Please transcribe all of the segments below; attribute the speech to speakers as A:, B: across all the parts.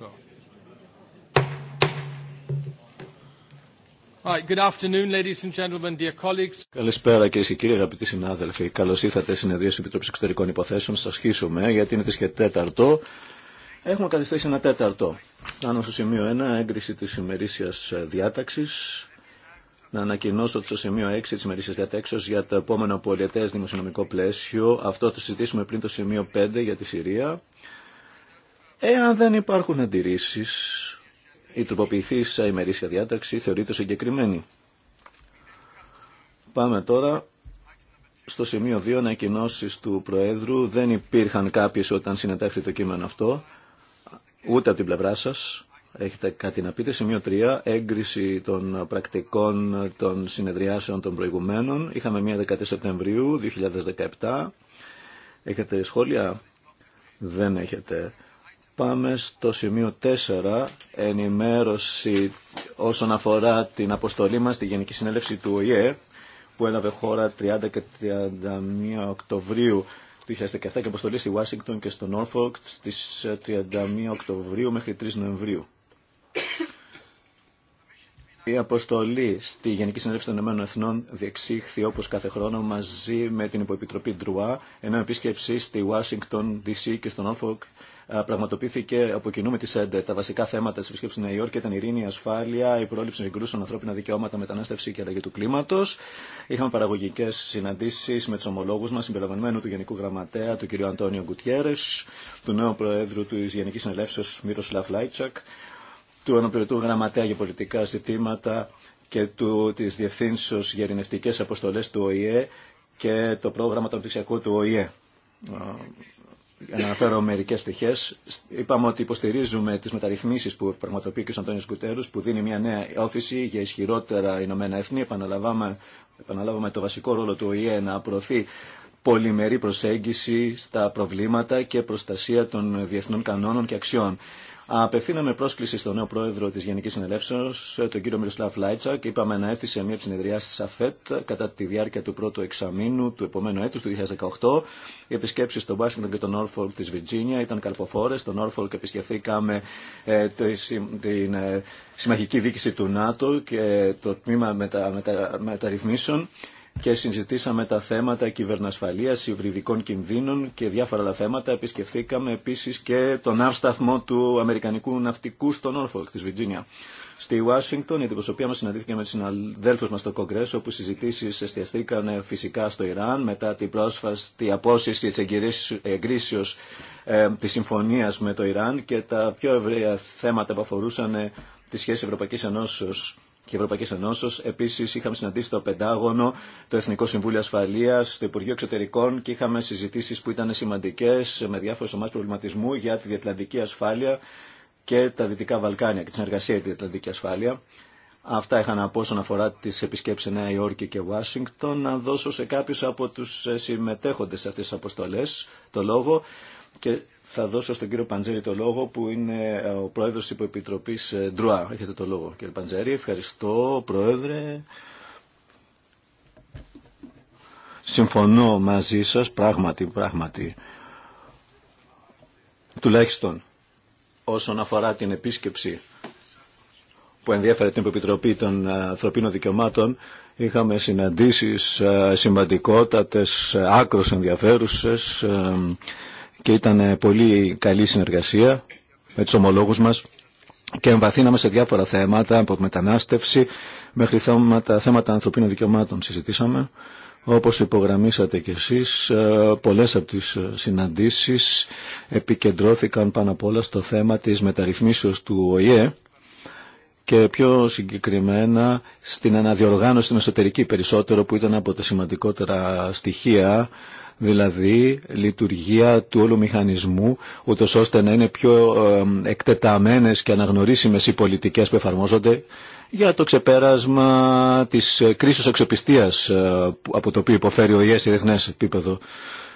A: So. good afternoon, ladies and gentlemen, dear colleagues.
B: Καλησπέρα κυρίε και κύριοι, αγαπητοί συνάδελφοι. Καλώ ήρθατε στην συνεδρία τη Επιτροπή Εξωτερικών Υποθέσεων. Σα σχίσουμε γιατί είναι τη και τέταρτο. Έχουμε καθιστήσει ένα τέταρτο. Πάνω στο σημείο 1, έγκριση τη ημερήσια διάταξη. Να ανακοινώσω ότι στο σημείο 6 τη ημερήσια διατάξεω για το επόμενο πολιετέ δημοσιονομικό πλαίσιο. Αυτό το συζητήσουμε πριν το σημείο 5 για τη Συρία. Εάν δεν υπάρχουν αντιρρήσει, η τροποποιηθήσα ημερήσια διάταξη θεωρείται συγκεκριμένη. Πάμε τώρα στο σημείο 2 ανακοινώσει του Προέδρου. Δεν υπήρχαν κάποιε όταν συνετάχθη το κείμενο αυτό, ούτε από την πλευρά σα. Έχετε κάτι να πείτε. Σημείο 3. Έγκριση των πρακτικών των συνεδριάσεων των προηγουμένων. Είχαμε μία 13 Σεπτεμβρίου 2017. Έχετε σχόλια. Δεν έχετε. Πάμε στο σημείο 4, ενημέρωση όσον αφορά την αποστολή μας στη Γενική Συνέλευση του ΟΗΕ, που έλαβε χώρα 30 και 31 Οκτωβρίου του 2017 και αποστολή στη Ουάσιγκτον και στο Νόρφοκ στις 31 ε, Οκτωβρίου μέχρι 3 Νοεμβρίου. Η αποστολή στη Γενική Συνέλευση των Ηνωμένων Εθνών διεξήχθη όπως κάθε χρόνο μαζί με την Υποεπιτροπή Ντρουά, ενώ επίσκεψη στη Ουάσιγκτον, DC και στο Νόρφοκ πραγματοποιήθηκε από κοινού με τη ΣΕΝΤΕ. Τα βασικά θέματα τη επισκέψη στη Νέα Υόρκη ήταν η ειρήνη, η ασφάλεια, η πρόληψη συγκρούσεων, ανθρώπινα δικαιώματα, μετανάστευση και αλλαγή του κλίματο. Είχαμε παραγωγικέ συναντήσει με του ομολόγου μα, συμπεριλαμβανομένου του Γενικού Γραμματέα, του κ. Αντώνιο Γκουτιέρε, του νέου Προέδρου τη Γενική Συνελεύσεω Μύρο Λάιτσακ, του Ενωπηρετού Γραμματέα για Πολιτικά Ζητήματα και του, της Διευθύνσεως για Ειρηνευτικές Αποστολές του ΟΗΕ και το πρόγραμμα του του ΟΗΕ να αναφέρω μερικέ πτυχέ. Είπαμε ότι υποστηρίζουμε τι μεταρρυθμίσει που πραγματοποιεί και ο Αντώνιο Κουτέρου, που δίνει μια νέα όθηση για ισχυρότερα Ηνωμένα Έθνη. επαναλάβαμε το βασικό ρόλο του ΟΗΕ να προωθεί πολυμερή προσέγγιση στα προβλήματα και προστασία των διεθνών κανόνων και αξιών. Απευθύναμε πρόσκληση στον νέο πρόεδρο τη Γενική Συνελεύσεω, τον κύριο Μιροσλάβ Λάιτσα, και είπαμε να έρθει σε μια συνεδριά τη ΑΦΕΤ κατά τη διάρκεια του πρώτου εξαμήνου του επόμενου έτου, του 2018. Οι επισκέψει στον Washington και τον Όρφολκ τη Βιρτζίνια ήταν καλποφόρε. Στον Όρφολκ επισκεφθήκαμε ε, το, την ε, συμμαχική δίκηση του ΝΑΤΟ και το τμήμα μεταρρυθμίσεων και συζητήσαμε τα θέματα κυβερνασφαλείας, υβριδικών κινδύνων και διάφορα τα θέματα. Επισκεφθήκαμε επίσης και τον αύσταθμο του Αμερικανικού Ναυτικού στο Νόρφολκ της Βιτζίνια. Στη Ουάσιγκτον, η αντιπροσωπεία μα συναντήθηκε με του συναδέλφου μα στο Κογκρέσο, όπου συζητήσει εστιαστήκαν ε, φυσικά στο Ιράν μετά την πρόσφατη απόσυρση τη εγκρίσεω ε, τη συμφωνία με το Ιράν και τα πιο ευρεία θέματα που αφορούσαν ε, τη σχέση Ευρωπαϊκή Ενώσεω και Ευρωπαϊκή Ενώσεω. Επίση, είχαμε συναντήσει το Πεντάγωνο, το Εθνικό Συμβούλιο Ασφαλεία, το Υπουργείο Εξωτερικών και είχαμε συζητήσει που ήταν σημαντικέ με διάφορε ομάδε προβληματισμού για τη διατλαντική ασφάλεια και τα Δυτικά Βαλκάνια και τη συνεργασία για τη διατλαντική ασφάλεια. Αυτά είχα να πω όσον αφορά τι επισκέψει Νέα Υόρκη και Ουάσιγκτον. Να δώσω σε κάποιου από του συμμετέχοντε σε αυτέ τι αποστολέ το λόγο και θα δώσω στον κύριο Παντζέρη το λόγο που είναι ε, ο πρόεδρος της Υποεπιτροπής ε, Ντρουά. Έχετε το λόγο κύριε Παντζέρη. Ευχαριστώ πρόεδρε. Συμφωνώ μαζί σας πράγματι, πράγματι. Τουλάχιστον όσον αφορά την επίσκεψη που ενδιαφέρεται την Επιτροπή των Ανθρωπίνων Δικαιωμάτων είχαμε συναντήσεις ε, σημαντικότατες, άκρως ενδιαφέρουσες και ήταν ε, πολύ καλή συνεργασία με τους ομολόγους μας και εμβαθύναμε σε διάφορα θέματα από μετανάστευση μέχρι θέματα, θέματα ανθρωπίνων δικαιωμάτων συζητήσαμε. Όπως υπογραμμίσατε κι εσείς, ε, πολλές από τις ε, συναντήσεις επικεντρώθηκαν πάνω απ' όλα στο θέμα της μεταρρυθμίσεως του ΟΗΕ και πιο συγκεκριμένα στην αναδιοργάνωση στην εσωτερική περισσότερο που ήταν από τα σημαντικότερα στοιχεία δηλαδή λειτουργία του όλου μηχανισμού, ούτω ώστε να είναι πιο εκτεταμένες και αναγνωρίσιμες οι πολιτικές που εφαρμόζονται για το ξεπέρασμα της κρίσης εξοπιστίας ε, από το οποίο υποφέρει ο ΙΕΣ σε διεθνές επίπεδο.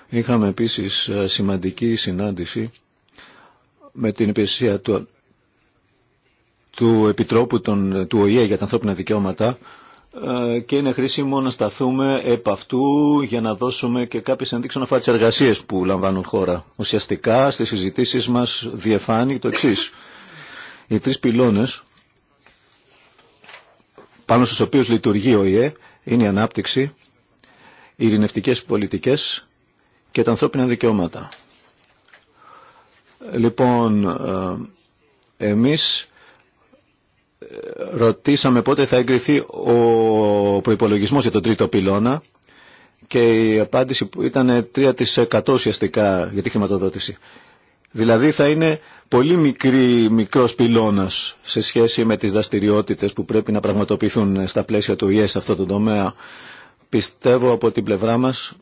B: Είχαμε επίσης ε, σημαντική συνάντηση με την υπηρεσία του, του Επιτρόπου του ΟΗΕ για τα ανθρώπινα δικαιώματα ε, και είναι χρήσιμο να σταθούμε επ' αυτού για να δώσουμε και κάποιες ενδείξεις να τις εργασίες που λαμβάνουν χώρα. Ουσιαστικά στις συζητήσεις μας διεφάνει το εξή. Οι τρεις πυλώνες πάνω στους οποίους λειτουργεί ο ΙΕ είναι η ανάπτυξη, οι ειρηνευτικές πολιτικές και τα ανθρώπινα δικαιώματα. Λοιπόν, ε, εμείς ρωτήσαμε πότε θα εγκριθεί ο προϋπολογισμός για τον τρίτο πυλώνα και η απάντηση που ήταν 3% ουσιαστικά για τη χρηματοδότηση. Δηλαδή θα είναι πολύ μικρή, μικρός πυλώνας σε σχέση με τις δραστηριότητε που πρέπει να πραγματοποιηθούν στα πλαίσια του ΙΕΣ σε αυτό το τομέα. Πιστεύω από την πλευρά μας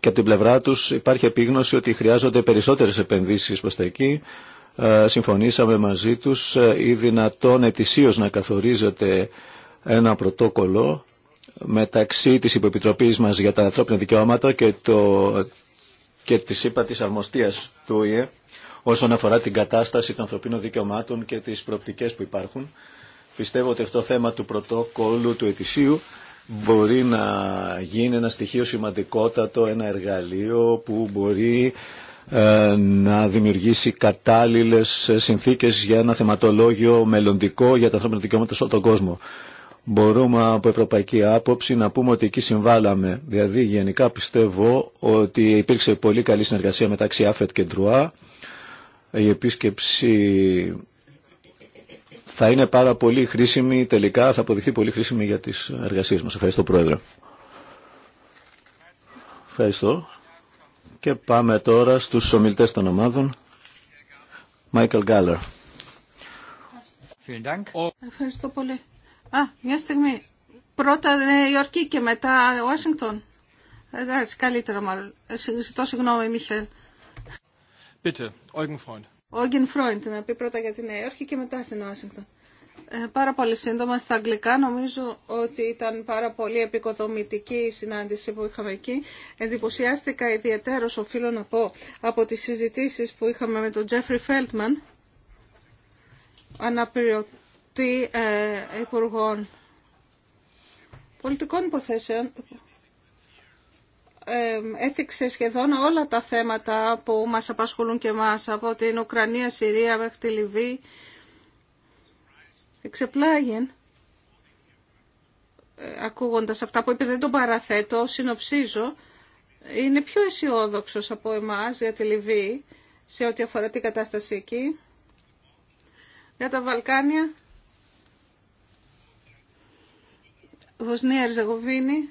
B: και από την πλευρά τους υπάρχει επίγνωση ότι χρειάζονται περισσότερες επενδύσεις προς τα εκεί, ε, συμφωνήσαμε μαζί τους ε, ή δυνατόν ετησίως να καθορίζεται ένα πρωτόκολλο μεταξύ της Υποπιτροπής μας για τα ανθρώπινα δικαιώματα και, το, και της ΥΠΑ της Αρμοστίας του ΙΕ όσον αφορά την κατάσταση των ανθρωπίνων δικαιωμάτων και τις προοπτικές που υπάρχουν. Πιστεύω ότι αυτό το θέμα του πρωτόκολλου του ετησίου μπορεί να γίνει ένα στοιχείο σημαντικότατο, ένα εργαλείο που μπορεί ε, να δημιουργήσει κατάλληλες συνθήκες για ένα θεματολόγιο μελλοντικό για τα ανθρώπινα δικαιώματα σε όλο τον κόσμο. Μπορούμε από ευρωπαϊκή άποψη να πούμε ότι εκεί συμβάλαμε. Δηλαδή γενικά πιστεύω ότι υπήρξε πολύ καλή συνεργασία μεταξύ ΑΦΕΤ και ΤΡΟΑ Η επίσκεψη θα είναι πάρα πολύ χρήσιμη τελικά, θα αποδειχθεί πολύ χρήσιμη για τις εργασίες μας. Ευχαριστώ Πρόεδρε. Ευχαριστώ. Και πάμε τώρα στους ομιλητές των ομάδων. Μάικλ Γκάλερ.
C: Ευχαριστώ πολύ. Α, μια στιγμή. Πρώτα Νέα Υόρκη και μετά Ουάσιγκτον. Εντάξει, καλύτερα μάλλον. Ε, ζητώ συγγνώμη, Μιχέλ. Bitte, Eugen Freund. Eugen Freund, να πει πρώτα για την Νέα Υόρκη και μετά στην Ουάσιγκτον. Ε, πάρα πολύ σύντομα στα αγγλικά. Νομίζω ότι ήταν πάρα πολύ επικοδομητική η συνάντηση που είχαμε εκεί. Εντυπωσιάστηκα ιδιαίτερος, οφείλω να πω, από τις συζητήσεις που είχαμε με τον Τζέφρι Φέλτμαν, αναπληρωτή ε, υπουργών πολιτικών υποθέσεων. Ε, έθιξε σχεδόν όλα τα θέματα που μας απασχολούν και μας από την Ουκρανία, Συρία μέχρι τη Λιβύη Εξεπλάγει, ε, ακούγοντας αυτά που είπε, δεν τον παραθέτω, συνοψίζω, είναι πιο αισιόδοξο από εμάς για τη Λιβύη σε ό,τι αφορά την κατάσταση εκεί. Για τα Βαλκάνια, Βοσνία, Ερζεγοβίνη,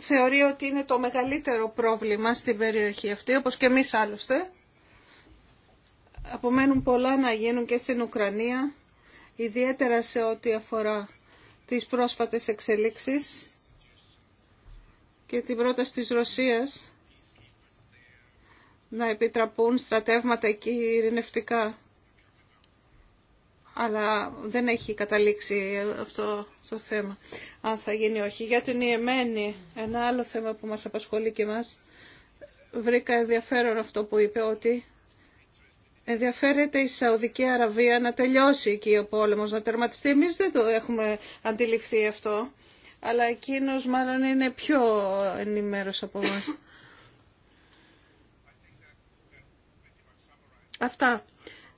C: θεωρεί ότι είναι το μεγαλύτερο πρόβλημα στην περιοχή αυτή, όπως και εμείς άλλωστε απομένουν πολλά να γίνουν και στην Ουκρανία, ιδιαίτερα σε ό,τι αφορά τις πρόσφατες εξελίξεις και την πρόταση της Ρωσίας να επιτραπούν στρατεύματα εκεί ειρηνευτικά. Αλλά δεν έχει καταλήξει αυτό το θέμα, αν θα γίνει όχι. Για την Ιεμένη, ένα άλλο θέμα που μας απασχολεί και μας βρήκα ενδιαφέρον αυτό που είπε, ότι ενδιαφέρεται η Σαουδική Αραβία να τελειώσει εκεί ο πόλεμος, να τερματιστεί. Εμείς δεν το έχουμε αντιληφθεί αυτό, αλλά εκείνος μάλλον είναι πιο ενημέρος από μας. Αυτά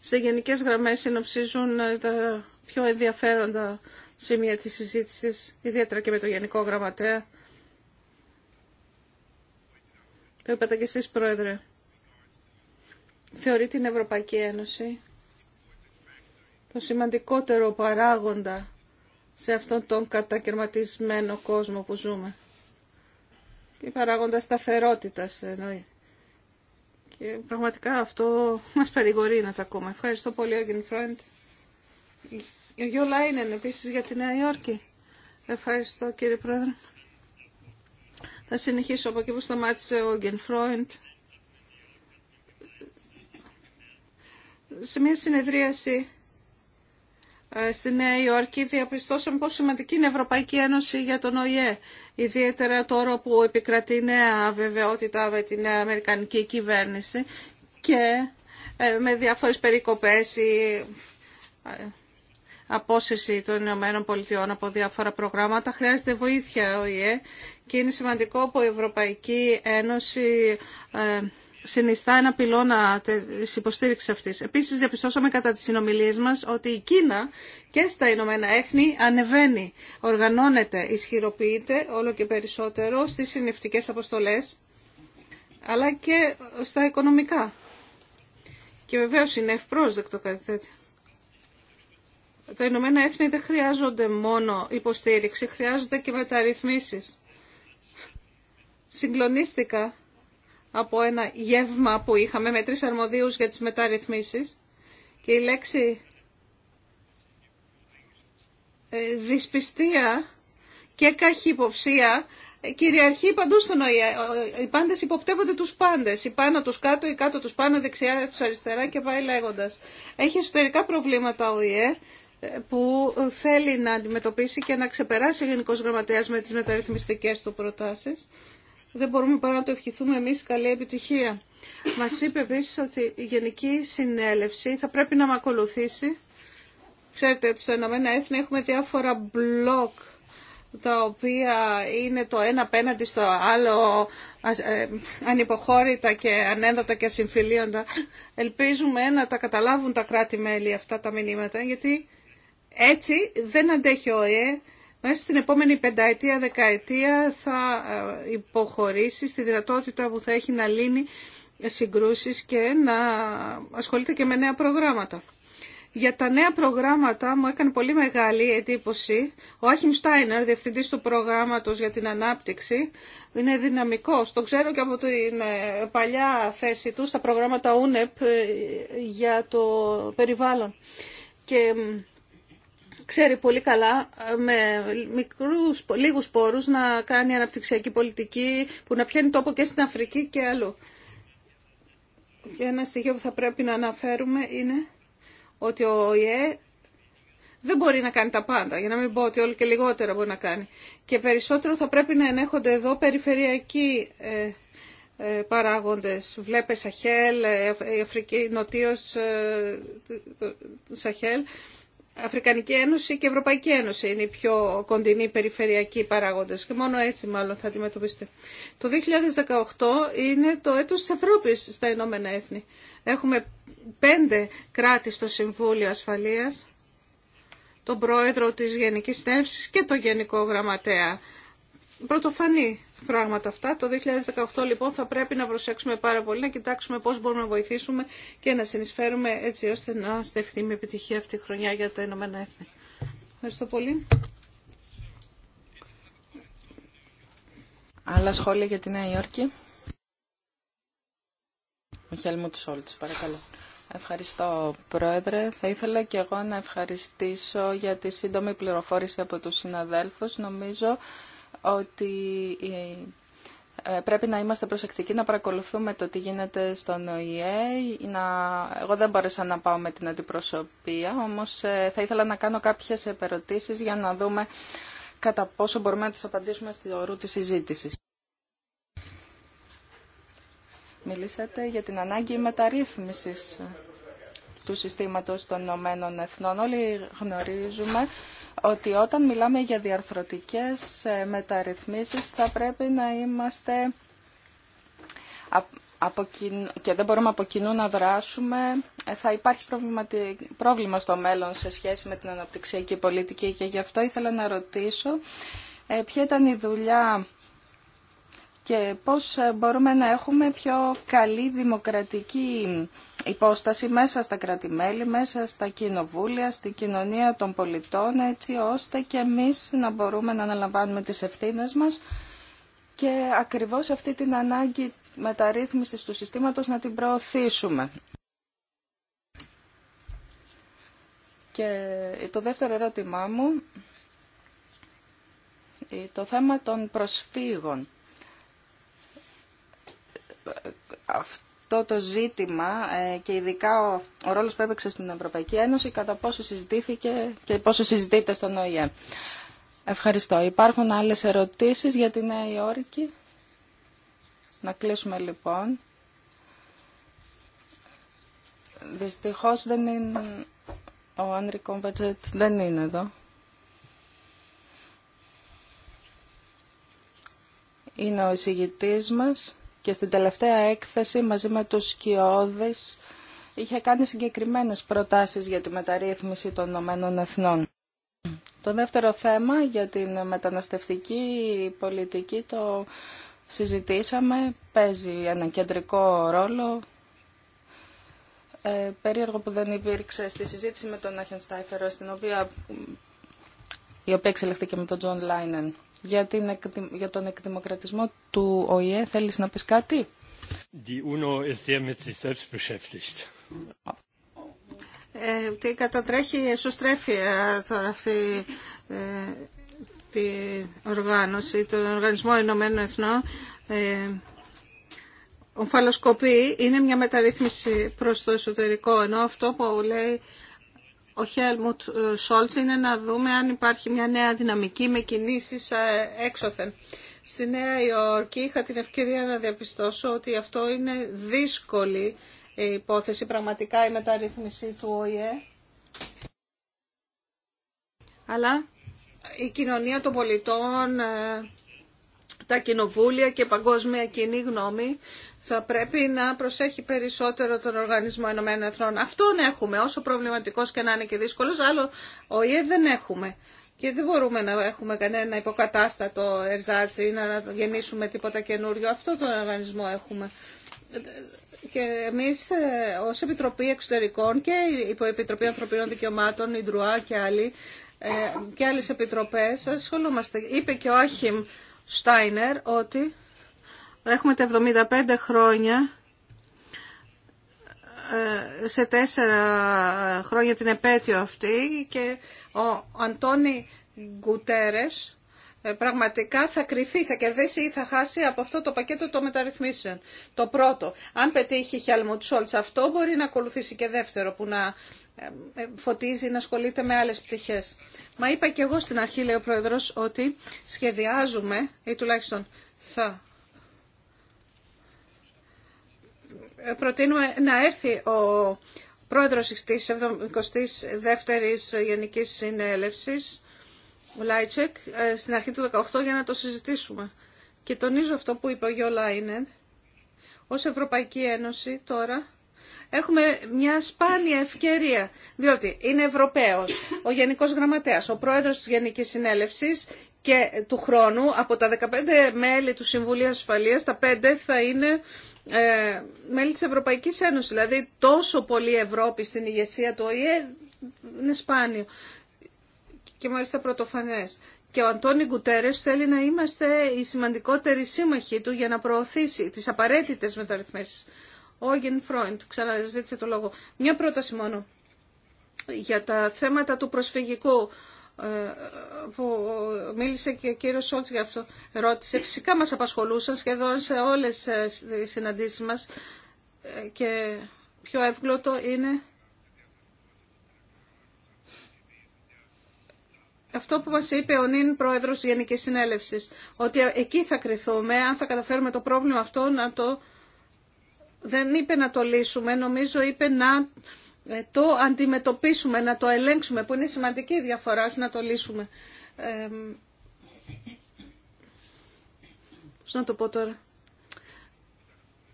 C: σε γενικές γραμμές συνοψίζουν τα πιο ενδιαφέροντα σημεία της συζήτησης, ιδιαίτερα και με το Γενικό Γραμματέα. Το είπατε και εσείς, Πρόεδρε θεωρεί την Ευρωπαϊκή Ένωση το σημαντικότερο παράγοντα σε αυτόν τον κατακαιρματισμένο κόσμο που ζούμε. Και παράγοντα σταθερότητας εννοεί. Και πραγματικά αυτό μας παρηγορεί να τα ακούμε. Ευχαριστώ πολύ, Άγγιν Φρόντ. Ο Γιώ Λάινεν επίσης για τη Νέα Υόρκη. Ευχαριστώ κύριε Πρόεδρε. Θα συνεχίσω από εκεί που σταμάτησε ο Φρόιντ. σε μια συνεδρίαση ε, στη Νέα Υόρκη διαπιστώσαμε πόσο σημαντική είναι η Ευρωπαϊκή Ένωση για τον ΟΗΕ. Ιδιαίτερα τώρα που επικρατεί νέα βεβαιότητα με την νέα Αμερικανική κυβέρνηση και ε, με διάφορες περικοπές ή ε, απόσυρση των Ηνωμένων Πολιτειών από διάφορα προγράμματα. Χρειάζεται βοήθεια ο ΙΕ και είναι σημαντικό που η Ευρωπαϊκή Ένωση συνιστά ένα πυλώνα τη υποστήριξη αυτή. Επίσης διαπιστώσαμε κατά τις συνομιλίε μας ότι η Κίνα και στα Ηνωμένα Έθνη ανεβαίνει, οργανώνεται, ισχυροποιείται όλο και περισσότερο στις συνευτικέ αποστολές αλλά και στα οικονομικά. Και βεβαίω είναι ευπρόσδεκτο κάτι τέτοιο. Τα Ηνωμένα Έθνη δεν χρειάζονται μόνο υποστήριξη, χρειάζονται και μεταρρυθμίσεις. Συγκλονίστηκα από ένα γεύμα που είχαμε με τρεις αρμοδίους για τις μεταρρυθμίσεις και η λέξη ε, δυσπιστία και καχυποψία ε, κυριαρχεί παντού στον ΟΗΕ. Ε, οι πάντες υποπτεύονται τους πάντες. Οι πάνω τους κάτω, οι κάτω τους πάνω, δεξιά τους αριστερά και πάει λέγοντας. Έχει εσωτερικά προβλήματα ο ΟΗΕ που θέλει να αντιμετωπίσει και να ξεπεράσει ο Γενικός Γραμματέας με τις μεταρρυθμιστικές του προτάσεις δεν μπορούμε παρά να το ευχηθούμε εμείς καλή επιτυχία. Μας είπε επίση ότι η Γενική Συνέλευση θα πρέπει να με ακολουθήσει. Ξέρετε ότι στα Ηνωμένα Έθνη έχουμε διάφορα μπλοκ τα οποία είναι το ένα απέναντι στο άλλο ε, ανυποχώρητα και ανένδοτα και ασυμφιλίοντα. Ελπίζουμε να τα καταλάβουν τα κράτη-μέλη αυτά τα μηνύματα, γιατί έτσι δεν αντέχει ο ΕΕ μέσα στην επόμενη πενταετία, δεκαετία θα ε, υποχωρήσει στη δυνατότητα που θα έχει να λύνει συγκρούσεις και να ασχολείται και με νέα προγράμματα. Για τα νέα προγράμματα μου έκανε πολύ μεγάλη εντύπωση. Ο Άχιμ Στάινερ, διευθυντής του προγράμματος για την ανάπτυξη, είναι δυναμικός. Το ξέρω και από την ε, παλιά θέση του στα προγράμματα UNEP ε, για το περιβάλλον. Και ξέρει πολύ καλά ε, με μικρούς, λίγους πόρους να κάνει αναπτυξιακή πολιτική που να πιάνει τόπο και στην Αφρική και άλλο. Και ένα στοιχείο που θα πρέπει να αναφέρουμε είναι ότι ο ΙΕ δεν μπορεί να κάνει τα πάντα, για να μην πω ότι όλο και λιγότερα μπορεί να κάνει. Και περισσότερο θα πρέπει να ενέχονται εδώ περιφερειακοί ε, ε παράγοντες. Βλέπε Σαχέλ, ε, η Αφρική νοτίος ε, Σαχέλ Αφρικανική Ένωση και Ευρωπαϊκή Ένωση είναι οι πιο κοντινοί περιφερειακοί παράγοντες και μόνο έτσι μάλλον θα αντιμετωπίσετε. Το 2018 είναι το έτος της Ευρώπης στα Ηνωμένα Έθνη. Έχουμε πέντε κράτη στο Συμβούλιο Ασφαλείας, τον πρόεδρο της Γενικής Συνέλευσης και τον Γενικό Γραμματέα πρωτοφανή πράγματα αυτά. Το 2018 λοιπόν θα πρέπει να προσέξουμε πάρα πολύ, να κοιτάξουμε πώς μπορούμε να βοηθήσουμε και να συνεισφέρουμε έτσι ώστε να στεφθεί με επιτυχία αυτή η χρονιά για τα Ηνωμένα Έθνη. Ευχαριστώ πολύ. Άλλα σχόλια για τη Νέα Υόρκη.
D: Ο τους παρακαλώ. Ευχαριστώ, Πρόεδρε. Θα ήθελα και εγώ να ευχαριστήσω για τη σύντομη πληροφόρηση από τους συναδέλφους. Νομίζω ότι ε, πρέπει να είμαστε προσεκτικοί, να παρακολουθούμε το τι γίνεται στον ΟΗΕ. Να... Εγώ δεν μπόρεσα να πάω με την αντιπροσωπεία, όμως ε, θα ήθελα να κάνω κάποιες επερωτήσεις για να δούμε κατά πόσο μπορούμε να τις απαντήσουμε στη ορού της συζήτησης. Μιλήσατε για την ανάγκη μεταρρύθμισης του συστήματος των Ηνωμένων Εθνών. Όλοι γνωρίζουμε ότι όταν μιλάμε για διαρθρωτικές ε, μεταρρυθμίσεις θα πρέπει να είμαστε και δεν μπορούμε από κοινού να δράσουμε, ε, θα υπάρχει πρόβλημα στο μέλλον σε σχέση με την αναπτυξιακή πολιτική και γι' αυτό ήθελα να ρωτήσω ε, ποια ήταν η δουλειά και πώς ε, μπορούμε να έχουμε πιο καλή δημοκρατική υπόσταση μέσα στα κρατημέλη, μέσα στα κοινοβούλια, στην κοινωνία των πολιτών, έτσι ώστε και εμείς να μπορούμε να αναλαμβάνουμε τις ευθύνες μας και ακριβώς αυτή την ανάγκη μεταρρύθμισης του συστήματος να την προωθήσουμε. Και το δεύτερο ερώτημά μου, ε, το θέμα των προσφύγων αυτό το ζήτημα ε, και ειδικά ο, ο ρόλος που έπαιξε στην Ευρωπαϊκή Ένωση κατά πόσο συζητήθηκε και πόσο συζητείται στον ΟΗΕ. Ευχαριστώ. Υπάρχουν άλλες ερωτήσεις για τη Νέα Υόρκη. Να κλείσουμε λοιπόν. Δυστυχώς δεν είναι... Ο Άνρι Κόμπατζετ δεν είναι εδώ. Είναι ο εισηγητής μας και στην τελευταία έκθεση μαζί με τους Σκιώδης είχε κάνει συγκεκριμένες προτάσεις για τη μεταρρύθμιση των Ηνωμένων Εθνών. Το δεύτερο θέμα για την μεταναστευτική πολιτική το συζητήσαμε, παίζει ένα κεντρικό ρόλο. Ε, περίεργο που δεν υπήρξε στη συζήτηση με τον Άχεν στην οποία, η οποία εξελιχθήκε με τον Τζον Λάινεν για, την, για τον εκδημοκρατισμό του ΟΗΕ. Θέλεις να πεις κάτι?
A: Die UNO ist sehr mit sich selbst beschäftigt.
C: Ε, τι κατατρέχει η εσωστρέφεια ε, τώρα αυτή ε, τη οργάνωση, τον Οργανισμό Ηνωμένων Εθνών. Ε, ομφαλοσκοπή είναι μια μεταρρύθμιση προς το εσωτερικό, ενώ αυτό που λέει ο Χέλμουτ ε, Σόλτς είναι να δούμε αν υπάρχει μια νέα δυναμική με κινήσεις ε, έξωθεν. Στη Νέα Υόρκη είχα την ευκαιρία να διαπιστώσω ότι αυτό είναι δύσκολη υπόθεση πραγματικά η μεταρρύθμιση του ΟΗΕ. Αλλά η κοινωνία των πολιτών, ε, τα κοινοβούλια και παγκόσμια κοινή γνώμη θα πρέπει να προσέχει περισσότερο τον Οργανισμό Ενωμένων Εθνών. Αυτόν έχουμε, όσο προβληματικός και να είναι και δύσκολος, άλλο ο ΙΕ δεν έχουμε. Και δεν μπορούμε να έχουμε κανένα υποκατάστατο ερζάτσι ή να γεννήσουμε τίποτα καινούριο. Αυτό τον οργανισμό έχουμε. Και εμείς ε, ως Επιτροπή Εξωτερικών και η Επιτροπή Ανθρωπίνων Δικαιωμάτων, η Ντρουά και άλλοι, ε, και άλλες επιτροπές ασχολούμαστε. Είπε και ο Άχιμ Στάινερ ότι Έχουμε τα 75 χρόνια ε, σε τέσσερα χρόνια την επέτειο αυτή και ο Αντώνη Γκουτέρες ε, πραγματικά θα κρυθεί, θα κερδίσει ή θα χάσει από αυτό το πακέτο των μεταρρυθμίσεων. Το πρώτο, αν πετύχει Χιάλμουτ Σόλτ αυτό μπορεί να ακολουθήσει και δεύτερο που να ε, φωτίζει, να ασχολείται με άλλες πτυχές. Μα είπα και εγώ στην αρχή, λέει ο Πρόεδρος, ότι σχεδιάζουμε ή τουλάχιστον θα προτείνουμε να έρθει ο πρόεδρος της 72ης Γενικής Συνέλευσης, ο Λάιτσεκ, ε, στην αρχή του 18 για να το συζητήσουμε. Και τονίζω αυτό που είπε ο Γιώ Λάινεν, ως Ευρωπαϊκή Ένωση τώρα έχουμε μια σπάνια ευκαιρία, διότι είναι Ευρωπαίος, ο Γενικός Γραμματέας, ο Πρόεδρος της Γενικής Συνέλευσης και του χρόνου από τα 15 μέλη του Συμβουλίου Ασφαλείας, τα 5 θα είναι ε, μέλη της Ευρωπαϊκής Ένωσης. Δηλαδή τόσο πολύ Ευρώπη στην ηγεσία του ΟΗΕ είναι σπάνιο και μάλιστα πρωτοφανές. Και ο Αντώνη Γκουτέρες θέλει να είμαστε η σημαντικότερη σύμμαχοι του για να προωθήσει τις απαραίτητες μεταρρυθμίσεις. Γιν Φρόιντ, ξαναζήτησε το λόγο. Μια πρόταση μόνο για τα θέματα του προσφυγικού ε, που μίλησε και ο κύριος Σόλτς για αυτό, ρώτησε. Φυσικά μας απασχολούσαν σχεδόν σε όλες ε, τις συναντήσεις μας ε, και πιο εύγλωτο είναι αυτό που μας είπε ο νυν πρόεδρος της Γενικής Συνέλευσης, ότι εκεί θα κρυθούμε, αν θα καταφέρουμε το πρόβλημα αυτό να το... Δεν είπε να το λύσουμε, νομίζω είπε να ε, το αντιμετωπίσουμε, να το ελέγξουμε, που είναι σημαντική διαφορά, όχι να το λύσουμε. Ε, να το πω τώρα.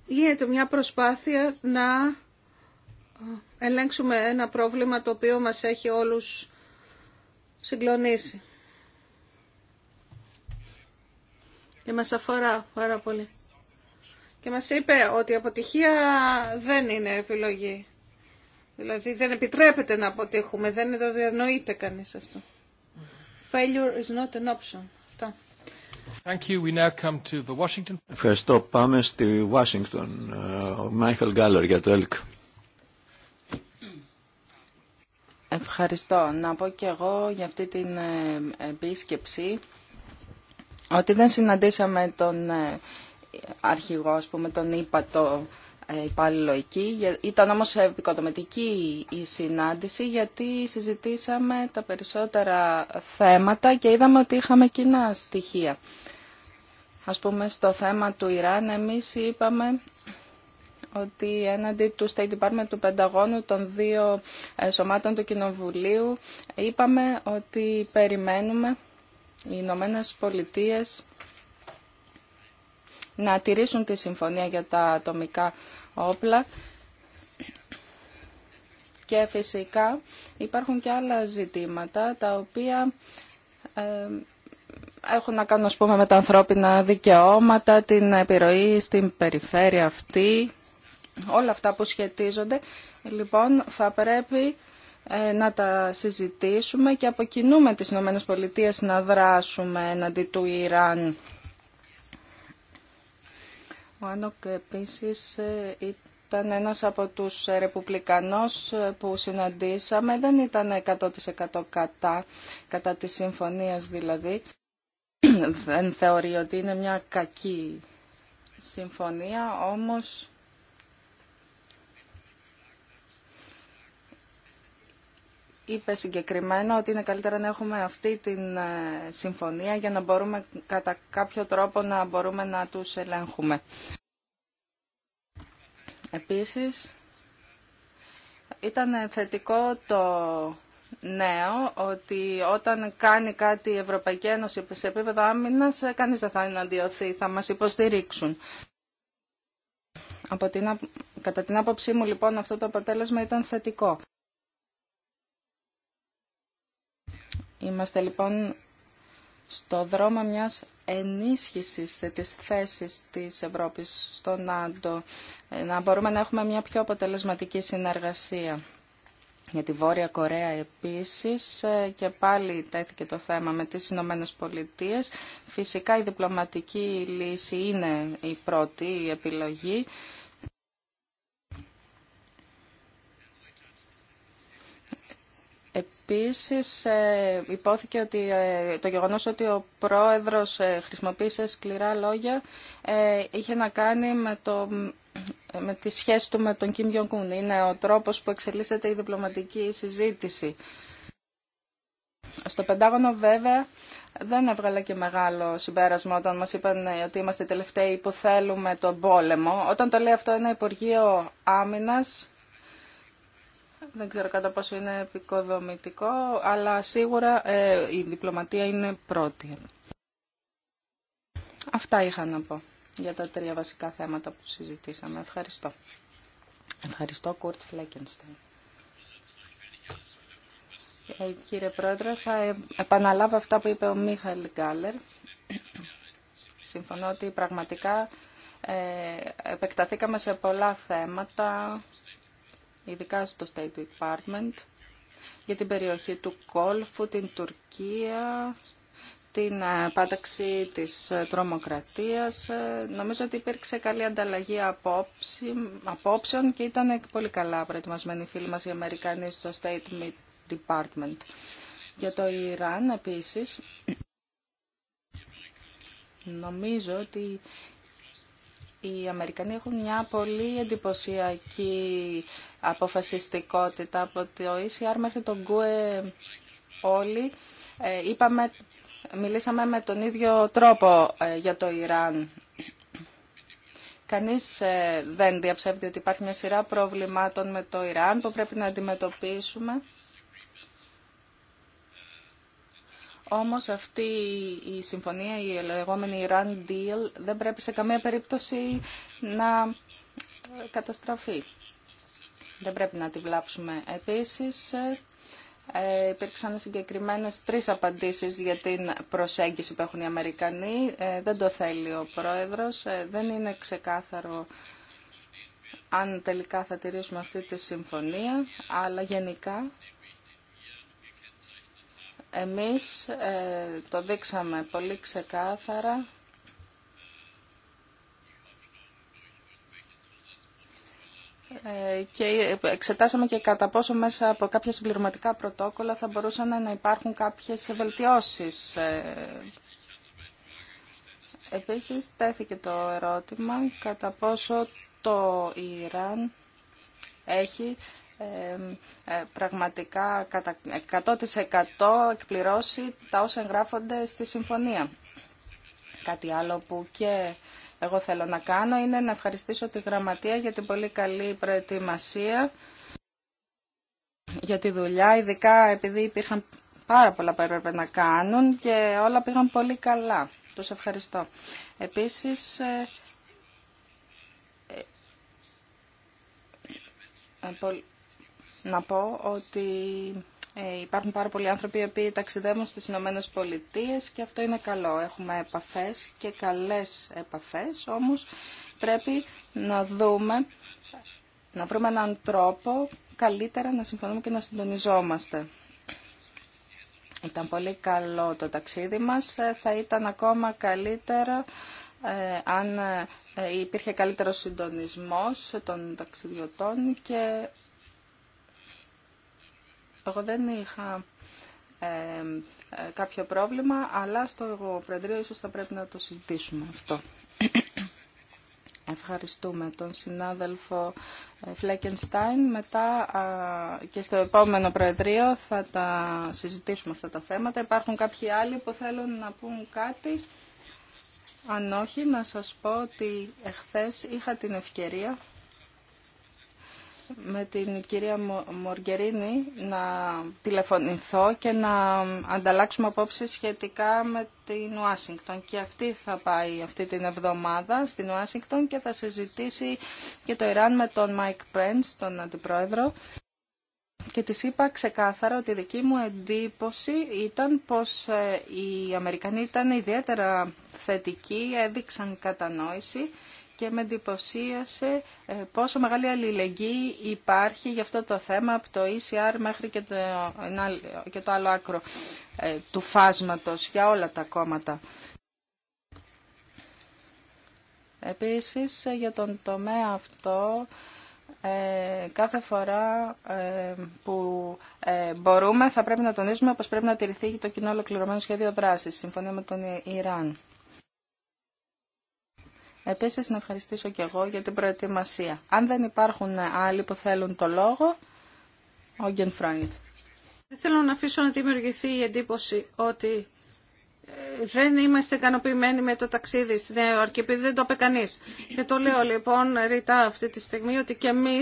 C: Γίνεται μια προσπάθεια να ε, ελέγξουμε ένα πρόβλημα το οποίο μας έχει όλους συγκλονίσει. Και μας αφορά πάρα πολύ. Και μας είπε ότι η αποτυχία δεν είναι επιλογή. Δηλαδή δεν επιτρέπεται να αποτύχουμε, δεν το διανοείται κανείς αυτό. Failure is not an option. Αυτά.
A: Thank you. We now come to the Washington.
B: Ευχαριστώ. Πάμε στη Washington. Ο Μάιχελ Γκάλλορ για το ΕΛΚ.
A: Ευχαριστώ.
D: Να πω και εγώ για αυτή την ε, επίσκεψη ότι δεν συναντήσαμε τον ε, αρχηγό, ας πούμε, τον ύπατο υπάλληλο εκεί. Ήταν όμως επικοδομητική η συνάντηση γιατί συζητήσαμε τα περισσότερα θέματα και είδαμε ότι είχαμε κοινά στοιχεία. Ας πούμε στο θέμα του Ιράν εμείς είπαμε ότι έναντι του State Department του Πενταγώνου των δύο ε, σωμάτων του Κοινοβουλίου είπαμε ότι περιμένουμε οι Ηνωμένε Πολιτείες να τηρήσουν τη συμφωνία για τα ατομικά όπλα. Και φυσικά υπάρχουν και άλλα ζητήματα τα οποία ε, έχουν να κάνουν πούμε, με τα ανθρώπινα δικαιώματα, την επιρροή στην περιφέρεια αυτή, όλα αυτά που σχετίζονται. Λοιπόν, θα πρέπει ε, να τα συζητήσουμε και αποκοινούμε κοινού τις ΗΠΑ να δράσουμε εναντί του Ιράν ο Άνοκ επίσης ε, ήταν ένας από τους ρεπουμπλικανούς ε, που συναντήσαμε. Δεν ήταν 100% κατά, κατά της συμφωνίας δηλαδή. Δεν θεωρεί ότι είναι μια κακή συμφωνία, όμως είπε συγκεκριμένα ότι είναι καλύτερα να έχουμε αυτή τη ε, συμφωνία για να μπορούμε κατά κάποιο τρόπο να μπορούμε να τους ελέγχουμε. Επίσης, ήταν θετικό το νέο ότι όταν κάνει κάτι η Ευρωπαϊκή Ένωση σε επίπεδο άμυνας, ε, κανείς δεν θα εναντιωθεί, θα μας υποστηρίξουν. Από την, κατά την άποψή μου λοιπόν αυτό το αποτέλεσμα ήταν θετικό. Είμαστε λοιπόν στο δρόμο μιας ενίσχυσης της θέσεις της Ευρώπης στο ΝΑΤΟ, ε, να μπορούμε να έχουμε μια πιο αποτελεσματική συνεργασία. Για τη Βόρεια Κορέα επίσης ε, και πάλι τέθηκε το θέμα με τις Ηνωμένε Πολιτείε. Φυσικά η διπλωματική λύση είναι η πρώτη επιλογή. Επίσης, ε, υπόθηκε ότι ε, το γεγονός ότι ο πρόεδρος ε, χρησιμοποίησε σκληρά λόγια είχε να κάνει με, το, με τη σχέση του με τον Κιμ Γιονκούν. Είναι ο τρόπος που εξελίσσεται η διπλωματική συζήτηση. Στο Πεντάγωνο βέβαια δεν έβγαλε και μεγάλο συμπέρασμα όταν μας είπαν ότι είμαστε τελευταίοι που θέλουμε τον πόλεμο. Όταν το λέει αυτό ένα Υπουργείο Άμυνας δεν ξέρω κατά πόσο είναι επικοδομητικό, αλλά σίγουρα ε, η διπλωματία είναι πρώτη. Αυτά είχα να πω για τα τρία βασικά θέματα που συζητήσαμε. Ευχαριστώ. Ευχαριστώ, Κουρτ Φλέκενστεν. Ε, κύριε Πρόεδρε, θα ε, επαναλάβω αυτά που είπε ο Μίχαλ Γκάλερ. Συμφωνώ ότι πραγματικά ε, επεκταθήκαμε σε πολλά θέματα ειδικά στο State Department, για την περιοχή του Κόλφου, την Τουρκία, την ε, πάταξη της ε, τρομοκρατίας. Ε, νομίζω ότι υπήρξε καλή ανταλλαγή απόψη, απόψεων και ήταν πολύ καλά προετοιμασμένοι οι φίλοι μας οι Αμερικανοί στο State Department. Για το Ιράν επίσης, νομίζω ότι οι Αμερικανοί έχουν μια πολύ εντυπωσιακή αποφασιστικότητα από το ECR μέχρι τον ΚΟΕ όλοι. Ε, είπαμε, μιλήσαμε με τον ίδιο τρόπο ε, για το Ιράν. Κανείς ε, δεν διαψεύδει ότι υπάρχει μια σειρά προβλημάτων με το Ιράν που πρέπει να αντιμετωπίσουμε. Όμως αυτή η συμφωνία, η λεγόμενη Run Deal, δεν πρέπει σε καμία περίπτωση να καταστραφεί. Δεν πρέπει να τη βλάψουμε. Επίσης, ε, υπήρξαν συγκεκριμένες τρεις απαντήσεις για την προσέγγιση που έχουν οι Αμερικανοί. Ε, δεν το θέλει ο Πρόεδρος. Ε, δεν είναι ξεκάθαρο αν τελικά θα τηρήσουμε αυτή τη συμφωνία, αλλά γενικά εμείς ε, το δείξαμε πολύ ξεκάθαρα ε, και εξετάσαμε και κατά πόσο μέσα από κάποια συμπληρωματικά πρωτόκολλα θα μπορούσαν να υπάρχουν κάποιες βελτιώσεις. Ε, επίσης, τέθηκε το ερώτημα κατά πόσο το Ιράν έχει πραγματικά κατά 100% εκπληρώσει τα όσα εγγράφονται στη συμφωνία. Κάτι άλλο που και εγώ θέλω να κάνω είναι να ευχαριστήσω τη Γραμματεία για την πολύ καλή προετοιμασία για τη δουλειά, ειδικά επειδή υπήρχαν πάρα πολλά που έπρεπε να κάνουν και όλα πήγαν πολύ καλά. Τους ευχαριστώ. Επίσης, να πω ότι ε, υπάρχουν πάρα πολλοί άνθρωποι οι οποίοι ταξιδεύουν στις Ηνωμένες Πολιτείες και αυτό είναι καλό. Έχουμε επαφές και καλές επαφές, όμως πρέπει να δούμε, να βρούμε έναν τρόπο καλύτερα να συμφωνούμε και να συντονιζόμαστε. Ήταν πολύ καλό το ταξίδι μας. Ε, θα ήταν ακόμα καλύτερο ε, αν υπήρχε καλύτερος συντονισμός των ταξιδιωτών και εγώ δεν είχα ε, ε, κάποιο πρόβλημα, αλλά στο Προεδρείο ίσως θα πρέπει να το συζητήσουμε αυτό. Ευχαριστούμε τον συνάδελφο ε, Φλέκενστάιν. Μετά και στο επόμενο Προεδρείο θα τα συζητήσουμε αυτά τα θέματα. Υπάρχουν κάποιοι άλλοι που θέλουν να πούν κάτι. Αν όχι, να σας πω ότι εχθές είχα την ευκαιρία με την κυρία Μοργκερίνη να τηλεφωνηθώ και να ανταλλάξουμε απόψεις σχετικά με την Ουάσιγκτον. Και αυτή θα πάει αυτή την εβδομάδα στην Ουάσιγκτον και θα συζητήσει και το Ιράν με τον Μάικ Πρέντς, τον αντιπρόεδρο. Και της είπα ξεκάθαρα ότι η δική μου εντύπωση ήταν πως ε, οι Αμερικανοί ήταν ιδιαίτερα θετικοί, έδειξαν κατανόηση και με εντυπωσίασε ε, πόσο μεγάλη αλληλεγγύη υπάρχει για αυτό το θέμα από το ECR μέχρι και το, και το άλλο άκρο ε, του φάσματος για όλα τα κόμματα. Επίσης ε, για τον τομέα αυτό κάθε φορά που μπορούμε θα πρέπει να τονίζουμε πως πρέπει να τηρηθεί το κοινό ολοκληρωμένο σχέδιο δράσης, συμφωνία με τον Ιράν. Επίσης να ευχαριστήσω και εγώ για την προετοιμασία. Αν δεν υπάρχουν άλλοι που θέλουν το λόγο, ο Γκεν
C: Δεν θέλω να αφήσω να δημιουργηθεί η εντύπωση ότι ε, δεν είμαστε ικανοποιημένοι με το ταξίδι στη Νέα Υόρκη, επειδή δεν το είπε κανεί. Και το λέω λοιπόν ρητά αυτή τη στιγμή ότι και εμεί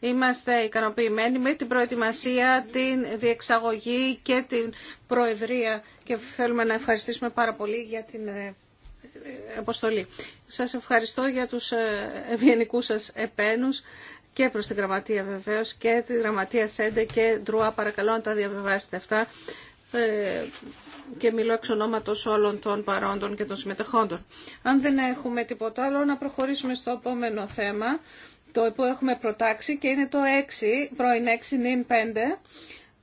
C: είμαστε ικανοποιημένοι με την προετοιμασία, την διεξαγωγή και την προεδρία. Και θέλουμε να ευχαριστήσουμε πάρα πολύ για την ε, αποστολή. Σας ευχαριστώ για τους ε, ευγενικούς σας επένους και προς την γραμματεία βεβαίως και τη γραμματεία ΣΕΝΤΕ και Ντρουά παρακαλώ να τα διαβεβάσετε αυτά ε, και μιλώ εξ ονόματος όλων των παρόντων και των συμμετεχόντων. Αν δεν έχουμε τίποτα άλλο να προχωρήσουμε στο επόμενο θέμα το που έχουμε προτάξει και είναι το 6, πρώην 6 νυν 5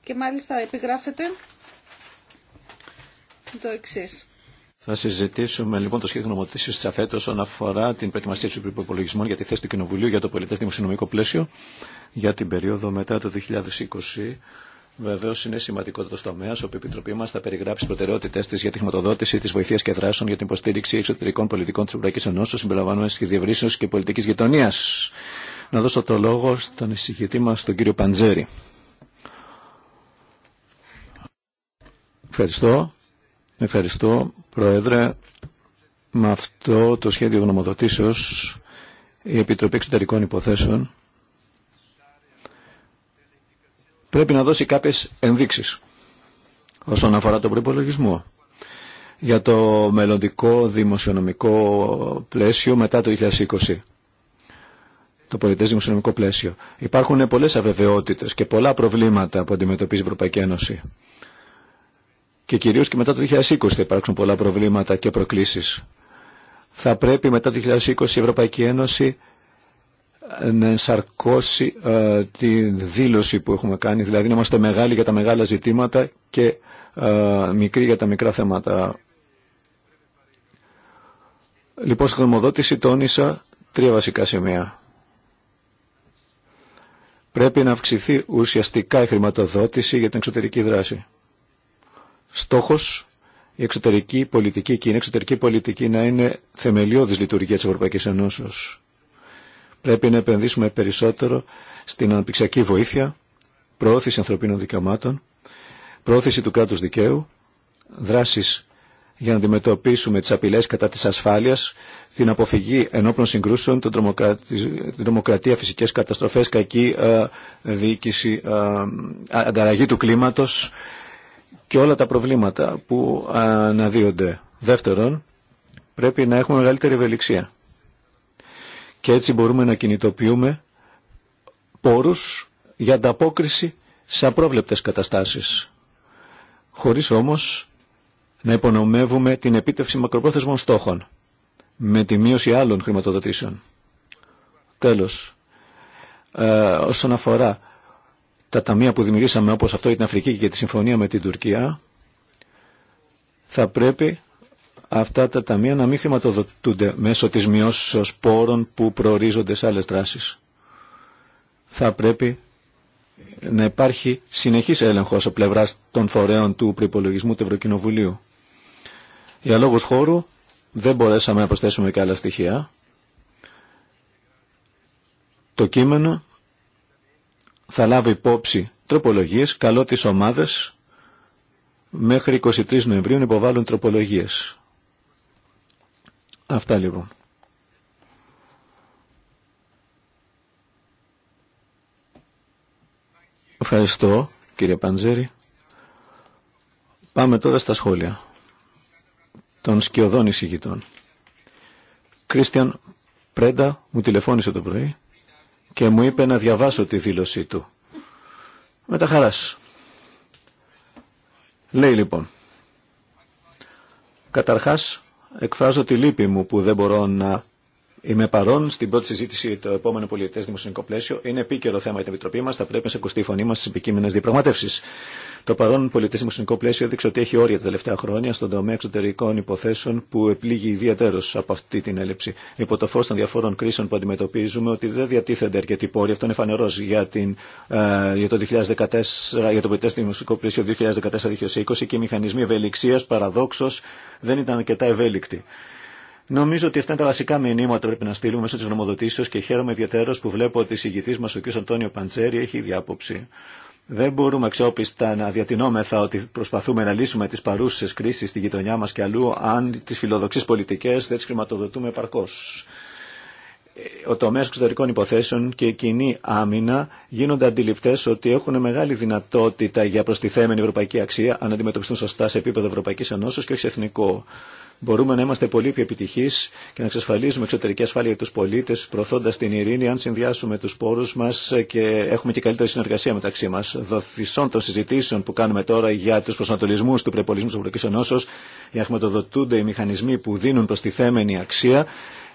C: και μάλιστα επιγράφεται το εξής.
B: Θα συζητήσουμε λοιπόν το σχέδιο νομοθέτηση τη ΑΦΕΤ όσον αφορά την προετοιμασία του υπολογισμών για τη θέση του Κοινοβουλίου για το πολιτέ δημοσιονομικό πλαίσιο για την περίοδο μετά το 2020. Βεβαίω είναι σημαντικό το τομέα όπου η Επιτροπή μα θα περιγράψει τι προτεραιότητέ τη για τη χρηματοδότηση τη βοηθεία και δράσεων για την υποστήριξη εξωτερικών πολιτικών τη Ευρωπαϊκή Ενώσεω, συμπεριλαμβανομένε τη διευρύσεω και πολιτική γειτονία. Να δώσω το λόγο στον εισηγητή μα, τον κύριο Παντζέρη. Ευχαριστώ. Ευχαριστώ, Πρόεδρε. Με αυτό το σχέδιο γνωμοδοτήσεως η Επιτροπή Εξωτερικών Υποθέσεων πρέπει να δώσει κάποιες ενδείξεις όσον αφορά τον προπολογισμό για το μελλοντικό δημοσιονομικό πλαίσιο μετά το 2020 το πολιτέ δημοσιονομικό πλαίσιο. Υπάρχουν πολλές αβεβαιότητες και πολλά προβλήματα που αντιμετωπίζει η Ευρωπαϊκή Ένωση και κυρίως και μετά το 2020 θα υπάρξουν πολλά προβλήματα και προκλήσεις. Θα πρέπει μετά το 2020 η Ευρωπαϊκή Ένωση ε, να ενσαρκώσει ε, τη δήλωση που έχουμε κάνει, δηλαδή να είμαστε μεγάλοι για τα μεγάλα ζητήματα και ε, μικροί για τα μικρά θέματα. Λοιπόν, στη χρηματοδότηση τόνισα τρία βασικά σημεία. Πρέπει να αυξηθεί ουσιαστικά η χρηματοδότηση για την εξωτερική δράση στόχος η εξωτερική πολιτική και η εξωτερική πολιτική να είναι θεμελιώδης λειτουργία της Ευρωπαϊκής Ενώσεως. Πρέπει να επενδύσουμε περισσότερο στην αναπτυξιακή βοήθεια, προώθηση ανθρωπίνων δικαιωμάτων, προώθηση του κράτους δικαίου, δράσεις για να αντιμετωπίσουμε τις απειλές κατά της ασφάλειας, την αποφυγή ενόπλων συγκρούσεων, την τρομοκρατία, φυσικές καταστροφές, κακή ε, διοίκηση, ε, ανταλλαγή του κλίματος, και όλα τα προβλήματα που αναδύονται. Δεύτερον, πρέπει να έχουμε μεγαλύτερη ευελιξία. Και έτσι μπορούμε να κινητοποιούμε πόρους για ανταπόκριση σε απρόβλεπτες καταστάσεις. Χωρίς όμως να υπονομεύουμε την επίτευξη μακροπρόθεσμων στόχων με τη μείωση άλλων χρηματοδοτήσεων. Τέλος, ε, όσον αφορά τα ταμεία που δημιουργήσαμε όπως αυτό για την Αφρική και τη συμφωνία με την Τουρκία, θα πρέπει αυτά τα ταμεία να μην χρηματοδοτούνται μέσω της μειώσεως πόρων που προορίζονται σε άλλες δράσεις. Θα πρέπει να υπάρχει συνεχής έλεγχος ο πλευράς των φορέων του προπολογισμού του Ευρωκοινοβουλίου. Για λόγους χώρου δεν μπορέσαμε να προσθέσουμε και άλλα στοιχεία. Το κείμενο θα λάβω υπόψη τροπολογίες, καλώ τις ομάδες μέχρι 23 Νοεμβρίου να υποβάλουν τροπολογίες. Αυτά λοιπόν. Ευχαριστώ κύριε Παντζέρη. Πάμε τώρα στα σχόλια των σκιωδών εισηγητών. Κρίστιαν Πρέντα μου τηλεφώνησε το πρωί και μου είπε να διαβάσω τη δήλωσή του. Με τα χαράς. Λέει λοιπόν, καταρχάς εκφράζω τη λύπη μου που δεν μπορώ να είμαι παρόν στην πρώτη συζήτηση το επόμενο πολιετές δημοσιονομικό πλαίσιο. Είναι επίκαιρο θέμα για την Επιτροπή μας, θα πρέπει να σε ακουστεί η φωνή μας στις επικείμενες διαπραγματεύσεις. Το παρόν πολιτισμικό συνικό πλαίσιο έδειξε ότι έχει όρια τα τελευταία χρόνια στον τομέα εξωτερικών υποθέσεων που επλήγει ιδιαίτερο από αυτή την έλλειψη. Υπό το φω των διαφόρων κρίσεων που αντιμετωπίζουμε, ότι δεν διατίθενται αρκετοί πόροι. Αυτό είναι φανερό για, ε, για το πολιτιστικο για το πολιτισμικό πλαίσιο 2014-2020 και οι μηχανισμοί ευελιξία παραδόξω δεν ήταν αρκετά ευέλικτοι. Νομίζω ότι αυτά είναι τα βασικά μηνύματα που πρέπει να στείλουμε μέσω τη γνωμοδοτήσεω και χαίρομαι ιδιαίτερω που βλέπω ότι η μα, ο κ. Αντώνιο Παντσέρη, έχει διάποψη. Δεν μπορούμε αξιόπιστα να διατηνόμεθα ότι προσπαθούμε να λύσουμε τις παρούσες κρίσεις στη γειτονιά μας και αλλού αν τις φιλοδοξείς πολιτικές δεν τις χρηματοδοτούμε επαρκώς. Ε, ο τομέα εξωτερικών υποθέσεων και η κοινή άμυνα γίνονται αντιληπτέ ότι έχουν μεγάλη δυνατότητα για προστιθέμενη ευρωπαϊκή αξία αν αντιμετωπιστούν σωστά σε επίπεδο Ευρωπαϊκή Ενώσεω και όχι σε εθνικό. Μπορούμε να είμαστε πολύ πιο επιτυχεί και να εξασφαλίζουμε εξωτερική ασφάλεια για του πολίτε, προωθώντα την ειρήνη, αν συνδυάσουμε του πόρου μα ε, και έχουμε και καλύτερη συνεργασία μεταξύ μα. Δοθισών των συζητήσεων που κάνουμε τώρα για του προσανατολισμού του προπολισμού τη Ευρωπαϊκή Ενώσεω, για να χρηματοδοτούνται οι μηχανισμοί που δίνουν προστιθέμενη αξία.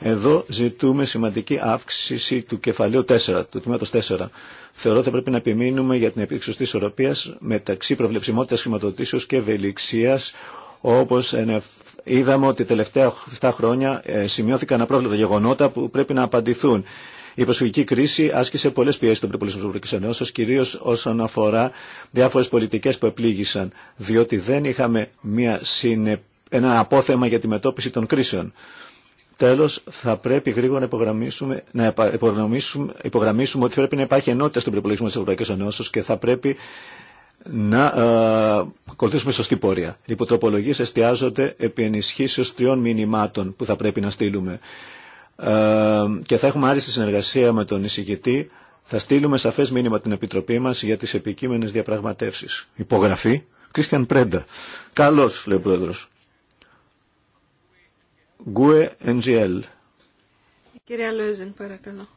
B: Εδώ ζητούμε σημαντική αύξηση του κεφαλαίου 4, του τμήματο 4. Θεωρώ ότι πρέπει να επιμείνουμε για την σωστή ισορροπία μεταξύ προβλεψιμότητα χρηματοδοτήσεω και ευελιξία, όπω Είδαμε ότι τα τελευταία 7 χρόνια ε, σημειώθηκαν απρόβλεπτα γεγονότα που πρέπει να απαντηθούν. Η προσφυγική κρίση άσκησε πολλέ πιέσει στον προπολογισμό τη Ευρωπαϊκή Ενώσεω, κυρίω όσον αφορά διάφορε πολιτικέ που επλήγησαν, διότι δεν είχαμε μια ένα απόθεμα για τη μετώπιση των κρίσεων. Τέλο, θα πρέπει γρήγορα να, υπογραμμίσουμε, να υπογραμμίσουμε, υπογραμμίσουμε ότι πρέπει να υπάρχει ενότητα στον προπολογισμό τη Ευρωπαϊκή Ενώσεω και θα πρέπει να ακολουθήσουμε ε, σωστή πορεία. Οι υποτροπολογίε εστιάζονται επί ενισχύσεως τριών μηνυμάτων που θα πρέπει να στείλουμε. Ε, και θα έχουμε άριστη συνεργασία με τον εισηγητή. Θα στείλουμε σαφές μήνυμα την Επιτροπή μας για τις επικείμενες διαπραγματεύσεις. Υπογραφή. Κρίστιαν Πρέντα. Καλώς, λέει ο Πρόεδρος. Γκουε NGL.
C: Κυρία Λόιζεν, παρακαλώ.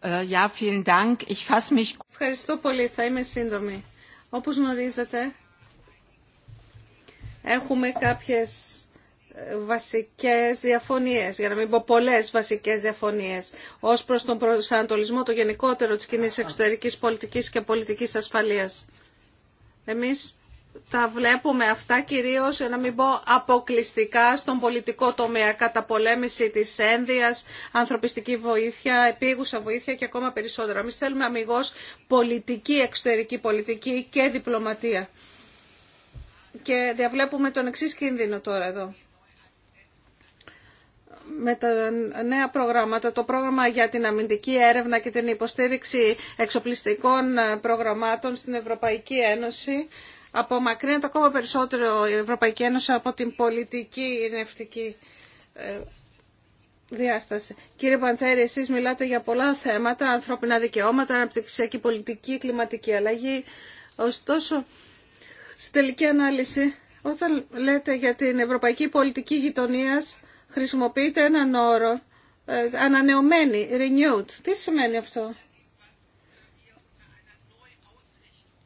C: Ε, Ευχαριστώ πολύ. Θα είμαι σύντομη. Όπως γνωρίζετε, έχουμε κάποιες ε, βασικές διαφωνίες, για να μην πω πολλές βασικές διαφωνίες, ως προς τον προσανατολισμό το γενικότερο της κοινής εξωτερικής πολιτικής και πολιτικής ασφαλείας. Εμείς τα βλέπουμε αυτά κυρίως, ε, να μην πω αποκλειστικά, στον πολιτικό τομέα, κατά πολέμηση της ένδυας, ανθρωπιστική βοήθεια, επίγουσα βοήθεια και ακόμα περισσότερα. Εμείς θέλουμε αμυγός πολιτική, εξωτερική πολιτική και διπλωματία. Και διαβλέπουμε τον εξή κίνδυνο τώρα εδώ. Με τα νέα προγράμματα, το πρόγραμμα για την αμυντική έρευνα και την υποστήριξη εξοπλιστικών ε, προγραμμάτων στην Ευρωπαϊκή Ένωση, απομακρύνεται ακόμα περισσότερο η Ευρωπαϊκή Ένωση από την πολιτική ειρηνευτική ε, διάσταση. Κύριε Παντσέρη, εσείς μιλάτε για πολλά θέματα, ανθρώπινα δικαιώματα, αναπτυξιακή πολιτική, κλιματική αλλαγή. Ωστόσο, στη τελική ανάλυση, όταν λέτε για την ευρωπαϊκή πολιτική γειτονίας, χρησιμοποιείτε έναν όρο, ε, ανανεωμένη, renewed. Τι σημαίνει αυτό.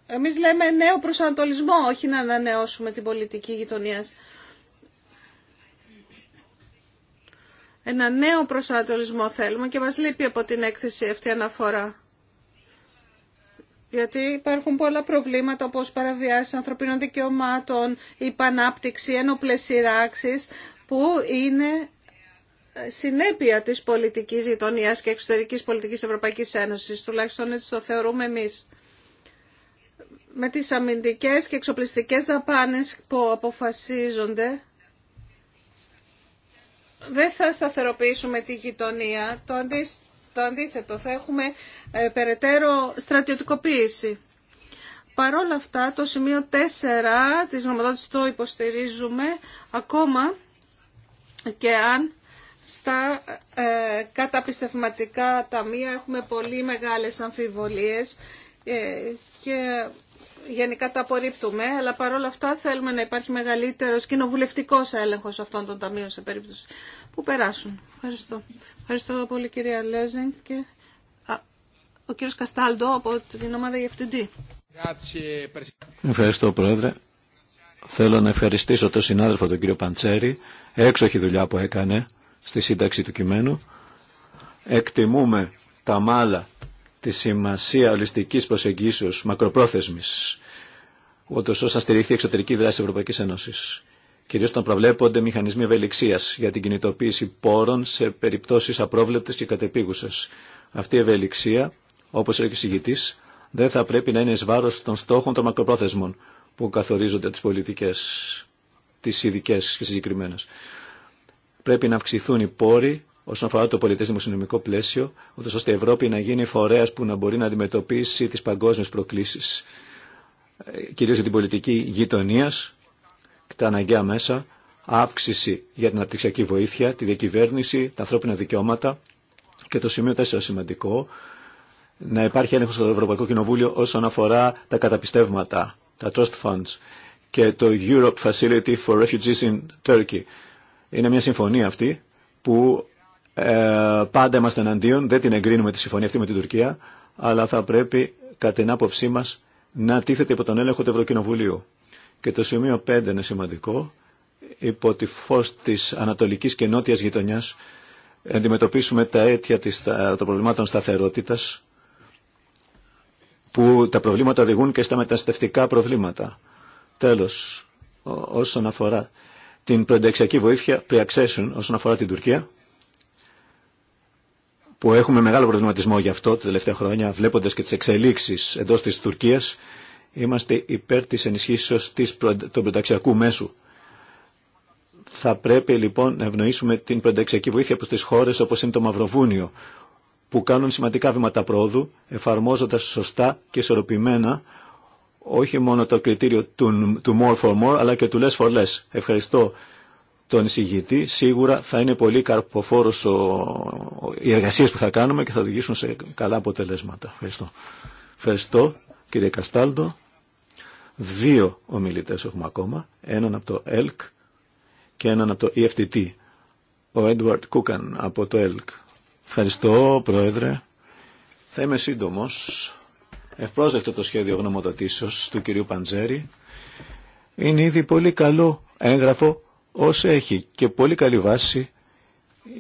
C: Εμείς λέμε νέο προσανατολισμό, όχι να ανανεώσουμε την πολιτική γειτονία. Ένα νέο προσανατολισμό θέλουμε και μας λείπει από την έκθεση αυτή αναφορά. Γιατί υπάρχουν πολλά προβλήματα όπως παραβιάσεις ανθρωπίνων δικαιωμάτων, υπανάπτυξη, ένοπλες σειράξεις που είναι συνέπεια της πολιτικής γειτονίας και εξωτερικής πολιτικής Ευρωπαϊκής Ένωσης. Τουλάχιστον έτσι το θεωρούμε εμείς με τις αμυντικές και εξοπλιστικές δαπάνες που αποφασίζονται δεν θα σταθεροποιήσουμε τη γειτονία, το, αντί, το αντίθετο, θα έχουμε ε, περαιτέρω στρατιωτικοποίηση. Παρ' όλα αυτά, το σημείο 4 της νομοδότησης το υποστηρίζουμε ακόμα και αν στα ε, καταπιστευματικά ταμεία έχουμε πολύ μεγάλες αμφιβολίες ε, και γενικά τα απορρίπτουμε, αλλά παρόλα αυτά θέλουμε να υπάρχει μεγαλύτερο κοινοβουλευτικό έλεγχο αυτών των ταμείων σε περίπτωση που περάσουν. Ευχαριστώ. Ευχαριστώ πολύ κυρία Λέζεν. και ο κύριο Καστάλντο από την ομάδα EFTD.
B: Ευχαριστώ πρόεδρε. Θέλω να ευχαριστήσω τον συνάδελφο τον κύριο Παντσέρη, έξοχη δουλειά που έκανε στη σύνταξη του κειμένου. Εκτιμούμε τα μάλα τη σημασία ολιστικής προσεγγίσεω μακροπρόθεσμη, ούτω ώστε να στηριχθεί η εξωτερική δράση της Ευρωπαϊκής Ένωσης. Κυρίως όταν προβλέπονται μηχανισμοί ευελιξία για την κινητοποίηση πόρων σε περιπτώσει απρόβλεπτες και κατεπίγουσες. Αυτή η ευελιξία, όπως έλεγε ο δεν θα πρέπει να είναι ει βάρο των στόχων των μακροπρόθεσμων που καθορίζονται τι πολιτικέ, τι ειδικέ και συγκεκριμένε. Πρέπει να αυξηθούν οι πόροι όσον αφορά το πολιτέ δημοσιονομικό πλαίσιο, ούτω ώστε η Ευρώπη να γίνει φορέας που να μπορεί να αντιμετωπίσει τι παγκόσμιες προκλήσει ε, κυρίω για την πολιτική γειτονία, τα αναγκαία μέσα, αύξηση για την αναπτυξιακή βοήθεια, τη διακυβέρνηση, τα ανθρώπινα δικαιώματα και το σημείο 4 σημαντικό, να υπάρχει έλεγχο στο Ευρωπαϊκό Κοινοβούλιο όσον αφορά τα καταπιστεύματα, τα trust funds και το Europe Facility for Refugees in Turkey. Είναι μια συμφωνία αυτή που ε, πάντα είμαστε εναντίον, δεν την εγκρίνουμε τη συμφωνία αυτή με την Τουρκία, αλλά θα πρέπει κατά την άποψή μα να τίθεται υπό τον έλεγχο του Ευρωκοινοβουλίου. Και το σημείο 5 είναι σημαντικό, υπό τη φω τη Ανατολική και νότια γειτονιά αντιμετωπίσουμε τα αίτια της, των προβλημάτων σταθερότητα, που τα προβλήματα οδηγούν και στα μεταστευτικά προβλήματα. Τέλο. όσον αφορά την προεντεξιακη βοηθεια βοήθεια, pre-accession, όσον αφορά την Τουρκία, που έχουμε μεγάλο προβληματισμό γι' αυτό τα τελευταία χρόνια, βλέποντα και τι εξελίξει εντό τη Τουρκία, είμαστε υπέρ τη ενισχύσεω του πρωταξιακού μέσου. Θα πρέπει λοιπόν να ευνοήσουμε την πρωταξιακή βοήθεια προ τι χώρε όπω είναι το Μαυροβούνιο, που κάνουν σημαντικά βήματα πρόοδου, εφαρμόζοντα σωστά και ισορροπημένα όχι μόνο το κριτήριο του, του more for more, αλλά και του less for less. Ευχαριστώ τον εισηγητή. Σίγουρα θα είναι πολύ καρποφόρος οι εργασίε που θα κάνουμε και θα οδηγήσουν σε καλά αποτελέσματα. Ευχαριστώ. Ευχαριστώ κύριε Καστάλτο. Δύο ομιλητέ έχουμε ακόμα. Έναν από το ΕΛΚ και έναν από το EFTT. Ο Έντουαρτ Κούκαν από το ΕΛΚ. Ευχαριστώ Πρόεδρε. Θα είμαι σύντομο. Ευπρόσδεκτο το σχέδιο γνωμοδοτήσεω του κυρίου Παντζέρη. Είναι ήδη πολύ καλό έγγραφο ως έχει και πολύ καλή βάση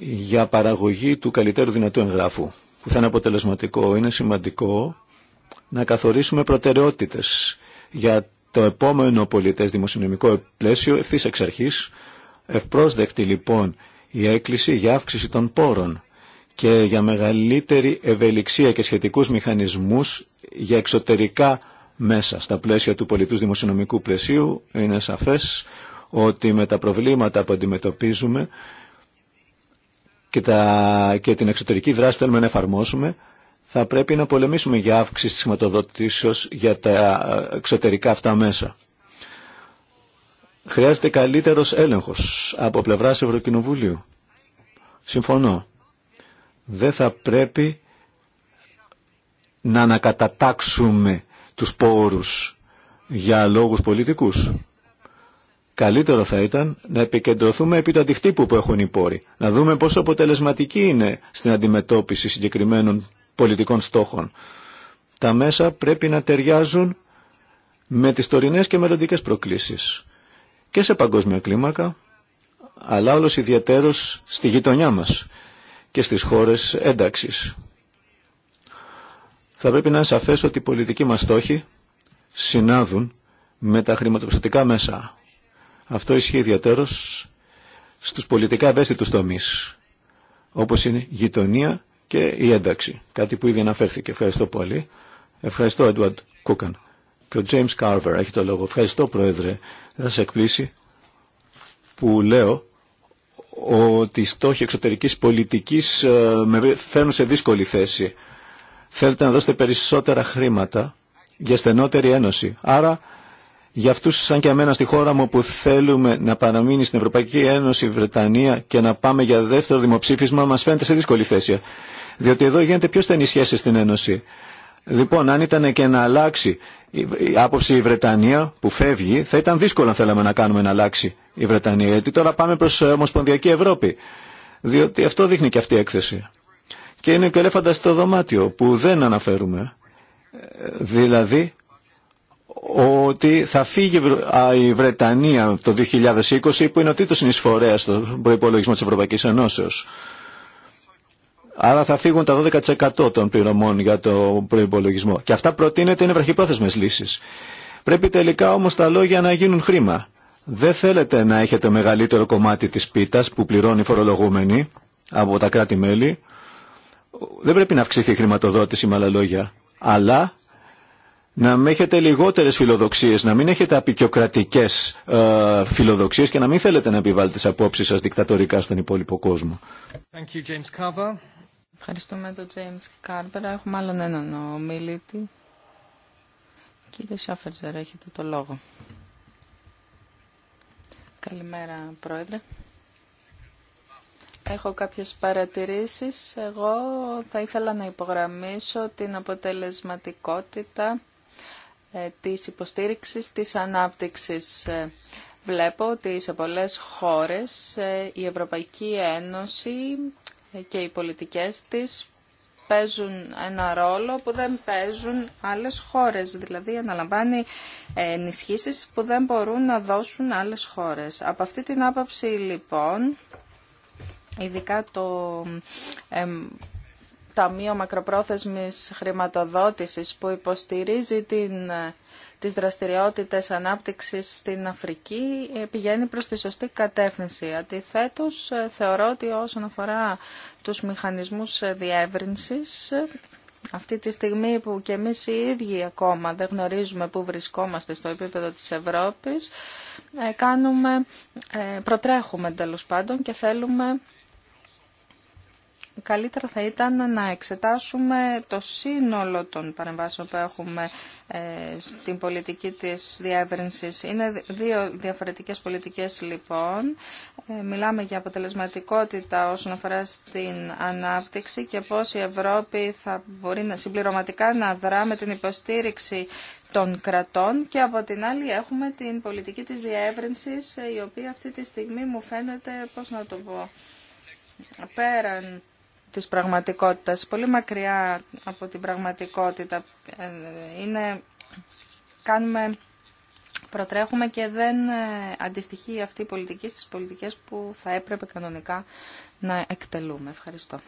B: για παραγωγή του καλύτερου δυνατού εγγράφου που θα είναι αποτελεσματικό. Είναι σημαντικό να καθορίσουμε προτεραιότητες για το επόμενο πολιτές δημοσιονομικό πλαίσιο ευθύ εξ αρχή. Ευπρόσδεκτη λοιπόν η έκκληση για αύξηση των πόρων και για μεγαλύτερη ευελιξία και σχετικούς μηχανισμούς για εξωτερικά μέσα στα πλαίσια του πολιτούς δημοσιονομικού πλαισίου είναι σαφές ότι με τα προβλήματα που αντιμετωπίζουμε και, τα, και την εξωτερική δράση θέλουμε να εφαρμόσουμε, θα πρέπει να πολεμήσουμε για αύξηση της χρηματοδοτήσεως για τα εξωτερικά αυτά μέσα. Χρειάζεται καλύτερος έλεγχος από πλευράς Ευρωκοινοβουλίου. Συμφωνώ. Δεν θα πρέπει να ανακατατάξουμε τους πόρους για λόγους πολιτικούς. Καλύτερο θα ήταν να επικεντρωθούμε επί του αντιχτύπου που έχουν οι πόροι, να δούμε πόσο αποτελεσματική είναι στην αντιμετώπιση συγκεκριμένων πολιτικών στόχων. Τα μέσα πρέπει να ταιριάζουν με τις τωρινέ και μελλοντικές προκλήσεις και σε παγκόσμια κλίμακα, αλλά όλος ιδιαίτερος στη γειτονιά μας και στις χώρες ένταξης. Θα πρέπει να είναι σαφές ότι οι πολιτικοί μας στόχοι συνάδουν με τα χρηματοπιστωτικά μέσα αυτό ισχύει ιδιαίτερως στους πολιτικά ευαίσθητους τομείς, όπως είναι η γειτονία και η ένταξη. Κάτι που ήδη αναφέρθηκε. Ευχαριστώ πολύ. Ευχαριστώ, Έντουαρντ Κούκαν. Και ο James Κάρβερ έχει το λόγο. Ευχαριστώ, Πρόεδρε. Δεν θα σε εκπλήσει που λέω ότι οι στόχοι εξωτερικής πολιτικής ε, με φέρνουν σε δύσκολη θέση. Θέλετε να δώσετε περισσότερα χρήματα για στενότερη ένωση. Άρα για αυτούς σαν και εμένα στη χώρα μου που θέλουμε να παραμείνει στην Ευρωπαϊκή Ένωση, η Βρετανία και να πάμε για δεύτερο δημοψήφισμα μας φαίνεται σε δύσκολη θέση. Διότι εδώ γίνεται πιο στενή σχέση στην Ένωση. Λοιπόν, αν ήταν και να αλλάξει η άποψη η Βρετανία που φεύγει, θα ήταν δύσκολο αν θέλαμε να κάνουμε να αλλάξει η Βρετανία. Γιατί τώρα πάμε προς ε, Ομοσπονδιακή Ευρώπη. Διότι αυτό δείχνει και αυτή η έκθεση. Και είναι και ελέφαντα στο δωμάτιο που δεν αναφέρουμε. Ε, δηλαδή, ότι θα φύγει η Βρετανία το 2020 που είναι ο τρίτος συνεισφορέας στον προϋπολογισμό της Ευρωπαϊκής Ενώσεως. Άρα θα φύγουν τα 12% των πληρωμών για το προϋπολογισμό. Και αυτά προτείνεται είναι βραχυπρόθεσμες λύσεις. Πρέπει τελικά όμως τα λόγια να γίνουν χρήμα. Δεν θέλετε να έχετε μεγαλύτερο κομμάτι της πίτας που πληρώνει φορολογούμενοι από τα κράτη-μέλη. Δεν πρέπει να αυξηθεί η χρηματοδότηση με άλλα λόγια. Αλλά να μην έχετε λιγότερες φιλοδοξίες, να μην έχετε απεικιοκρατικές ε, φιλοδοξίες και να μην θέλετε να επιβάλλετε τις απόψεις σας δικτατορικά στον υπόλοιπο κόσμο.
A: you,
D: Ευχαριστούμε τον James Carver. Έχουμε άλλον έναν ομιλήτη. Κύριε Σάφερτζερ, έχετε το λόγο. Καλημέρα, Πρόεδρε. Έχω κάποιες παρατηρήσεις. Εγώ θα ήθελα να υπογραμμίσω την αποτελεσματικότητα ε, της υποστήριξης της ανάπτυξης. Ε, βλέπω ότι σε πολλές χώρες ε, η Ευρωπαϊκή Ένωση και οι πολιτικές της παίζουν ένα ρόλο που δεν παίζουν άλλες χώρες. Δηλαδή αναλαμβάνει ενισχύσεις που δεν μπορούν να δώσουν άλλες χώρες. Από αυτή την άποψη λοιπόν, ειδικά το Ταμείο Μακροπρόθεσμης Χρηματοδότησης που υποστηρίζει την, τις δραστηριότητες ανάπτυξης στην Αφρική ε, πηγαίνει προς τη σωστή κατεύθυνση. Αντιθέτω, ε, θεωρώ ότι όσον αφορά τους μηχανισμούς ε, διεύρυνσης, αυτή τη στιγμή που και εμείς οι ίδιοι ακόμα δεν γνωρίζουμε πού βρισκόμαστε στο επίπεδο της Ευρώπης, κάνουμε, προτρέχουμε τέλο πάντων και θέλουμε καλύτερα θα ήταν να εξετάσουμε το σύνολο των παρεμβάσεων που έχουμε ε, στην πολιτική της διεύρυνσης. Είναι δύο διαφορετικές πολιτικές λοιπόν. Ε, μιλάμε για αποτελεσματικότητα όσον αφορά στην ανάπτυξη και πώς η Ευρώπη θα μπορεί να συμπληρωματικά να δρά με την υποστήριξη των κρατών και από την άλλη έχουμε την πολιτική της διεύρυνσης η οποία αυτή τη στιγμή μου φαίνεται, πώς να το πω, πέραν της πραγματικότητας, πολύ μακριά από την πραγματικότητα. Ε, είναι, κάνουμε, προτρέχουμε και δεν ε, αντιστοιχεί αυτή η πολιτική στις πολιτικές που θα έπρεπε κανονικά να εκτελούμε. Ευχαριστώ.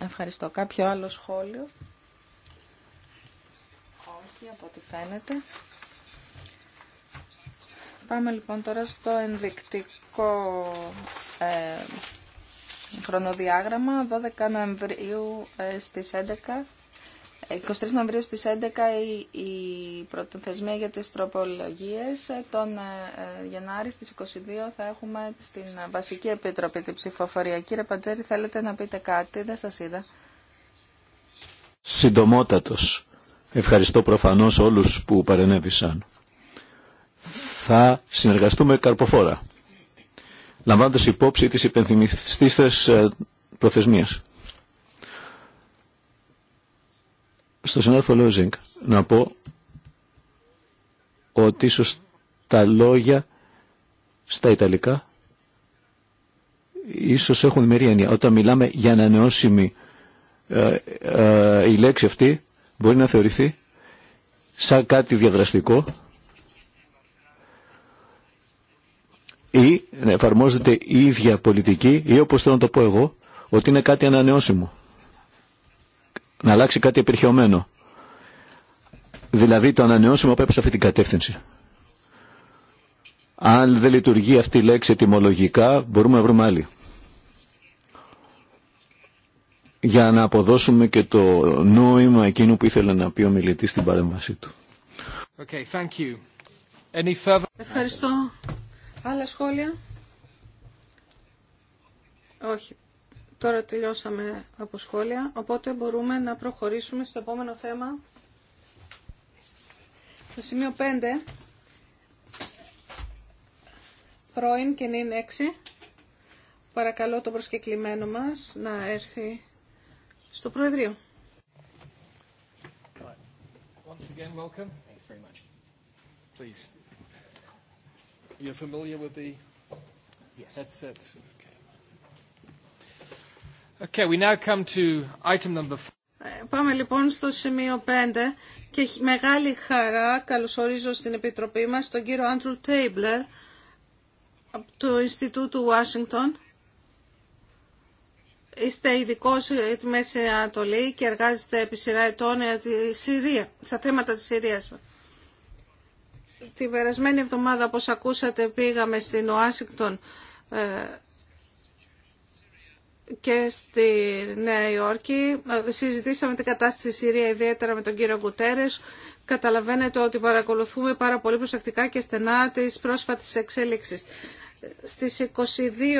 D: Ευχαριστώ. Κάποιο άλλο σχόλιο.
C: Όχι, από ό,τι
D: φαίνεται. Πάμε λοιπόν τώρα στο ενδεικτικό ε, χρονοδιάγραμμα 12 ε, Νοεμβρίου στις 11 23 Νοεμβρίου στις 11 η, η πρωτοθεσμία για τις τροπολογίες. Ε, τον ε, Γενάρη στις 22 θα έχουμε στην Βασική Επιτροπή την ψηφοφορία. Κύριε Παντζέρη θέλετε να πείτε κάτι, δεν σας είδα.
B: Συντομότατος. Ευχαριστώ προφανώς όλους που παρενέβησαν. Θα συνεργαστούμε καρποφόρα λαμβάνοντας υπόψη τις υπενθυμιστής ε, προθεσμίες. Στο συνάδελφο Λόζινγκ να πω ότι ίσως τα λόγια στα Ιταλικά ίσως έχουν μερή έννοια. Όταν μιλάμε για ανανεώσιμη ε, ε, η λέξη αυτή μπορεί να θεωρηθεί σαν κάτι διαδραστικό ή να εφαρμόζεται η ίδια πολιτική ή όπως θέλω να το πω εγώ ότι είναι κάτι ανανεώσιμο να αλλάξει κάτι επιρχαιωμένο δηλαδή το ανανεώσιμο πρέπει σε αυτή την κατεύθυνση αν δεν λειτουργεί αυτή η λέξη ετοιμολογικά μπορούμε να βρούμε άλλη για να αποδώσουμε και το νόημα εκείνου που ήθελε να πει ο μιλητής στην παρέμβασή του.
A: Okay, thank you. Any
C: Ευχαριστώ. Άλλα σχόλια. Όχι. Τώρα τελειώσαμε από σχόλια, οπότε μπορούμε να προχωρήσουμε στο επόμενο θέμα. Στο σημείο 5, πρώην και νυν 6, παρακαλώ το προσκεκλημένο μας να έρθει στο Προεδρείο.
A: Once again, welcome. You're familiar with the Okay. Okay, we now come to item number
C: ε, Πάμε λοιπόν στο σημείο 5 και μεγάλη χαρά καλωσορίζω στην Επιτροπή μας τον κύριο Άντρου Τέιμπλερ από το Ινστιτούτο Ουάσιγκτον. Είστε ειδικό για τη Μέση Ανατολή και εργάζεστε επί σειρά ετών για στα θέματα της Συρίας. Την περασμένη εβδομάδα, όπως ακούσατε, πήγαμε στην Ουάσιγκτον ε, και στη Νέα Υόρκη. Ε, συζητήσαμε την κατάσταση στη Συρία, ιδιαίτερα με τον κύριο Γκουτέρες. Καταλαβαίνετε ότι παρακολουθούμε πάρα πολύ προσεκτικά και στενά τις πρόσφατες εξέλιξεις. Στις 22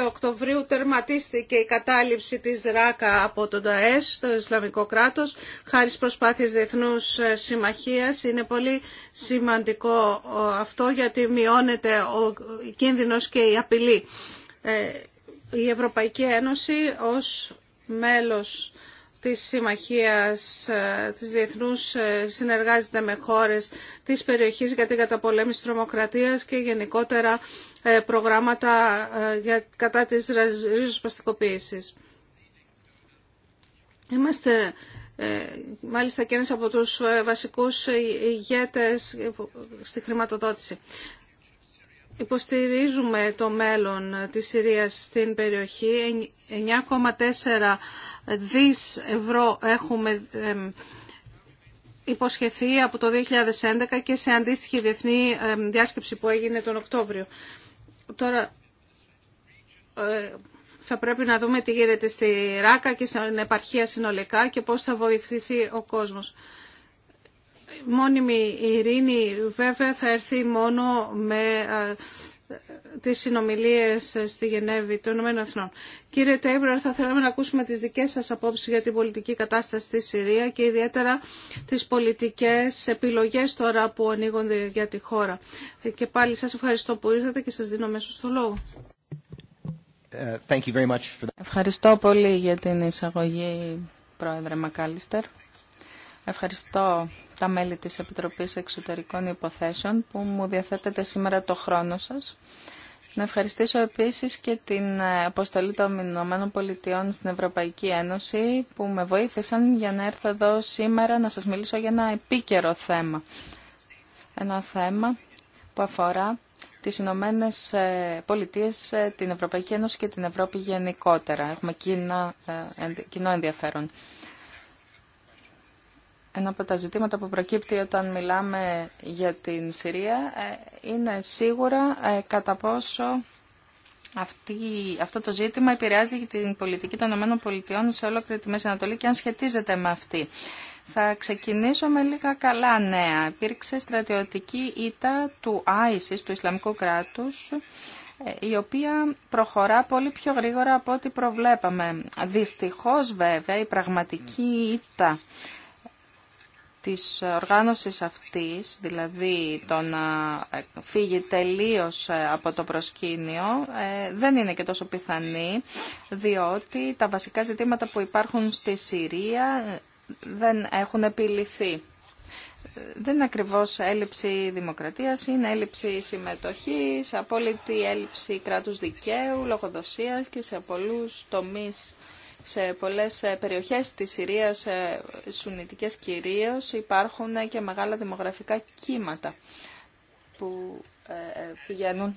C: Οκτωβρίου τερματίστηκε η κατάληψη της ΡΑΚΑ από τον ΤΑΕΣ, το Ισλαμικό κράτος, χάρη στις προσπάθειες διεθνούς συμμαχίας. Είναι πολύ σημαντικό ε, αυτό γιατί μειώνεται ο κίνδυνος και η απειλή. Ε, η Ευρωπαϊκή Ένωση ως μέλος της Συμμαχίας ε, της Διεθνούς ε, συνεργάζεται με χώρες της περιοχής για την καταπολέμηση τρομοκρατίας και γενικότερα ε, προγράμματα για, κατά της ρίζοσπαστικοποίησης. Είμαστε μάλιστα και ένας από τους βασικούς ηγέτες στη χρηματοδότηση. Υποστηρίζουμε το μέλλον της Συρίας στην περιοχή. 9,4 δις ευρώ έχουμε υποσχεθεί από το 2011 και σε αντίστοιχη διεθνή διάσκεψη που έγινε τον Οκτώβριο. Τώρα ε, θα πρέπει να δούμε τι γίνεται στη Ράκα και στην επαρχία συνολικά και πώς θα βοηθηθεί ο κόσμος μόνιμη ειρήνη βέβαια θα έρθει μόνο με τις συνομιλίες στη Γενέβη των Ηνωμένων Εθνών. Κύριε Τέιμπρερ, θα θέλαμε να ακούσουμε τις δικές σας απόψεις για την πολιτική κατάσταση στη Συρία και ιδιαίτερα τις πολιτικές επιλογές τώρα που ανοίγονται για τη χώρα. Και πάλι σας ευχαριστώ που ήρθατε και σας δίνω μέσω στο λόγο.
A: Ε,
D: ευχαριστώ πολύ για την εισαγωγή, Πρόεδρε Μακάλιστερ. Ευχαριστώ τα μέλη της Επιτροπής Εξωτερικών Υποθέσεων που μου διαθέτετε σήμερα το χρόνο σας. Να ευχαριστήσω επίσης και την ε, αποστολή των Ηνωμένων Πολιτειών στην Ευρωπαϊκή Ένωση που με βοήθησαν για να έρθω εδώ σήμερα να σας μιλήσω για ένα επίκαιρο θέμα. Ένα θέμα που αφορά τις Ηνωμένε Πολιτείε ε, την Ευρωπαϊκή Ένωση και την Ευρώπη γενικότερα. Έχουμε κοινό ε, ενδιαφέρον. Ένα από τα ζητήματα που προκύπτει όταν μιλάμε για την Συρία ε, είναι σίγουρα ε, κατά πόσο αυτή, αυτό το ζήτημα επηρεάζει την πολιτική των ΗΠΑ σε ολόκληρη τη Μέση Ανατολή και αν σχετίζεται με αυτή. Θα ξεκινήσω με λίγα καλά νέα. Υπήρξε στρατιωτική ήττα του ISIS, του Ισλαμικού κράτους, ε, η οποία προχωρά πολύ πιο γρήγορα από ό,τι προβλέπαμε. Δυστυχώς βέβαια η πραγματική ήττα της οργάνωσης αυτής, δηλαδή το να φύγει τελείως ε, από το προσκήνιο, ε, δεν είναι και τόσο πιθανή, διότι τα βασικά ζητήματα που υπάρχουν στη Συρία ε, δεν έχουν επιληθεί. Δεν είναι ακριβώς έλλειψη δημοκρατίας, είναι έλλειψη συμμετοχής, απόλυτη έλλειψη κράτους δικαίου, λογοδοσίας και σε πολλούς τομείς σε πολλές ε, περιοχές της Συρίας, ε, σουνιτικές κυρίως, υπάρχουν ε, και μεγάλα δημογραφικά κύματα που πηγαίνουν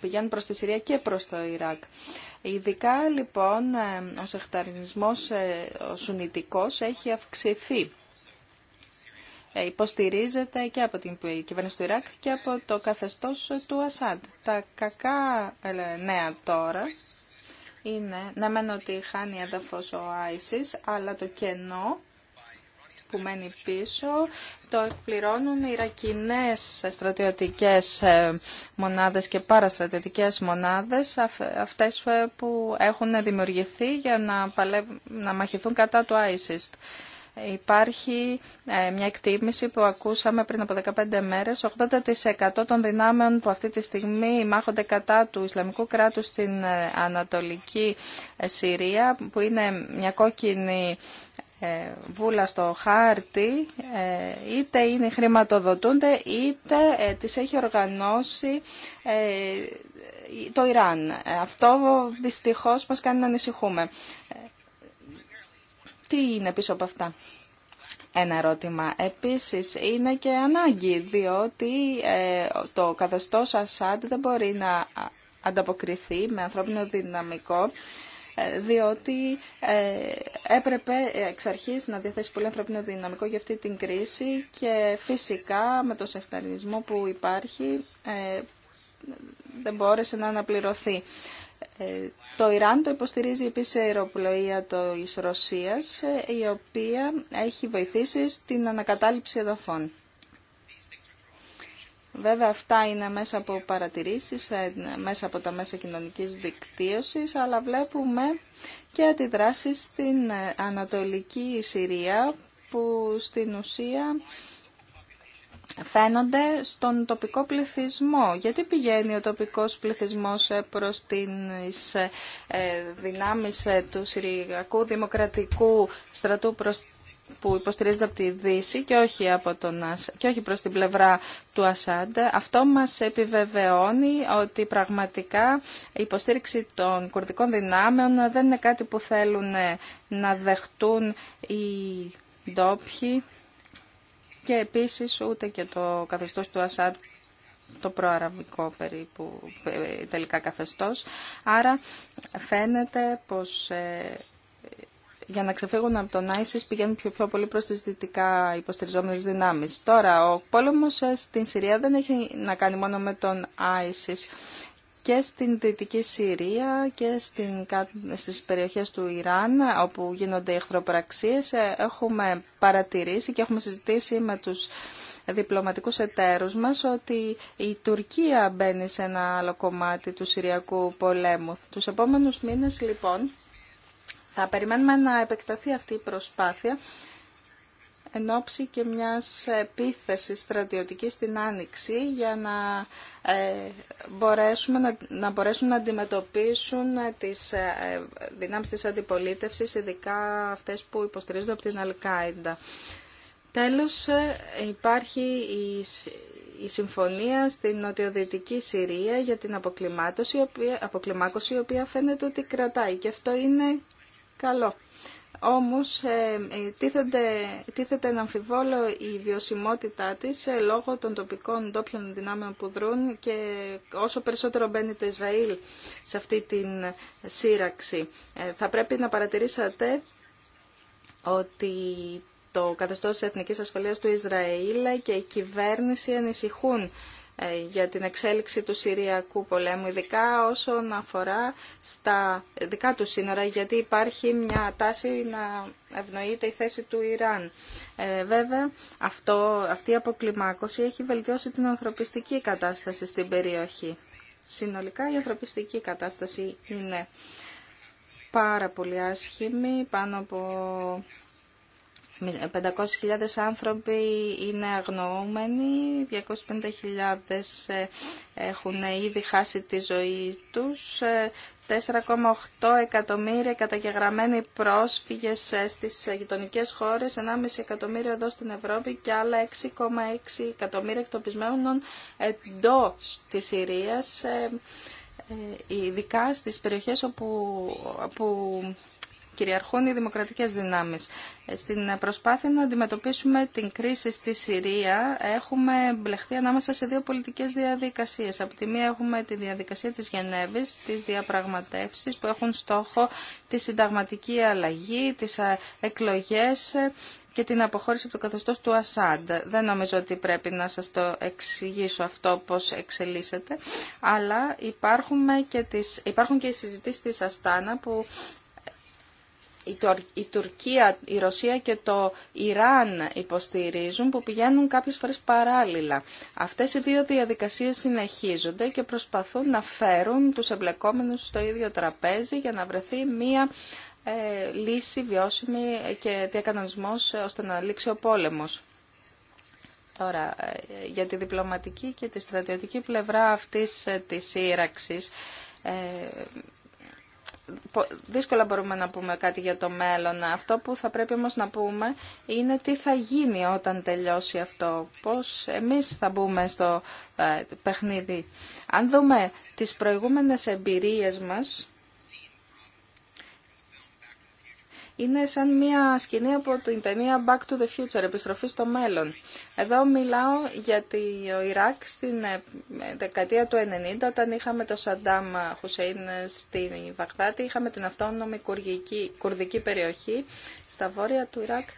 D: πηγαίνουν προς τη Συρία και προς το Ιράκ. Ειδικά λοιπόν ο σεχταρινισμός ο σουνητικός έχει αυξηθεί. Υποστηρίζεται και από την κυβέρνηση του Ιράκ και από το καθεστώς του Ασάντ. Τα κακά νέα τώρα είναι, να μένω ότι χάνει έδαφος ο Άισις, αλλά το κενό που μένει πίσω το εκπληρώνουν οι Ρακινές στρατιωτικές ε, μονάδες και παραστρατιωτικές μονάδες, αυτές ε, που έχουν δημιουργηθεί για να, να μαχηθούν κατά του ISIS. Υπάρχει ε, μια εκτίμηση που ακούσαμε πριν από 15 μέρες. 80% των δυνάμεων που αυτή τη στιγμή μάχονται κατά του Ισλαμικού κράτους στην ε, Ανατολική ε, Συρία, που είναι μια κόκκινη βούλα στο χάρτη, είτε είναι χρηματοδοτούνται, είτε τις έχει οργανώσει το Ιράν. Αυτό δυστυχώς μας κάνει να ανησυχούμε. Τι είναι πίσω από αυτά. Ένα ερώτημα. Επίσης είναι και ανάγκη, διότι ε, το καθεστώς Ασάντ δεν μπορεί να ανταποκριθεί με ανθρώπινο δυναμικό, ε, διότι ε, έπρεπε εξ αρχής να διαθέσει πολύ ανθρώπινο δυναμικό για αυτή την κρίση και φυσικά με τον σεχταρισμό που υπάρχει δεν μπόρεσε να αναπληρωθεί. Ε, το Ιράν το υποστηρίζει επίσης η αεροπλοεία της Ρωσίας, ε, η οποία έχει βοηθήσει στην ανακατάληψη εδαφών. Βέβαια αυτά είναι μέσα από παρατηρήσεις, ε, μέσα από τα μέσα κοινωνικής δικτύωσης, αλλά βλέπουμε και αντιδράσεις στην Ανατολική Συρία που στην ουσία φαίνονται στον τοπικό πληθυσμό. Γιατί πηγαίνει ο τοπικός πληθυσμός ε, προς τις ε, ε, δυνάμεις του Συριακού Δημοκρατικού Στρατού προς που υποστηρίζεται από τη Δύση και όχι, από τον, και όχι προς την πλευρά του Ασάντ. Αυτό μας επιβεβαιώνει ότι πραγματικά η υποστήριξη των κουρδικών δυνάμεων δεν είναι κάτι που θέλουν να δεχτούν οι ντόπιοι και επίσης ούτε και το καθεστώς του Ασάντ το προαραβικό περίπου ε, τελικά καθεστώς. Άρα φαίνεται πως ε, για να ξεφύγουν από τον ISIS πηγαίνουν πιο, πολύ προς τις δυτικά υποστηριζόμενες δυνάμεις. Τώρα ο πόλεμος ε, στην Συρία δεν έχει να κάνει μόνο με τον ISIS και στην Δυτική Συρία και στην, στις περιοχές του Ιράν όπου γίνονται οι εχθροπραξίες ε, έχουμε παρατηρήσει και έχουμε συζητήσει με τους διπλωματικούς εταίρους μας ότι η Τουρκία μπαίνει σε ένα άλλο κομμάτι του Συριακού πολέμου. Τους επόμενους μήνες λοιπόν θα περιμένουμε να επεκταθεί αυτή η προσπάθεια εν ώψη και μιας επίθεσης στρατιωτικής στην Άνοιξη για να, ε, μπορέσουμε, να, να μπορέσουν να αντιμετωπίσουν τις ε, δυνάμεις της αντιπολίτευσης, ειδικά αυτές που υποστηρίζονται από την Αλκάιντα. Τέλος, ε, υπάρχει η, συμφωνία στην νοτιοδυτική Συρία για την οποία, αποκλιμάκωση, η οποία φαίνεται ότι κρατάει και αυτό είναι καλό όμως ε, ε, τίθεται, τίθεται να αμφιβόλω η βιωσιμότητά της ε, λόγω των τοπικών ντόπιων δυνάμεων που δρούν και όσο περισσότερο μπαίνει το Ισραήλ σε αυτή την σύραξη. θα πρέπει να παρατηρήσατε ότι το καθεστώς της Εθνικής Ασφαλείας του Ισραήλ και η κυβέρνηση ανησυχούν ε, για την εξέλιξη του Συριακού πολέμου, ειδικά όσον αφορά στα δικά του σύνορα, γιατί υπάρχει μια τάση να ευνοείται η θέση του Ιράν. Ε, βέβαια, αυτό, αυτή η αποκλιμάκωση έχει βελτιώσει την ανθρωπιστική κατάσταση στην περιοχή. Συνολικά η ανθρωπιστική κατάσταση είναι πάρα πολύ άσχημη, πάνω από 500.000 άνθρωποι είναι αγνοούμενοι, 250.000 ε, έχουν ήδη χάσει τη ζωή τους, 4,8 ε, εκατομμύρια καταγεγραμμένοι πρόσφυγες ε, στις γειτονικέ χώρες, 1,5 εκατομμύριο εδώ στην Ευρώπη και άλλα 6,6 εκατομμύρια εκτοπισμένων εντό της Συρίας, ειδικά στις περιοχές όπου, όπου κυριαρχούν οι δημοκρατικές δυνάμεις. Ε, στην προσπάθεια να αντιμετωπίσουμε την κρίση στη Συρία έχουμε μπλεχτεί ανάμεσα σε δύο πολιτικές διαδικασίες. Από τη μία έχουμε τη διαδικασία της Γενέβης, τις διαπραγματεύσεις που έχουν στόχο τη συνταγματική αλλαγή, τις ε, εκλογές ε, και την αποχώρηση από το καθεστώς του Ασάντ. Δεν νομίζω ότι πρέπει να σας το εξηγήσω αυτό πώς εξελίσσεται, αλλά υπάρχουν και, τις, υπάρχουν και οι συζητήσεις της Αστάνα που η Τουρκία, η Ρωσία και το Ιράν υποστηρίζουν που πηγαίνουν κάποιες φορές παράλληλα. Αυτές οι δύο διαδικασίες συνεχίζονται και προσπαθούν να φέρουν τους εμπλεκόμενους στο ίδιο τραπέζι για να βρεθεί μία ε, λύση βιώσιμη και διακανονισμός ε, ώστε να λήξει ο πόλεμος. Τώρα, ε, για τη διπλωματική και τη στρατιωτική πλευρά αυτής της σύραξης, δύσκολα μπορούμε να πούμε κάτι για το μέλλον. Αυτό που θα πρέπει όμως να πούμε είναι τι θα γίνει όταν τελειώσει αυτό. Πώς εμείς θα μπούμε στο ε, παιχνίδι. Αν δούμε τις προηγούμενες εμπειρίες μας, είναι σαν μια σκηνή από την ταινία Back to the Future, επιστροφή στο μέλλον. Εδώ μιλάω για το Ιράκ στην ε, δεκαετία του 90, όταν είχαμε το Σαντάμ Χουσέιν στην Βαγδάτη, είχαμε την αυτόνομη κουρδική, κουρδική περιοχή στα βόρεια του Ιράκ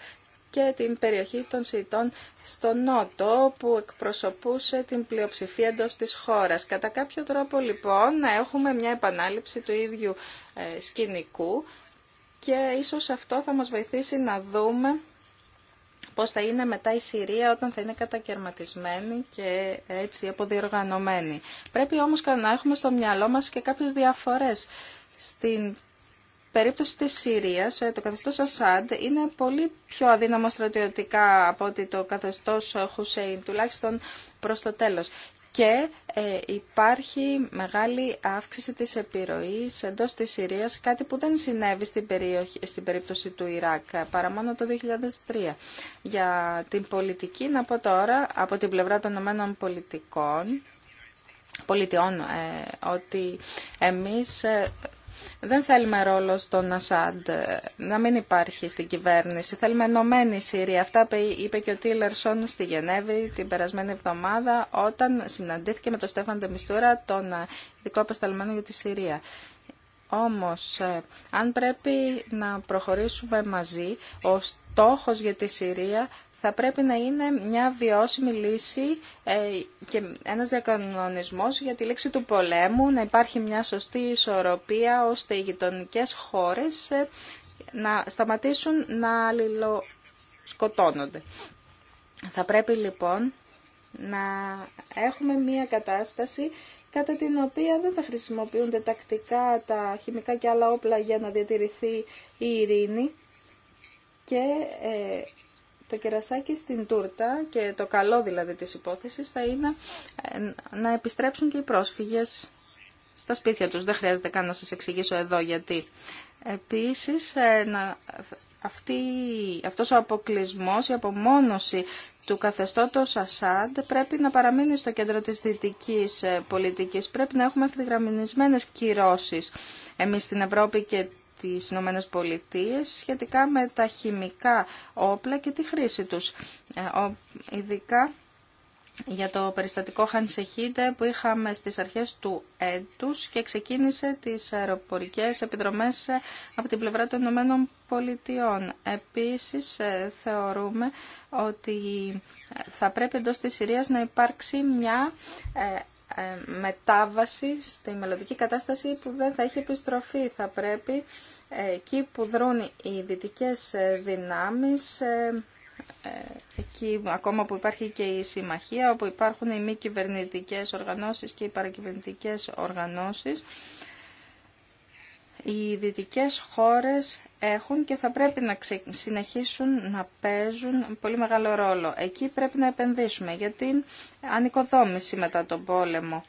D: και την περιοχή των Σιητών στο Νότο που εκπροσωπούσε την πλειοψηφία εντό της χώρας. Κατά κάποιο τρόπο λοιπόν έχουμε μια επανάληψη του ίδιου ε, σκηνικού και ίσως αυτό θα μας βοηθήσει να δούμε πώς θα είναι μετά η Συρία όταν θα είναι κατακαιρματισμένη και έτσι αποδιοργανωμένη. Πρέπει όμως να έχουμε στο μυαλό μας και κάποιες διαφορές. Στην περίπτωση της Συρίας, ε, το καθεστώς Ασάντ είναι πολύ πιο αδύναμο στρατιωτικά από ότι το καθεστώς Χουσέιν, τουλάχιστον προς το τέλος και ε, υπάρχει μεγάλη αύξηση της επιρροής εντός της Συρίας, κάτι που δεν συνέβη στην, στην περίπτωση του Ιράκ, παρά μόνο το 2003. Για την πολιτική, να πω τώρα, από την πλευρά των Ηνωμένων Πολιτικών, πολιτιών, ε, ότι εμείς ε, δεν θέλουμε ρόλο στον Ασάντ ε, να μην υπάρχει στην κυβέρνηση. Θέλουμε ενωμένη Συρία. Αυτά είπε και ο Τίλερσον στη Γενέβη την περασμένη εβδομάδα όταν συναντήθηκε με τον Στέφαν Τεμιστούρα, τον ε, ειδικό απεσταλμένο για τη Συρία. Όμως, ε, αν πρέπει να προχωρήσουμε μαζί, ο στόχος για τη Συρία θα πρέπει να είναι μια βιώσιμη λύση ε, και ένας διακανονισμός για τη λήξη του πολέμου, να υπάρχει μια σωστή ισορροπία ώστε οι γειτονικέ χώρες ε, να σταματήσουν να αλληλοσκοτώνονται. Θα πρέπει λοιπόν να έχουμε μια κατάσταση κατά την οποία δεν θα χρησιμοποιούνται τακτικά τα χημικά και άλλα όπλα για να διατηρηθεί η ειρήνη και ε, το κερασάκι στην τούρτα και το καλό δηλαδή της υπόθεσης θα είναι ε, να επιστρέψουν και οι πρόσφυγες στα σπίτια τους. Δεν χρειάζεται καν να σας εξηγήσω εδώ γιατί. Επίσης, ε, να, αυτή, αυτός ο αποκλεισμός, η απομόνωση του καθεστώτος Ασάντ πρέπει να παραμείνει στο κέντρο της δυτικής ε, πολιτικής. Πρέπει να έχουμε ευθυγραμμινισμένες κυρώσεις εμείς στην Ευρώπη και τις Ηνωμένες Πολιτείες σχετικά με τα χημικά όπλα και τη χρήση τους. Ε, ειδικά για το περιστατικό Χανσεχίτε που είχαμε στις αρχές του έτους και ξεκίνησε τις αεροπορικές επιδρομές ε, από την πλευρά των Ηνωμένων Πολιτειών. Επίσης ε, θεωρούμε ότι θα πρέπει εντός της Συρίας να υπάρξει μια ε, μετάβαση στη μελλοντική κατάσταση που δεν θα έχει επιστροφή. Θα πρέπει ε, εκεί που δρούν οι δυτικές ε, δυνάμεις, εκεί ακόμα που υπάρχει και η συμμαχία, όπου υπάρχουν οι μη κυβερνητικέ οργανώσεις και οι παρακυβερνητικές οργανώσεις, οι δυτικές χώρες έχουν και θα πρέπει να συνεχίσουν να παίζουν πολύ μεγάλο ρόλο. Εκεί πρέπει να επενδύσουμε για την ανοικοδόμηση μετά τον πόλεμο.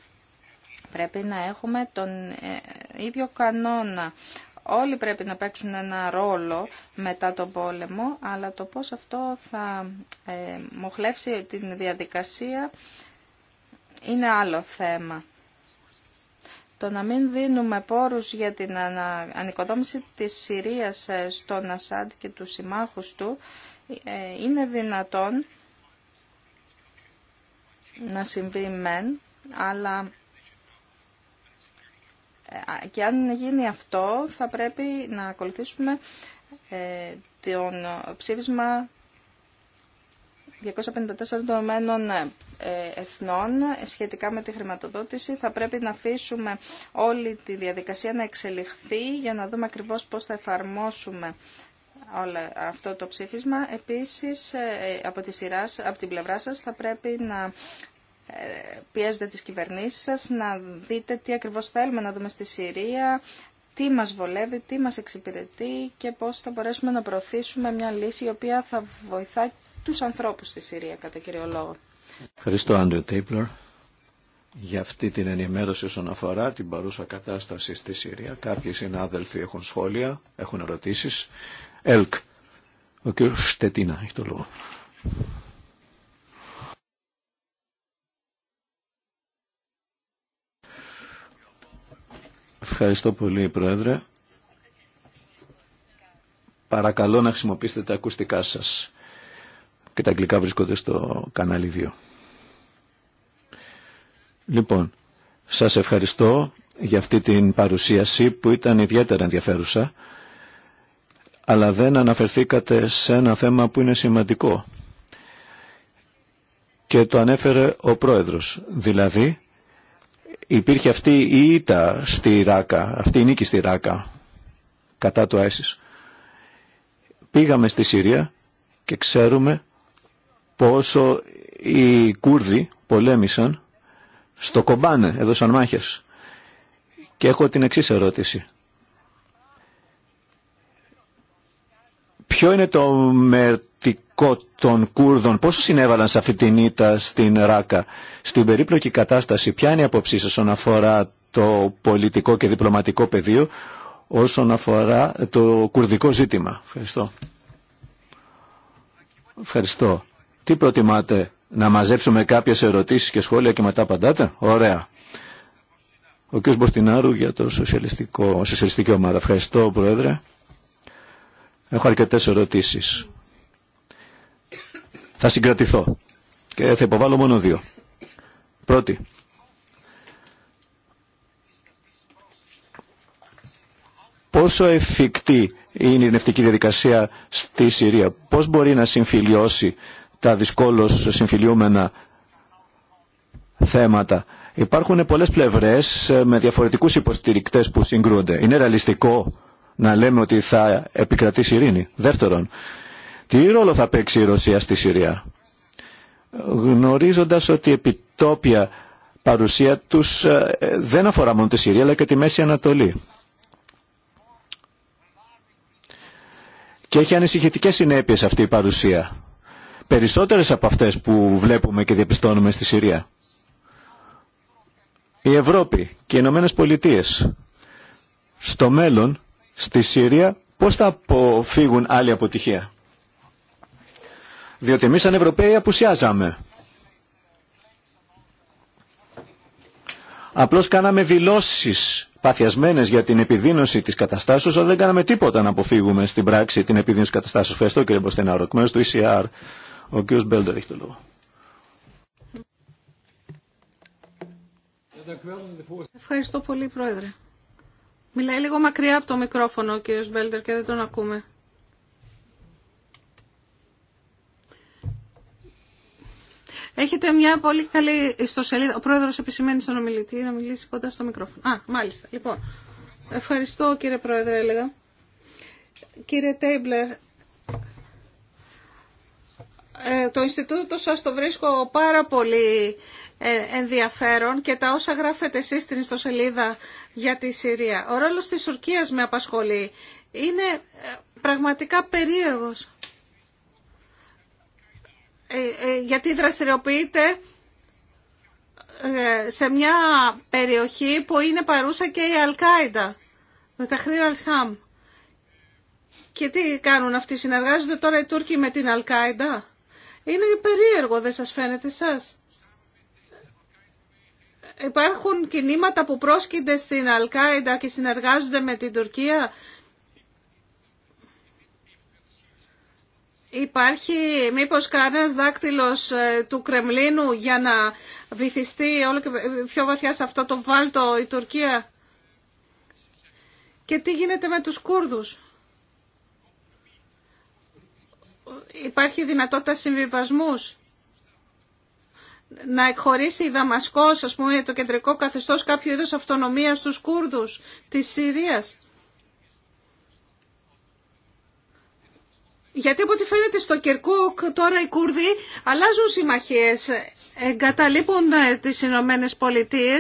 D: Πρέπει να έχουμε τον ε, ίδιο κανόνα. Όλοι πρέπει να παίξουν ένα ρόλο μετά τον πόλεμο, αλλά το πώς αυτό θα ε, μοχλεύσει την διαδικασία είναι άλλο θέμα. Το να μην δίνουμε πόρους για την ανοικοδόμηση της Συρίας ε, στον Ασάντ και του συμμάχους του ε, είναι δυνατόν να συμβεί μεν, αλλά ε, και αν γίνει αυτό θα πρέπει να ακολουθήσουμε τον ψήφισμα 254 των ε, Εθνών ε, σχετικά με τη χρηματοδότηση. Θα πρέπει να αφήσουμε όλη τη διαδικασία να εξελιχθεί για να δούμε ακριβώς πώς θα εφαρμόσουμε όλο αυτό το ψήφισμα. Επίσης, ε, από, τη σειρά, από την πλευρά σας θα πρέπει να πιέζετε τις κυβερνήσεις σας, να δείτε τι ακριβώς θέλουμε να δούμε στη Συρία, τι μας βολεύει, τι μας εξυπηρετεί και πώς θα μπορέσουμε να προωθήσουμε μια λύση η οποία θα βοηθά τους ανθρώπους στη Συρία κατά κύριο λόγο.
B: Ευχαριστώ Άντριο Τίπλερ, για αυτή την ενημέρωση όσον αφορά την παρούσα κατάσταση στη Συρία. Κάποιοι συνάδελφοι έχουν σχόλια, έχουν ερωτήσεις. ΕΛΚ, ο κ. Στετίνα έχει το λόγο. Ευχαριστώ πολύ, Πρόεδρε. Παρακαλώ να χρησιμοποιήσετε τα ακουστικά σας και τα αγγλικά βρίσκονται στο κανάλι 2. Λοιπόν, σας ευχαριστώ για αυτή την παρουσίαση που ήταν ιδιαίτερα ενδιαφέρουσα, αλλά δεν αναφερθήκατε σε ένα θέμα που είναι σημαντικό και το ανέφερε ο πρόεδρος. Δηλαδή, υπήρχε αυτή η ήττα στη Ράκα, αυτή η νίκη στη Ράκα κατά το ΆΕΣΙΣ. Πήγαμε στη Συρία και ξέρουμε πόσο οι Κούρδοι πολέμησαν στο Κομπάνε, έδωσαν μάχες. Και έχω την εξής ερώτηση. Ποιο είναι το μερτικό των Κούρδων, πόσο συνέβαλαν σε αυτή την ήττα στην Ράκα, στην περίπλοκη κατάσταση, ποια είναι η απόψη σας όσον αφορά το πολιτικό και διπλωματικό πεδίο, όσον αφορά το κουρδικό ζήτημα. Ευχαριστώ. Ευχαριστώ. Τι προτιμάτε, να μαζέψουμε κάποιες ερωτήσεις και σχόλια και μετά απαντάτε. Ωραία. Ο κ. Μποστινάρου για το σοσιαλιστικό, σοσιαλιστική ομάδα. Ευχαριστώ, Πρόεδρε. Έχω αρκετές ερωτήσεις. Θα συγκρατηθώ και θα υποβάλω μόνο δύο. Πρώτη. Πόσο εφικτή είναι η νευτική διαδικασία στη Συρία. Πώς μπορεί να συμφιλιώσει τα δυσκόλως συμφιλιούμενα θέματα. Υπάρχουν πολλές πλευρές ε, με διαφορετικούς υποστηρικτές που συγκρούνται. Είναι ρεαλιστικό να λέμε ότι θα επικρατήσει ειρήνη. Δεύτερον, τι ρόλο θα παίξει η Ρωσία στη Συρία. Γνωρίζοντας ότι η επιτόπια παρουσία τους ε, δεν αφορά μόνο τη Συρία αλλά και τη Μέση Ανατολή. Και έχει ανησυχητικές συνέπειες αυτή η παρουσία περισσότερες από αυτές που βλέπουμε και διαπιστώνουμε στη Συρία. Η Ευρώπη και οι Ηνωμένε Πολιτείε στο μέλλον στη Συρία πώς θα αποφύγουν άλλη αποτυχία. Διότι εμείς σαν Ευρωπαίοι απουσιάζαμε. Απλώς κάναμε δηλώσεις παθιασμένες για την επιδείνωση της καταστάσεως, αλλά δεν κάναμε τίποτα να αποφύγουμε στην πράξη την επιδείνωση της καταστάσεως. Ευχαριστώ κύριε Μποστενάρο, του ECR. Ο κ. Μπέλτερ έχει το λόγο.
C: Ευχαριστώ πολύ, Πρόεδρε. Μιλάει λίγο μακριά από το μικρόφωνο ο κ. Μπέλτερ και δεν τον ακούμε. Έχετε μια πολύ καλή ιστοσελίδα. Ο πρόεδρος επισημαίνει στον ομιλητή να μιλήσει κοντά στο μικρόφωνο. Α, μάλιστα. Λοιπόν, ευχαριστώ κύριε πρόεδρε, έλεγα. Κύριε Τέιμπλερ, ε, το Ινστιτούτο σας το βρίσκω πάρα πολύ ε, ενδιαφέρον και τα όσα γράφετε εσείς στην ιστοσελίδα για τη Συρία. Ο ρόλος της Τουρκίας με απασχολεί. Είναι ε, πραγματικά περίεργος. Γιατί δραστηριοποιείται σε μια περιοχή που είναι παρούσα και η Αλκάιντα με τα χρήρα Αλχάμ. Και τι κάνουν αυτοί, συνεργάζονται τώρα οι Τούρκοι με την Αλκάιντα. Είναι περίεργο, δεν σας φαίνεται σας. Υπάρχουν κινήματα που πρόσκυνται στην Αλκάιντα και συνεργάζονται με την Τουρκία. Υπάρχει μήπως κανένας δάκτυλος ε, του Κρεμλίνου για να βυθιστεί όλο και πιο βαθιά σε αυτό το βάλτο η Τουρκία. Και τι γίνεται με τους Κούρδους. υπάρχει δυνατότητα συμβιβασμούς. Να εκχωρήσει η Δαμασκός, ας πούμε, το κεντρικό καθεστώς κάποιο είδος αυτονομίας στους Κούρδους της Συρίας. Γιατί από ό,τι φαίνεται στο Κερκούκ τώρα οι Κούρδοι αλλάζουν συμμαχίες, εγκαταλείπουν ε, τις Ηνωμένε Πολιτείε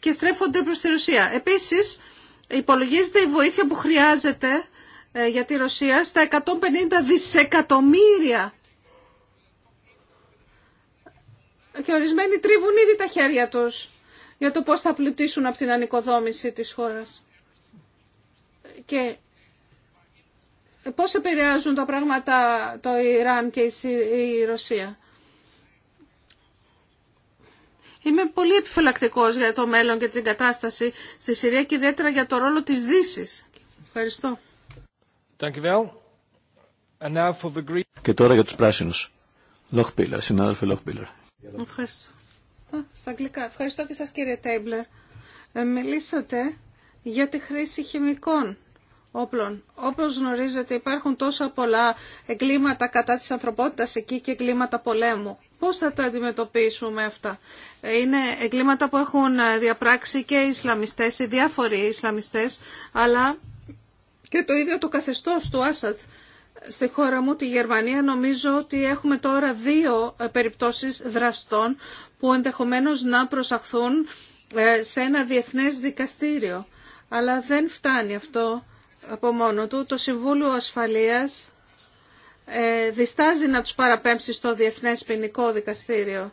C: και στρέφονται προς τη Ρωσία. Επίσης υπολογίζεται η βοήθεια που χρειάζεται ε, για τη Ρωσία στα 150 δισεκατομμύρια. Και ορισμένοι τρίβουν ήδη τα χέρια τους για το πώς θα πλουτίσουν από την ανοικοδόμηση της χώρας. Και πώς επηρεάζουν τα πράγματα το Ιράν και η Ρωσία. Είμαι πολύ επιφυλακτικός για το μέλλον και την κατάσταση στη Συρία και ιδιαίτερα για το ρόλο της Δύσης Ευχαριστώ.
B: Και τώρα για τους πράσινους. Λοχπίλα, συνάδελφε Πίλερ.
C: Ευχαριστώ. στα αγγλικά. Ευχαριστώ και σας κύριε Τέιμπλερ. Ε, μιλήσατε για τη χρήση χημικών όπλων. Όπως γνωρίζετε υπάρχουν τόσα πολλά εγκλήματα κατά της ανθρωπότητας εκεί και εγκλήματα πολέμου. Πώς θα τα αντιμετωπίσουμε αυτά. Ε, είναι εγκλήματα που έχουν ε, διαπράξει και οι Ισλαμιστές, οι διάφοροι Ισλαμιστές, αλλά και το ίδιο το καθεστώς του Άσαντ στη χώρα μου, τη Γερμανία, νομίζω ότι έχουμε τώρα δύο ε, περιπτώσεις δραστών που ενδεχομένως να προσαχθούν ε, σε ένα διεθνές δικαστήριο. Αλλά δεν φτάνει αυτό από μόνο του. Το Συμβούλιο Ασφαλείας ε, διστάζει να τους παραπέμψει στο Διεθνές Ποινικό Δικαστήριο.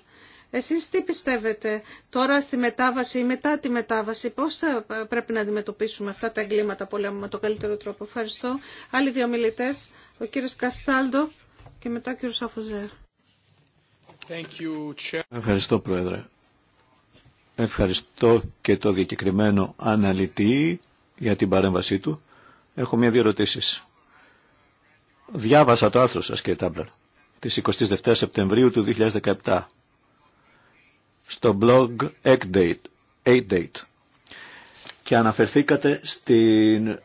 C: Εσείς τι πιστεύετε τώρα στη μετάβαση ή μετά τη μετάβαση, πώς θα πρέπει να αντιμετωπίσουμε αυτά τα εγκλήματα πολέμου με τον καλύτερο τρόπο. Ευχαριστώ. Άλλοι δύο μιλητές, ο κύριος Καστάλντο και μετά ο κύριος αφουζέρ
B: Ευχαριστώ Πρόεδρε. Ευχαριστώ και το διακεκριμένο αναλυτή για την παρέμβασή του. Έχω μια-δύο ερωτήσει. Διάβασα το άρθρο σας κύριε Τάμπλερ της 22 Σεπτεμβρίου του 2017 στο blog 8date, και αναφερθήκατε στην,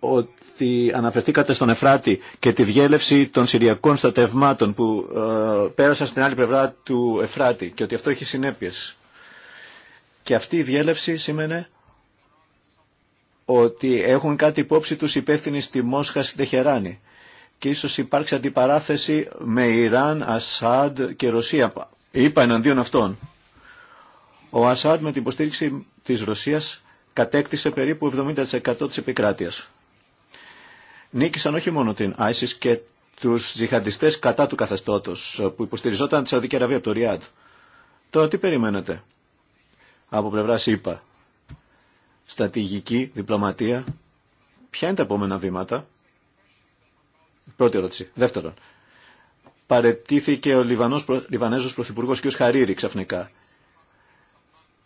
B: ότι αναφερθήκατε στον Εφράτη και τη διέλευση των Συριακών στατευμάτων που ε, πέρασαν στην άλλη πλευρά του Εφράτη και ότι αυτό έχει συνέπειες. Και αυτή η διέλευση σήμαινε ότι έχουν κάτι υπόψη τους υπεύθυνοι στη Μόσχα στη Τεχεράνη και ίσως υπάρξει αντιπαράθεση με Ιράν, Ασάντ και Ρωσία είπα εναντίον αυτών. Ο Ασάντ με την υποστήριξη της Ρωσίας κατέκτησε περίπου 70% της επικράτειας. Νίκησαν όχι μόνο την ISIS και τους ζιχαντιστές κατά του καθεστώτος που υποστηριζόταν τη Σαουδική Αραβία από το Ριάντ. Τώρα τι περιμένετε από πλευρά ΣΥΠΑ. στρατηγική, διπλωματία. Ποια είναι τα επόμενα βήματα. Πρώτη ερώτηση. Δεύτερον, παρετήθηκε ο Λιβανός, Λιβανέζος Πρωθυπουργός κ. Χαρίρη ξαφνικά.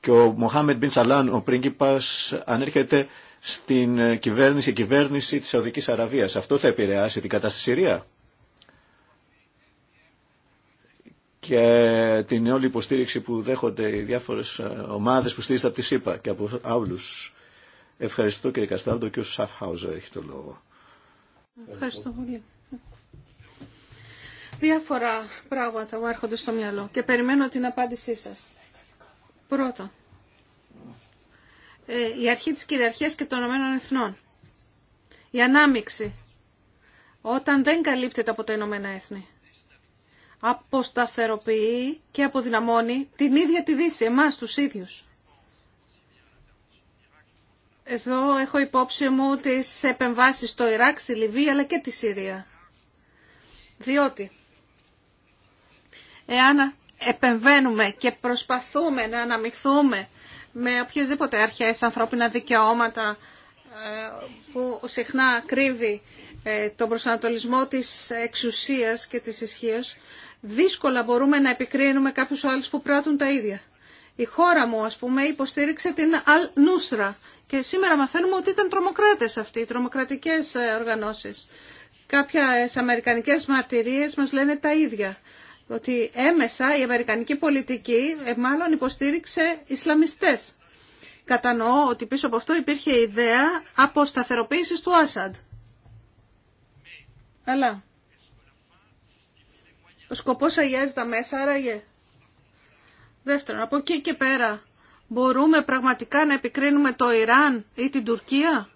B: Και ο Μοχάμεντ Μπιν Σαλάν, ο πρίγκιπας, ανέρχεται στην ε, κυβέρνηση, κυβέρνηση της Σαουδικής Αραβίας. Αυτό θα επηρεάσει την κατάσταση Συρία και την όλη υποστήριξη που δέχονται οι διάφορες ε, ομάδες που στήριζονται από τη ΣΥΠΑ και από άλλους. Ευχαριστώ κύριε Καστάλτο και ο Σαφχάουζα έχει το λόγο.
C: Ευχαριστώ πολύ διάφορα πράγματα μου έρχονται στο μυαλό και περιμένω την απάντησή σας. Πρώτον, ε, η αρχή της κυριαρχίας και των Ηνωμένων Εθνών. Η ανάμιξη, όταν δεν καλύπτεται από τα Ηνωμένα Έθνη, αποσταθεροποιεί και αποδυναμώνει την ίδια τη Δύση, εμάς τους ίδιους. Εδώ έχω υπόψη μου τις επεμβάσεις στο Ιράκ, στη Λιβύη αλλά και τη Συρία. Διότι εάν επεμβαίνουμε και προσπαθούμε να αναμειχθούμε με οποιασδήποτε αρχές ανθρώπινα δικαιώματα ε, που συχνά κρύβει ε, τον προσανατολισμό της εξουσίας και της ισχύω, δύσκολα μπορούμε να επικρίνουμε κάποιους άλλους που πράττουν τα ίδια. Η χώρα μου, ας πούμε, υποστήριξε την Αλ-Νούσρα και σήμερα μαθαίνουμε ότι ήταν τρομοκράτες αυτοί, τρομοκρατικές ε, οργανώσεις. Κάποιες αμερικανικές μαρτυρίες μας λένε τα ίδια ότι έμεσα η αμερικανική πολιτική ε, μάλλον υποστήριξε Ισλαμιστές. Κατανοώ ότι πίσω από αυτό υπήρχε η ιδέα αποσταθεροποίησης του Άσαντ. Αλλά ο σκοπός αγιάζει τα μέσα, άραγε. Δεύτερον, από εκεί και πέρα μπορούμε πραγματικά να επικρίνουμε το Ιράν ή την Τουρκία,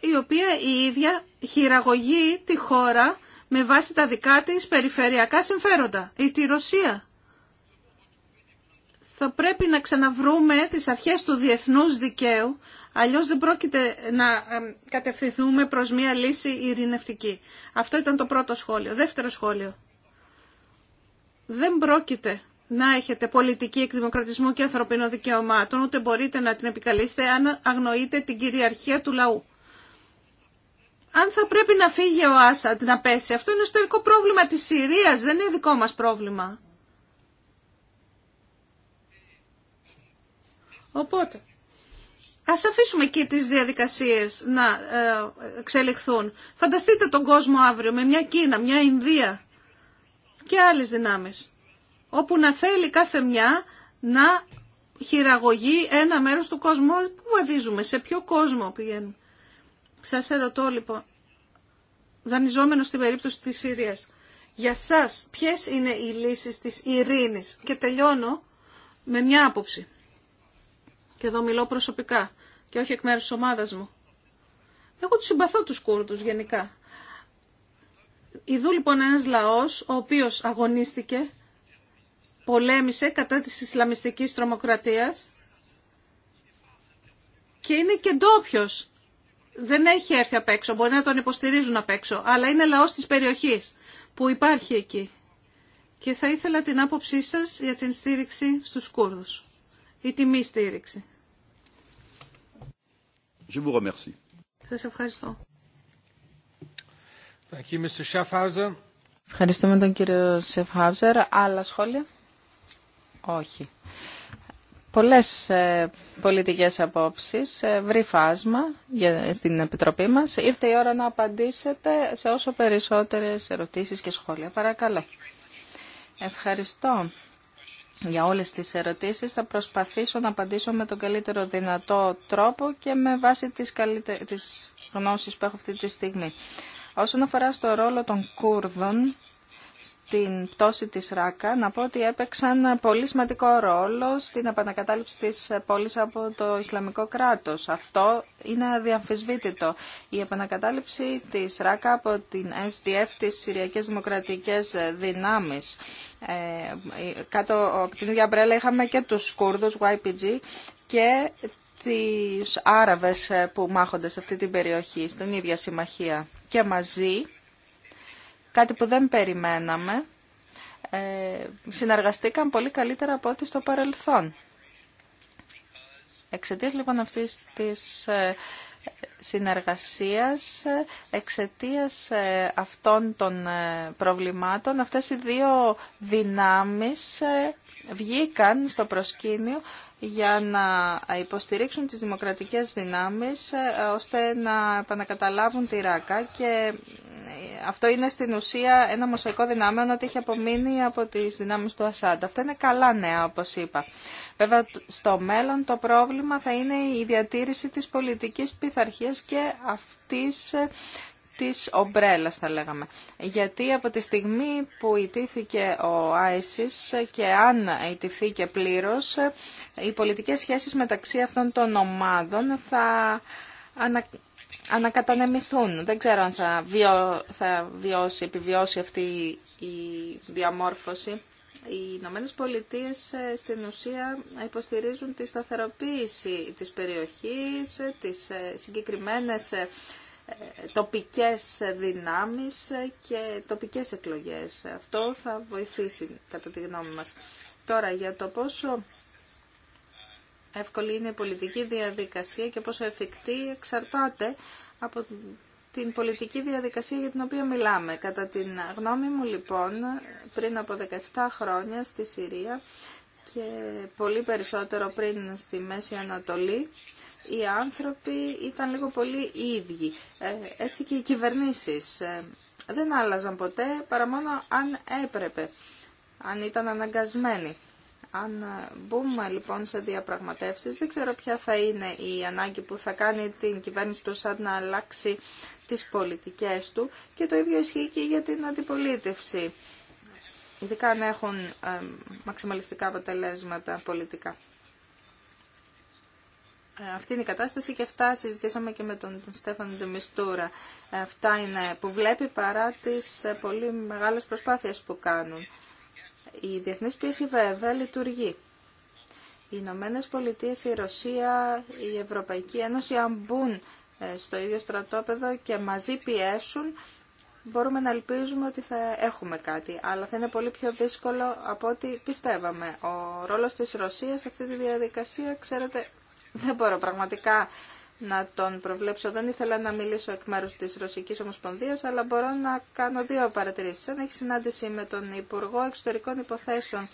C: η οποία η ίδια χειραγωγεί τη χώρα με βάση τα δικά της περιφερειακά συμφέροντα ή τη Ρωσία. Θα πρέπει να ξαναβρούμε τις αρχές του διεθνούς δικαίου, αλλιώς δεν πρόκειται να κατευθυνθούμε προς μία λύση ειρηνευτική. Αυτό ήταν το πρώτο σχόλιο. Δεύτερο σχόλιο. Δεν πρόκειται να έχετε πολιτική εκδημοκρατισμού και ανθρωπίνων δικαιωμάτων, ούτε μπορείτε να την επικαλείστε αν αγνοείτε την κυριαρχία του λαού αν θα πρέπει να φύγει ο Άσαντ να πέσει. Αυτό είναι ιστορικό πρόβλημα της Συρίας, δεν είναι δικό μας πρόβλημα. Οπότε, ας αφήσουμε εκεί τις διαδικασίες να ε, εξελιχθούν. Φανταστείτε τον κόσμο αύριο με μια Κίνα, μια Ινδία και άλλες δυνάμεις, όπου να θέλει κάθε μια να χειραγωγεί ένα μέρος του κόσμου. Πού βαδίζουμε, σε ποιο κόσμο πηγαίνουμε. Σας ερωτώ λοιπόν, δανειζόμενο στην περίπτωση της Συρίας, για σας ποιες είναι οι λύσεις της ειρήνης. Και τελειώνω με μια άποψη. Και εδώ μιλώ προσωπικά και όχι εκ μέρους της ομάδας μου. Εγώ τους συμπαθώ τους Κούρδους γενικά. Ιδού λοιπόν ένας λαός ο οποίος αγωνίστηκε, πολέμησε κατά της Ισλαμιστικής τρομοκρατίας και είναι και ντόπιο δεν έχει έρθει απ' έξω, μπορεί να τον υποστηρίζουν απ' έξω, αλλά είναι λαός της περιοχής που υπάρχει εκεί. Και θα ήθελα την άποψή σας για την στήριξη στους Κούρδους ή τη μη στήριξη. Je vous remercie. Σας ευχαριστώ.
D: Ευχαριστούμε τον κύριο Σεφχάουζερ. Άλλα σχόλια? Όχι πολλές ε, πολιτικές απόψεις, ε, βρει φάσμα στην Επιτροπή μας. Ήρθε η ώρα να απαντήσετε σε όσο περισσότερες ερωτήσεις και σχόλια. Παρακαλώ. Ευχαριστώ για όλες τις ερωτήσεις. Θα προσπαθήσω να απαντήσω με τον καλύτερο δυνατό τρόπο και με βάση τις, καλύτε... τις γνώσεις που έχω αυτή τη στιγμή. Όσον αφορά στο ρόλο των Κούρδων, στην πτώση της Ράκα να πω ότι έπαιξαν πολύ σημαντικό ρόλο στην επανακατάληψη της πόλης από το Ισλαμικό κράτος. Αυτό είναι αδιαμφισβήτητο. Η επανακατάληψη της Ράκα από την SDF, της Συριακές Δημοκρατικές Δυνάμεις. Ε, κάτω από την ίδια μπρέλα είχαμε και τους Κούρδους, YPG, και τις Άραβες που μάχονται σε αυτή την περιοχή, στην ίδια συμμαχία. Και μαζί κάτι που δεν περιμέναμε, ε, συνεργαστήκαν πολύ καλύτερα από ό,τι στο παρελθόν. Εξαιτίας λοιπόν αυτής της ε, συνεργασίας, ε, εξαιτίας αυτών των προβλημάτων, αυτές οι δύο δυνάμεις βγήκαν στο προσκήνιο για να υποστηρίξουν τις δημοκρατικές δυνάμεις ώστε να επανακαταλάβουν τη ράκα και αυτό είναι στην ουσία ένα μοσαϊκό δυνάμεων ότι έχει απομείνει από τις δυνάμεις του Ασάντ. Αυτό είναι καλά νέα, όπως είπα. Βέβαια, στο μέλλον το πρόβλημα θα είναι η διατήρηση της πολιτικής πειθαρχία και αυτής ε, της ομπρέλας θα λέγαμε. Γιατί από τη στιγμή που ιτήθηκε ο Άισις και αν ιτηθεί και πλήρως, ε, οι πολιτικές σχέσεις μεταξύ αυτών των ομάδων θα ανακατανεμηθούν. Δεν ξέρω αν θα, θα βιώσει, επιβιώσει αυτή η διαμόρφωση. Οι Ηνωμένε Πολιτείε ε, στην ουσία υποστηρίζουν τη σταθεροποίηση της περιοχής, ε, τις ε, συγκεκριμένες τοπικές δυνάμεις και τοπικές εκλογές. Αυτό θα βοηθήσει κατά τη γνώμη μας. Τώρα για το πόσο εύκολη είναι η πολιτική διαδικασία και πόσο εφικτή εξαρτάται από την πολιτική διαδικασία για την οποία μιλάμε. Κατά την γνώμη μου λοιπόν, πριν από 17 χρόνια στη Συρία και πολύ περισσότερο πριν στη Μέση Ανατολή, οι άνθρωποι ήταν λίγο πολύ οι ίδιοι. Ε, έτσι και οι κυβερνήσεις ε, δεν άλλαζαν ποτέ παρά μόνο αν έπρεπε, αν ήταν αναγκασμένοι. Αν ε, μπούμε λοιπόν σε διαπραγματεύσεις, δεν ξέρω ποια θα είναι η ανάγκη που θα κάνει την κυβέρνηση του ΣΑΝ να αλλάξει τις πολιτικές του και το ίδιο ισχύει και για την αντιπολίτευση, ειδικά αν έχουν ε, μαξιμαλιστικά αποτελέσματα πολιτικά. Ε, αυτή είναι η κατάσταση και αυτά συζητήσαμε και με τον Στέφαν Ντεμιστούρα. Ε, αυτά είναι που βλέπει παρά τις πολύ μεγάλες προσπάθειες που κάνουν. Η διεθνής πίεση βέβαια λειτουργεί. Οι Ηνωμένε Πολιτείε, η Ρωσία, η Ευρωπαϊκή Ένωση, αν μπουν ε, στο ίδιο στρατόπεδο και μαζί πιέσουν, μπορούμε να ελπίζουμε ότι θα έχουμε κάτι. Αλλά θα είναι πολύ πιο δύσκολο από ό,τι πιστεύαμε. Ο ρόλος της Ρωσίας σε αυτή τη διαδικασία, ξέρετε, δεν μπορώ πραγματικά να τον προβλέψω. Δεν ήθελα να μιλήσω εκ μέρους της Ρωσικής Ομοσπονδίας, αλλά μπορώ να κάνω δύο παρατηρήσεις. έχει συνάντηση με τον Υπουργό Εξωτερικών Υποθέσεων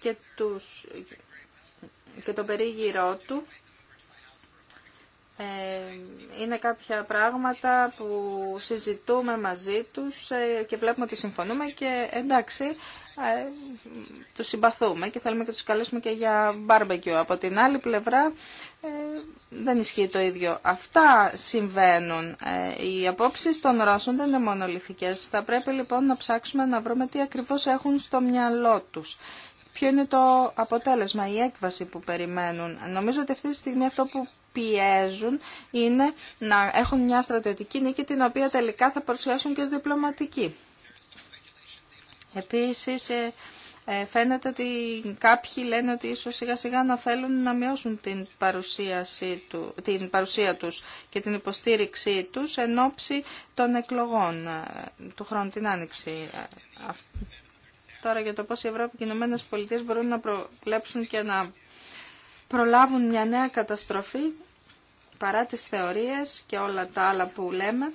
D: και, τους, και τον περίγυρό του. Ε, είναι κάποια πράγματα που συζητούμε μαζί τους ε, και βλέπουμε ότι συμφωνούμε και εντάξει, ε, τους συμπαθούμε και θέλουμε και τους καλέσουμε και για μπάρμπεκιου. Από την άλλη πλευρά ε, δεν ισχύει το ίδιο. Αυτά συμβαίνουν. Ε, οι απόψεις των Ρώσων δεν είναι μονολυθικές. Θα πρέπει λοιπόν να ψάξουμε να βρούμε τι ακριβώς έχουν στο μυαλό τους. Ποιο είναι το αποτέλεσμα, η έκβαση που περιμένουν. Νομίζω ότι αυτή τη στιγμή αυτό που πιέζουν είναι να έχουν μια στρατιωτική νίκη την οποία τελικά θα παρουσιάσουν και ως διπλωματική. Επίσης, ε, ε, φαίνεται ότι κάποιοι λένε ότι ίσως σιγά σιγά να θέλουν να μειώσουν την, παρουσίαση του, την παρουσία τους και την υποστήριξή τους εν ώψη των εκλογών ε, του χρόνου την Άνοιξη. Τώρα για το πώς οι Ευρώπη και οι Πολιτείες μπορούν να προβλέψουν και να προλάβουν μια νέα καταστροφή παρά τις θεωρίες και όλα τα άλλα που λέμε.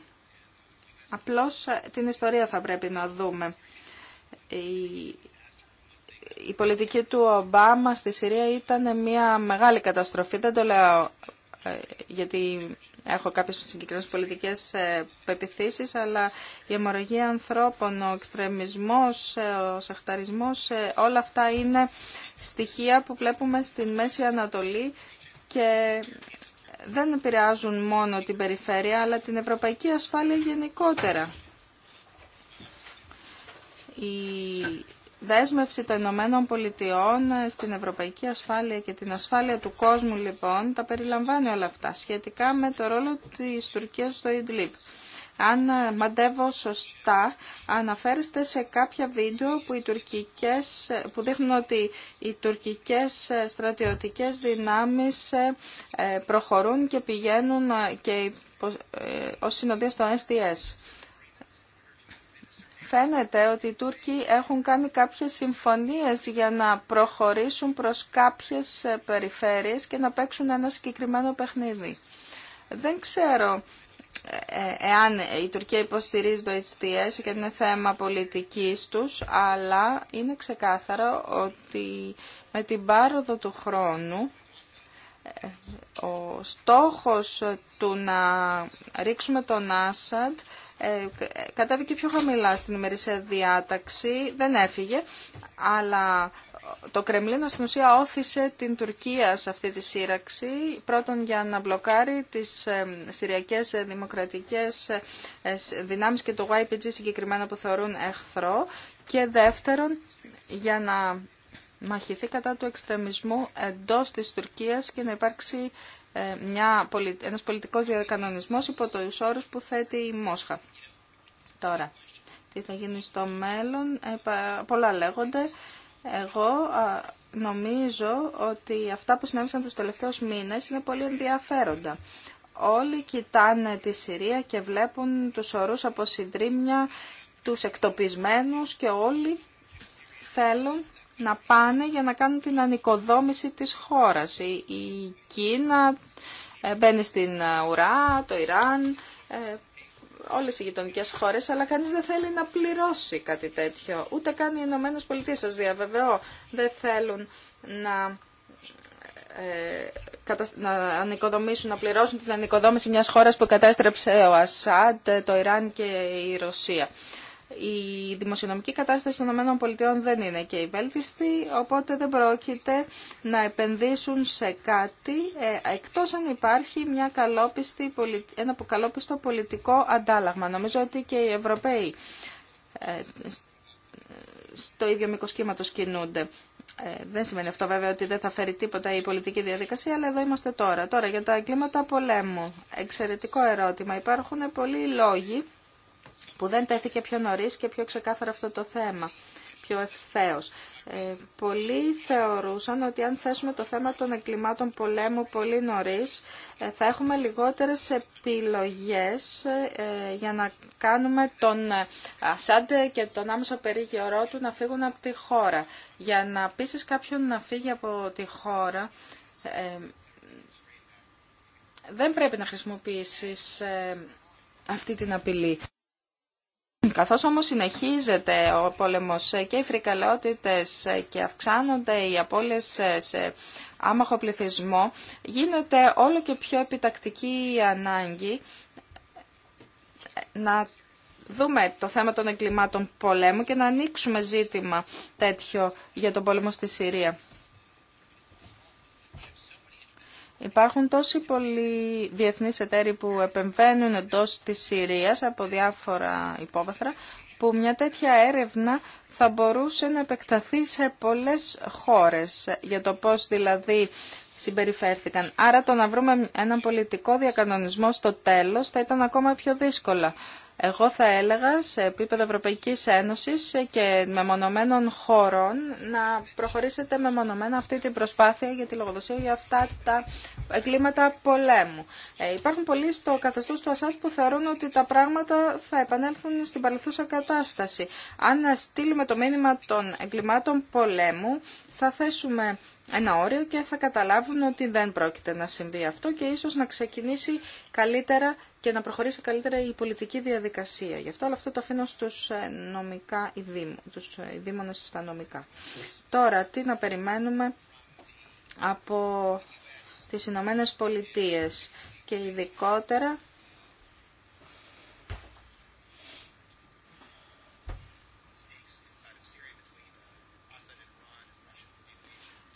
D: Απλώς την ιστορία θα πρέπει να δούμε η πολιτική του Ομπάμα στη Συρία ήταν μια μεγάλη καταστροφή. Δεν το λέω ε, γιατί έχω κάποιες συγκεκριμένες πολιτικές ε, πεπιθήσεις, αλλά η αιμορρογία ανθρώπων, ο εξτρεμισμός, ε, ο σεχταρισμός, όλα αυτά είναι στοιχεία που βλέπουμε στην Μέση Ανατολή και δεν επηρεάζουν μόνο την περιφέρεια, αλλά την ευρωπαϊκή ασφάλεια γενικότερα η δέσμευση των Ηνωμένων Πολιτειών στην ευρωπαϊκή ασφάλεια και την ασφάλεια του κόσμου λοιπόν τα περιλαμβάνει όλα αυτά σχετικά με το ρόλο της Τουρκίας στο Ιντλίπ. Αν μαντεύω σωστά, αναφέρεστε σε κάποια βίντεο που, οι τουρκικές, που δείχνουν ότι οι τουρκικές στρατιωτικές δυνάμεις ε, προχωρούν και πηγαίνουν ε, και ε, ως συνοδεία στο STS. Φαίνεται ότι οι Τούρκοι έχουν κάνει κάποιες συμφωνίες για να προχωρήσουν προς κάποιες ε, περιφέρειες και να παίξουν ένα συγκεκριμένο παιχνίδι. Δεν ξέρω ε, ε, εάν η Τουρκία υποστηρίζει το HTS και είναι θέμα πολιτικής τους, αλλά είναι ξεκάθαρο ότι με την πάροδο του χρόνου ο στόχος του να ρίξουμε τον Άσαντ ε, κατέβηκε πιο χαμηλά στην ημερήσια διάταξη, δεν έφυγε, αλλά το Κρεμλίνο στην ουσία όθησε την Τουρκία σε αυτή τη σύραξη, πρώτον για να μπλοκάρει τις συριακές δημοκρατικές ε, δυνάμεις και το YPG συγκεκριμένα που θεωρούν εχθρό και δεύτερον για να μαχηθεί κατά του εξτρεμισμού εντός της Τουρκίας και να υπάρξει ε, μια, ένας πολιτικός διακανονισμός υπό του όρους που θέτει η Μόσχα. Τώρα, τι θα γίνει στο μέλλον, ε, πολλά λέγονται. Εγώ νομίζω ότι αυτά που συνέβησαν τους τελευταίους μήνες είναι πολύ ενδιαφέροντα. Όλοι κοιτάνε τη Συρία και βλέπουν τους ορούς από συντρίμια, τους εκτοπισμένους και όλοι θέλουν να πάνε για να κάνουν την ανοικοδόμηση της χώρας. Η Κίνα ε, μπαίνει στην ε, ουρά, το Ιράν, ε, όλες οι γειτονικέ χώρες, αλλά κανείς δεν θέλει να πληρώσει κάτι τέτοιο. Ούτε καν οι Ηνωμένε Πολιτείες, σας διαβεβαιώ, δεν θέλουν να να ανοικοδομήσουν, να πληρώσουν την ανοικοδόμηση μιας χώρας που κατέστρεψε ο Ασάντ, το Ιράν και η Ρωσία η δημοσιονομική κατάσταση των ΗΠΑ δεν είναι και η βέλτιστη, οπότε δεν πρόκειται να επενδύσουν σε κάτι, ε, εκτός αν υπάρχει μια καλόπιστη, ένα καλόπιστο πολιτικό αντάλλαγμα. Νομίζω ότι και οι Ευρωπαίοι ε, στο ίδιο μήκο κύματο κινούνται. Ε, δεν σημαίνει αυτό βέβαια ότι δεν θα φέρει τίποτα η πολιτική διαδικασία, αλλά εδώ είμαστε τώρα. Τώρα για τα εγκλήματα πολέμου. Εξαιρετικό ερώτημα. Υπάρχουν πολλοί λόγοι που δεν τέθηκε πιο νωρίς και πιο ξεκάθαρα αυτό το θέμα, πιο ευθέως. Ε, πολλοί θεωρούσαν ότι αν θέσουμε το θέμα των εγκλημάτων πολέμου πολύ νωρίς, ε, θα έχουμε λιγότερες επιλογές ε, για να κάνουμε τον ε, Ασάντε και τον άμεσο περίγερό του να φύγουν από τη χώρα. Για να πείσεις κάποιον να φύγει από τη χώρα, δεν πρέπει να χρησιμοποιήσεις αυτή την απειλή. Καθώς όμως συνεχίζεται ο πόλεμος και οι φρικαλαιότητες και αυξάνονται οι απώλειες σε άμαχο πληθυσμό, γίνεται όλο και πιο επιτακτική η ανάγκη να δούμε το θέμα των εγκλημάτων πολέμου και να ανοίξουμε ζήτημα τέτοιο για τον πόλεμο στη Συρία. Υπάρχουν τόσοι πολλοί διεθνείς εταίροι που επεμβαίνουν εντός της Συρίας από διάφορα υπόβαθρα που μια τέτοια έρευνα θα μπορούσε να επεκταθεί σε πολλές χώρες ε, για το πώς δηλαδή συμπεριφέρθηκαν. Άρα το να βρούμε έναν πολιτικό διακανονισμό στο τέλος θα ήταν ακόμα πιο δύσκολα. Εγώ θα έλεγα σε επίπεδο Ευρωπαϊκής Ένωσης και μεμονωμένων χωρών να προχωρήσετε μεμονωμένα αυτή την προσπάθεια για τη λογοδοσία για αυτά τα εγκλήματα πολέμου. Ε, υπάρχουν πολλοί στο καθεστώς του Ασάτ που θεωρούν ότι τα πράγματα θα επανέλθουν στην παρελθούσα κατάσταση. Αν στείλουμε το μήνυμα των εγκλημάτων πολέμου θα θέσουμε ένα όριο και θα καταλάβουν ότι δεν πρόκειται να συμβεί αυτό και ίσως να ξεκινήσει καλύτερα και να προχωρήσει καλύτερα η πολιτική διαδικασία. Γι' αυτό όλο αυτό το αφήνω στους, ε, νομικά, τους ε, δήμονες στα νομικά. Τώρα, τι να περιμένουμε από τις Ηνωμένε Πολιτείες και ειδικότερα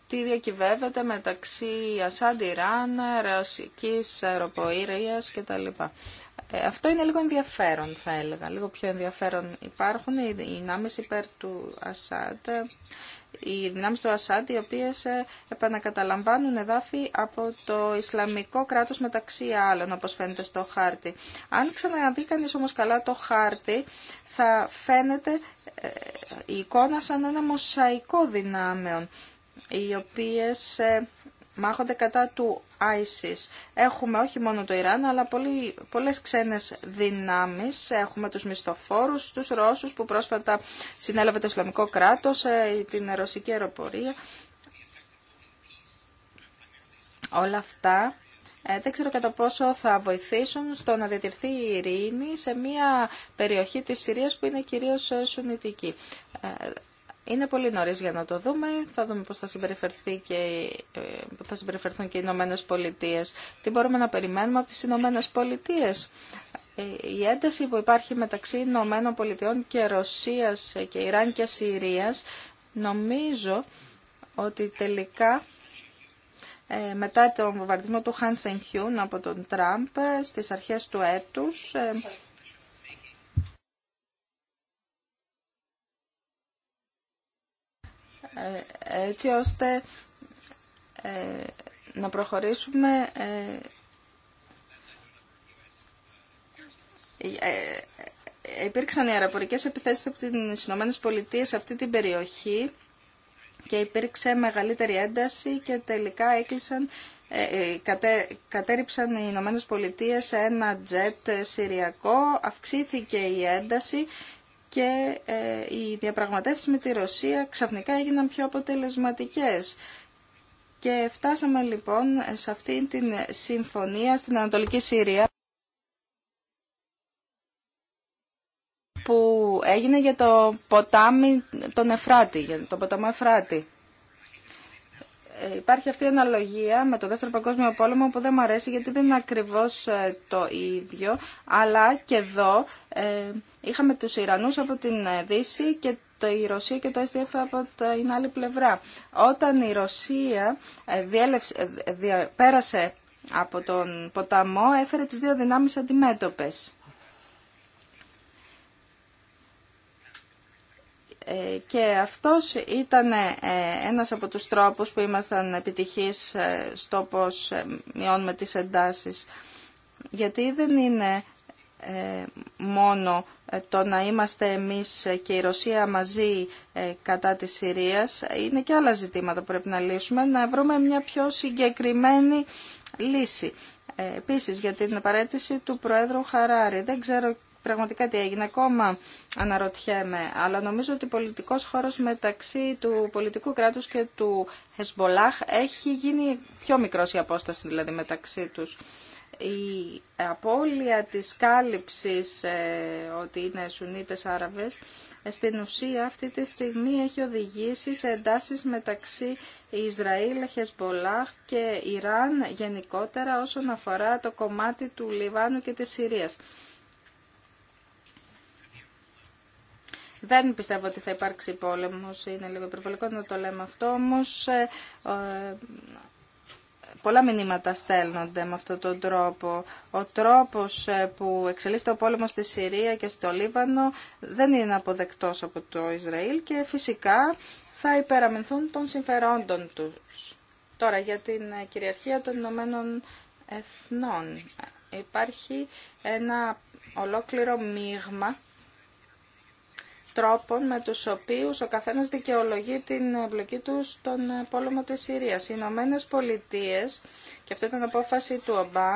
D: τι διακυβεύεται μεταξύ Ασάντ Ιράν, Ρωσικής αεροπορίας κτλ. Ε, αυτό είναι λίγο ενδιαφέρον θα έλεγα, λίγο πιο ενδιαφέρον. Υπάρχουν οι δυνάμεις υπέρ του Ασάντ, οι δυνάμεις του Ασάντ οι οποίες ε, επανακαταλαμβάνουν εδάφη από το Ισλαμικό κράτος μεταξύ άλλων όπως φαίνεται στο χάρτη. Αν ξαναδεί κανείς όμως καλά το χάρτη θα φαίνεται ε, η εικόνα σαν ένα μοσαϊκό δυνάμεων οι οποίες ε, μάχονται κατά του ISIS. Έχουμε όχι μόνο το Ιράν, αλλά πολύ, πολλές ξένες δυνάμεις. Έχουμε τους μισθοφόρους, τους Ρώσους που πρόσφατα συνέλαβε το Ισλαμικό κράτος, ε, την Ρωσική αεροπορία. Όλα αυτά ε, δεν ξέρω κατά πόσο θα βοηθήσουν στο να διατηρηθεί η ειρήνη σε μια περιοχή της Συρίας που είναι κυρίως σουνητική. Είναι πολύ νωρί για να το δούμε. Θα δούμε πώ θα, συμπεριφερθεί και, ε, θα συμπεριφερθούν και οι Ηνωμένε Πολιτείε. Τι μπορούμε να περιμένουμε από τι Ηνωμένε Πολιτείε. Ε, η ένταση που υπάρχει μεταξύ Ηνωμένων Πολιτειών και Ρωσίας και Ιράν και Συρίας νομίζω ότι τελικά ε, μετά τον βομβαρδισμό του Χάν Σενχιούν από τον Τραμπ στις αρχές του έτους Ε, έτσι ώστε ε, να προχωρήσουμε ε, υπήρξαν οι αεροπορικές επιθέσεις από τις Ηνωμένες σε αυτή την περιοχή και υπήρξε μεγαλύτερη ένταση και τελικά έκλεισαν, κατέ, κατέριψαν οι Ηνωμένες σε ένα τζετ συριακό, αυξήθηκε η ένταση και ε, οι διαπραγματεύσεις με τη Ρωσία ξαφνικά έγιναν πιο αποτελεσματικές. Και φτάσαμε λοιπόν σε αυτή την συμφωνία στην Ανατολική Συρία που έγινε για το ποτάμι τον Εφράτη, για το ποτάμι Εφράτη. Ε, υπάρχει αυτή η αναλογία με το δεύτερο παγκόσμιο πόλεμο που δεν μου αρέσει γιατί δεν είναι ακριβώς ε, το ίδιο αλλά και εδώ ε, είχαμε τους Ιρανούς από την Δύση και η Ρωσία και το SDF από την άλλη πλευρά. Όταν η Ρωσία πέρασε από τον ποταμό έφερε τις δύο δυνάμεις αντιμέτωπες. Ε, και αυτός ήταν ε, ένας από τους τρόπους που ήμασταν επιτυχείς ε, στο πώς μειώνουμε τις εντάσεις. Γιατί δεν είναι μόνο το να είμαστε εμείς και η Ρωσία μαζί κατά της Συρίας. Είναι και άλλα ζητήματα που πρέπει να λύσουμε, να βρούμε μια πιο συγκεκριμένη λύση. Επίσης για την παρέτηση του Προέδρου Χαράρη. Δεν ξέρω πραγματικά τι έγινε. Ακόμα αναρωτιέμαι, αλλά νομίζω ότι ο πολιτικός χώρος μεταξύ του πολιτικού κράτους και του Χεσμολάχ έχει γίνει πιο μικρός η απόσταση δηλαδή μεταξύ τους. Η απώλεια της κάλυψης ε, ότι είναι Σουνίτες Άραβες ε, στην ουσία αυτή τη στιγμή έχει οδηγήσει σε εντάσεις μεταξύ Ισραήλ, Χεσμολάχ και Ιράν γενικότερα όσον αφορά το κομμάτι του Λιβάνου και της Συρίας. Δεν πιστεύω ότι θα υπάρξει πόλεμος, είναι λίγο υπερβολικό να το λέμε αυτό, όμως ε, πολλά μηνύματα στέλνονται με αυτόν τον τρόπο. Ο τρόπος ε, που εξελίσσεται ο πόλεμος στη Συρία και στο Λίβανο δεν είναι αποδεκτός από το Ισραήλ και φυσικά θα υπεραμενθούν των συμφερόντων τους. Τώρα για την ε, κυριαρχία των Ηνωμένων Εθνών. Υπάρχει ένα ολόκληρο μείγμα τρόπων με τους οποίους ο καθένας δικαιολογεί την εμπλοκή του στον πόλεμο της Συρίας. Οι Ηνωμένε Πολιτείε, και αυτή ήταν απόφαση του Ομπά,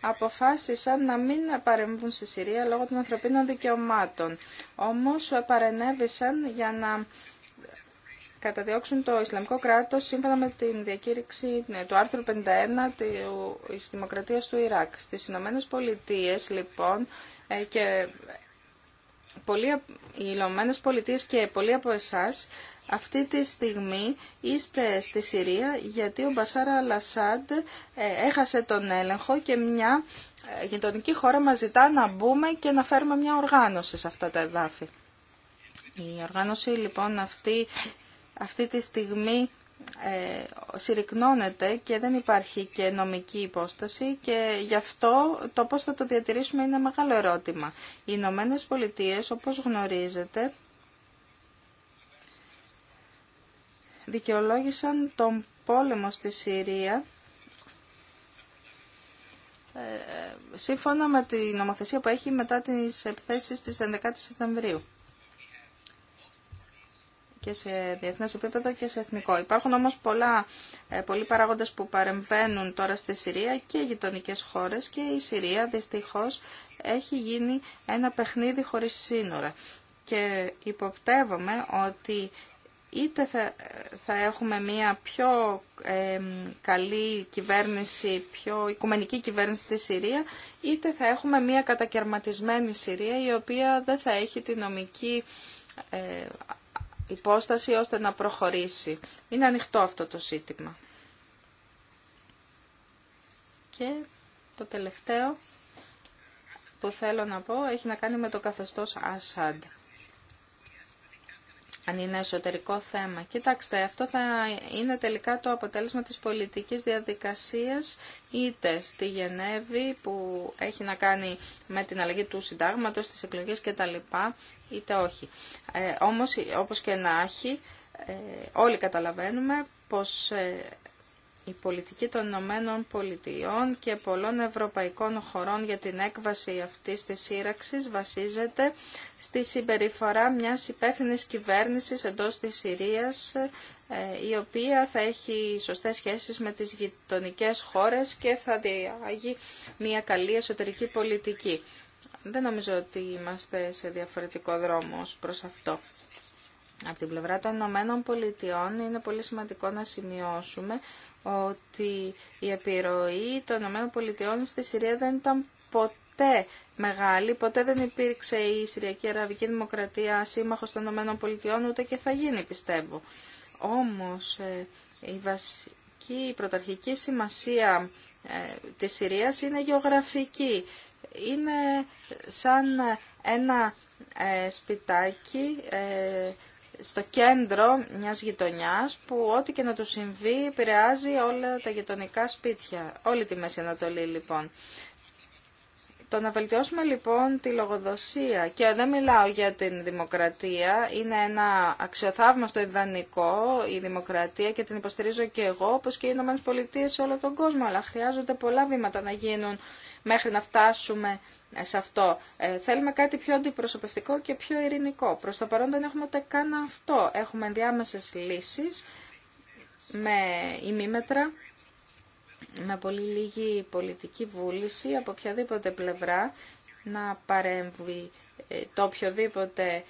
D: αποφάσισαν να μην παρεμβούν στη Συρία λόγω των ανθρωπίνων δικαιωμάτων. Όμως παρενέβησαν για να καταδιώξουν το Ισλαμικό κράτος σύμφωνα με την διακήρυξη ναι, του άρθρου 51 της Δημοκρατίας του Ιράκ. Στις Ηνωμένε Πολιτείε, λοιπόν, ε, και πολλοί, οι Ηνωμένε Πολιτείε και πολλοί από εσάς αυτή τη στιγμή είστε στη Συρία γιατί ο Μπασάρα Λασάντ ε, έχασε τον έλεγχο και μια ε, γειτονική χώρα μας ζητά να μπούμε και να φέρουμε μια οργάνωση σε αυτά τα εδάφη. Η οργάνωση λοιπόν αυτή, αυτή τη στιγμή ε, συρρυκνώνεται και δεν υπάρχει και νομική υπόσταση και γι' αυτό το πώς θα το διατηρήσουμε είναι μεγάλο ερώτημα. Οι Ηνωμένε Πολιτείε, όπως γνωρίζετε, δικαιολόγησαν τον πόλεμο στη Συρία ε, σύμφωνα με την νομοθεσία που έχει μετά τις επιθέσεις της 11 Σεπτεμβρίου και σε διεθνές επίπεδο και σε εθνικό. Υπάρχουν όμως πολλά, ε, πολλοί παράγοντες που παρεμβαίνουν τώρα στη Συρία και οι γειτονικέ χώρες και η Συρία δυστυχώ έχει γίνει ένα παιχνίδι χωρί σύνορα. Και υποπτεύομαι ότι είτε θα, έχουμε μια πιο καλή κυβέρνηση, πιο οικουμενική κυβέρνηση στη Συρία, είτε θα έχουμε μια κατακαιρματισμένη Συρία η οποία δεν θα έχει τη νομική ε, υπόσταση ώστε να προχωρήσει. Είναι ανοιχτό αυτό το σύντημα. Και το τελευταίο που θέλω να πω έχει να κάνει με το καθεστώς Ασάντ αν είναι εσωτερικό θέμα. Κοιτάξτε, αυτό θα είναι τελικά το αποτέλεσμα της πολιτικής διαδικασίας είτε στη Γενέβη που έχει να κάνει με την αλλαγή του συντάγματος, τις εκλογές κτλ. είτε όχι. Ε, όμως, όπως και να έχει, ε, όλοι καταλαβαίνουμε πως ε, η πολιτική των Ηνωμένων Πολιτειών και πολλών ευρωπαϊκών χωρών για την έκβαση αυτής της σύραξης βασίζεται στη συμπεριφορά μιας υπεύθυνης κυβέρνησης εντός της Συρίας ε, η οποία θα έχει σωστές σχέσεις με τις γειτονικέ χώρες και θα διάγει μια καλή εσωτερική πολιτική. Δεν νομίζω ότι είμαστε σε διαφορετικό δρόμο ως προς αυτό. Από την πλευρά των Ηνωμένων Πολιτειών είναι πολύ σημαντικό να σημειώσουμε ότι η επιρροή των ΗΠΑ στη Συρία δεν ήταν ποτέ μεγάλη. Ποτέ δεν υπήρξε η Συριακή Αραβική Δημοκρατία σύμμαχος των ΗΠΑ, ούτε και θα γίνει πιστεύω. Όμως ε, η βασική, η πρωταρχική σημασία ε, της Συρίας είναι γεωγραφική. Είναι σαν ένα ε, σπιτάκι στο κέντρο μιας γειτονιάς που ό,τι και να του συμβεί επηρεάζει όλα τα γειτονικά σπίτια, όλη τη Μέση Ανατολή λοιπόν. Το να βελτιώσουμε λοιπόν τη λογοδοσία και δεν μιλάω για την δημοκρατία, είναι ένα αξιοθαύμαστο ιδανικό η δημοκρατία και την υποστηρίζω και εγώ όπως και οι Ηνωμένες Πολιτείες σε όλο τον κόσμο, αλλά χρειάζονται πολλά βήματα να γίνουν μέχρι να φτάσουμε σε αυτό. Ε, θέλουμε κάτι πιο αντιπροσωπευτικό και πιο ειρηνικό. Προς το παρόν δεν έχουμε ούτε καν αυτό. Έχουμε ενδιάμεσες λύσεις με ημίμετρα με πολύ λίγη πολιτική βούληση από οποιαδήποτε πλευρά να παρέμβει ε, το οποιοδήποτε,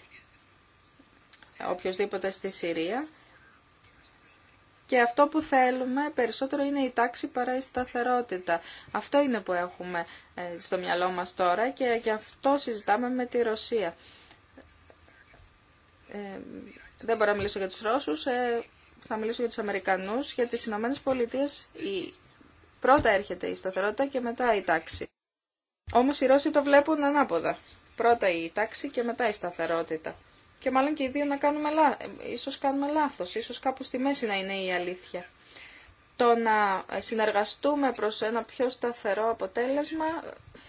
D: οποιοδήποτε στη Συρία. Και αυτό που θέλουμε περισσότερο είναι η τάξη παρά η σταθερότητα. Αυτό είναι που έχουμε ε, στο μυαλό μας τώρα και γι' αυτό συζητάμε με τη Ρωσία. Ε, δεν μπορώ να μιλήσω για τους Ρώσους, ε, θα μιλήσω για τους Αμερικανούς, για τις Ηνωμένε Πολιτείες. Η Πρώτα έρχεται η σταθερότητα και μετά η τάξη. Όμως οι Ρώσοι το βλέπουν ανάποδα. Πρώτα η τάξη και μετά η σταθερότητα. Και μάλλον και οι δύο να κάνουμε λάθος. Ίσως κάνουμε λάθος, ίσως κάπου στη μέση να είναι η αλήθεια το να συνεργαστούμε προς ένα πιο σταθερό αποτέλεσμα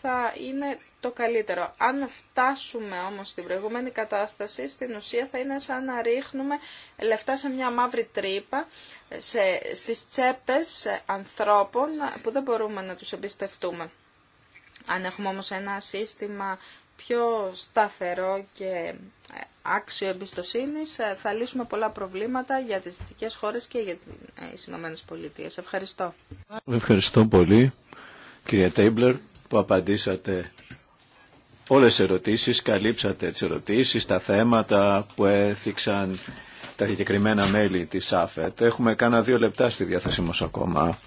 D: θα είναι το καλύτερο. Αν φτάσουμε όμως στην προηγούμενη κατάσταση, στην ουσία θα είναι σαν να ρίχνουμε λεφτά σε μια μαύρη τρύπα, σε, στις τσέπες ανθρώπων που δεν μπορούμε να τους εμπιστευτούμε. Αν έχουμε όμως ένα σύστημα πιο σταθερό και ε, άξιο εμπιστοσύνη ε, θα λύσουμε πολλά προβλήματα για τις δυτικές χώρες και για τις ε, Ηνωμένες Ευχαριστώ.
B: Ευχαριστώ πολύ κυρία Τέιμπλερ που απαντήσατε όλες τις ερωτήσεις, καλύψατε τις ερωτήσεις, τα θέματα που έθιξαν τα συγκεκριμένα μέλη της ΑΦΕΤ. Έχουμε κάνα δύο λεπτά στη διάθεσή μας ακόμα.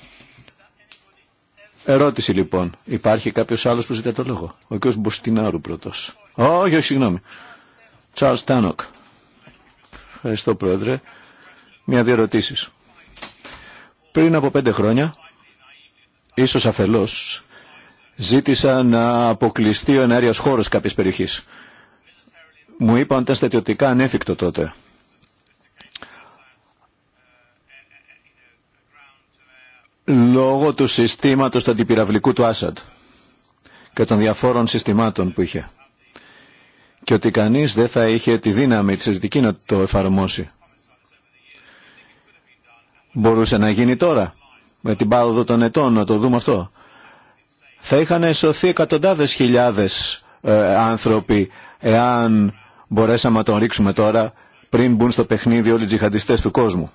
B: Ερώτηση λοιπόν. Υπάρχει κάποιος άλλος που ζητά το λόγο. Ο κ. Μποστινάρου πρώτος. Όχι, όχι, συγγνώμη. Τσάρλς Τάνοκ. Ευχαριστώ πρόεδρε. Μια-δύο ερωτήσεις. Πριν από πέντε χρόνια, ίσως αφελώς, ζήτησα να αποκλειστεί ο εναέριος χώρος κάποιες περιοχής. Μου είπαν ότι ήταν στατιωτικά ανέφικτο τότε. λόγω του συστήματος του αντιπυραυλικού του Άσαντ και των διαφόρων συστημάτων που είχε και ότι κανείς δεν θα είχε τη δύναμη της Ειρητική να το εφαρμόσει. Μπορούσε να γίνει τώρα, με την πάροδο των ετών, να το δούμε αυτό. Θα είχαν σωθεί εκατοντάδες χιλιάδες ε, άνθρωποι εάν μπορέσαμε να τον ρίξουμε τώρα πριν μπουν στο παιχνίδι όλοι οι τζιχαντιστές του κόσμου.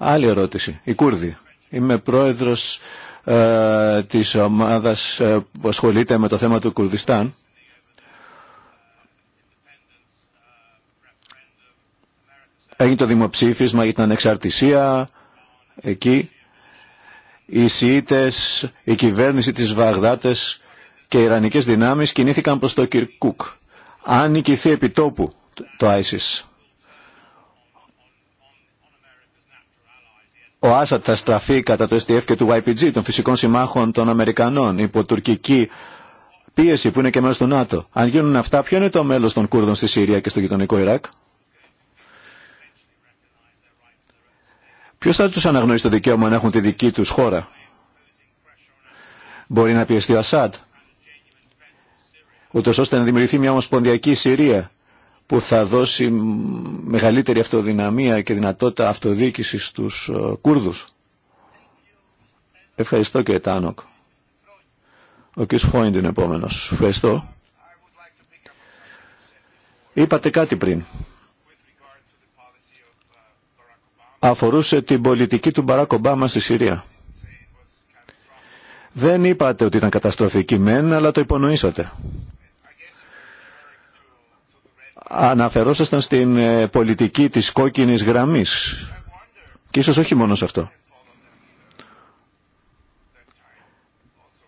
B: Άλλη ερώτηση. Οι Κούρδοι. Είμαι πρόεδρος ε, της ομάδας ε, που ασχολείται με το θέμα του Κουρδιστάν. Έγινε το δημοψήφισμα για την ανεξαρτησία. Εκεί οι Σιήτες, η κυβέρνηση της Βαγδάτες και οι Ιρανικές δυνάμεις κινήθηκαν προς το Κυρκούκ. Αν νικηθεί επιτόπου το ISIS, ο Άσαντ θα στραφεί κατά το STF και του YPG, των φυσικών συμμάχων των Αμερικανών, υπό τουρκική πίεση που είναι και μέρο του ΝΑΤΟ. Αν γίνουν αυτά, ποιο είναι το μέλο των Κούρδων στη Συρία και στο γειτονικό Ιράκ. Ποιο θα του αναγνωρίσει το δικαίωμα να έχουν τη δική του χώρα. Μπορεί να πιεστεί ο Ασάντ, ούτω ώστε να δημιουργηθεί μια ομοσπονδιακή Συρία που θα δώσει μεγαλύτερη αυτοδυναμία και δυνατότητα αυτοδιοίκησης στους ε, Κούρδους. Ευχαριστώ κύριε Τάνοκ. Ο κ. Χόιντ είναι επόμενος. Ευχαριστώ. Είπατε κάτι πριν. Αφορούσε την πολιτική του Μπαράκ Ομπάμα στη Συρία. Δεν είπατε ότι ήταν καταστροφική μεν, αλλά το υπονοήσατε αναφερόσασταν στην ε, πολιτική της κόκκινης γραμμής και ίσως όχι μόνο σε αυτό.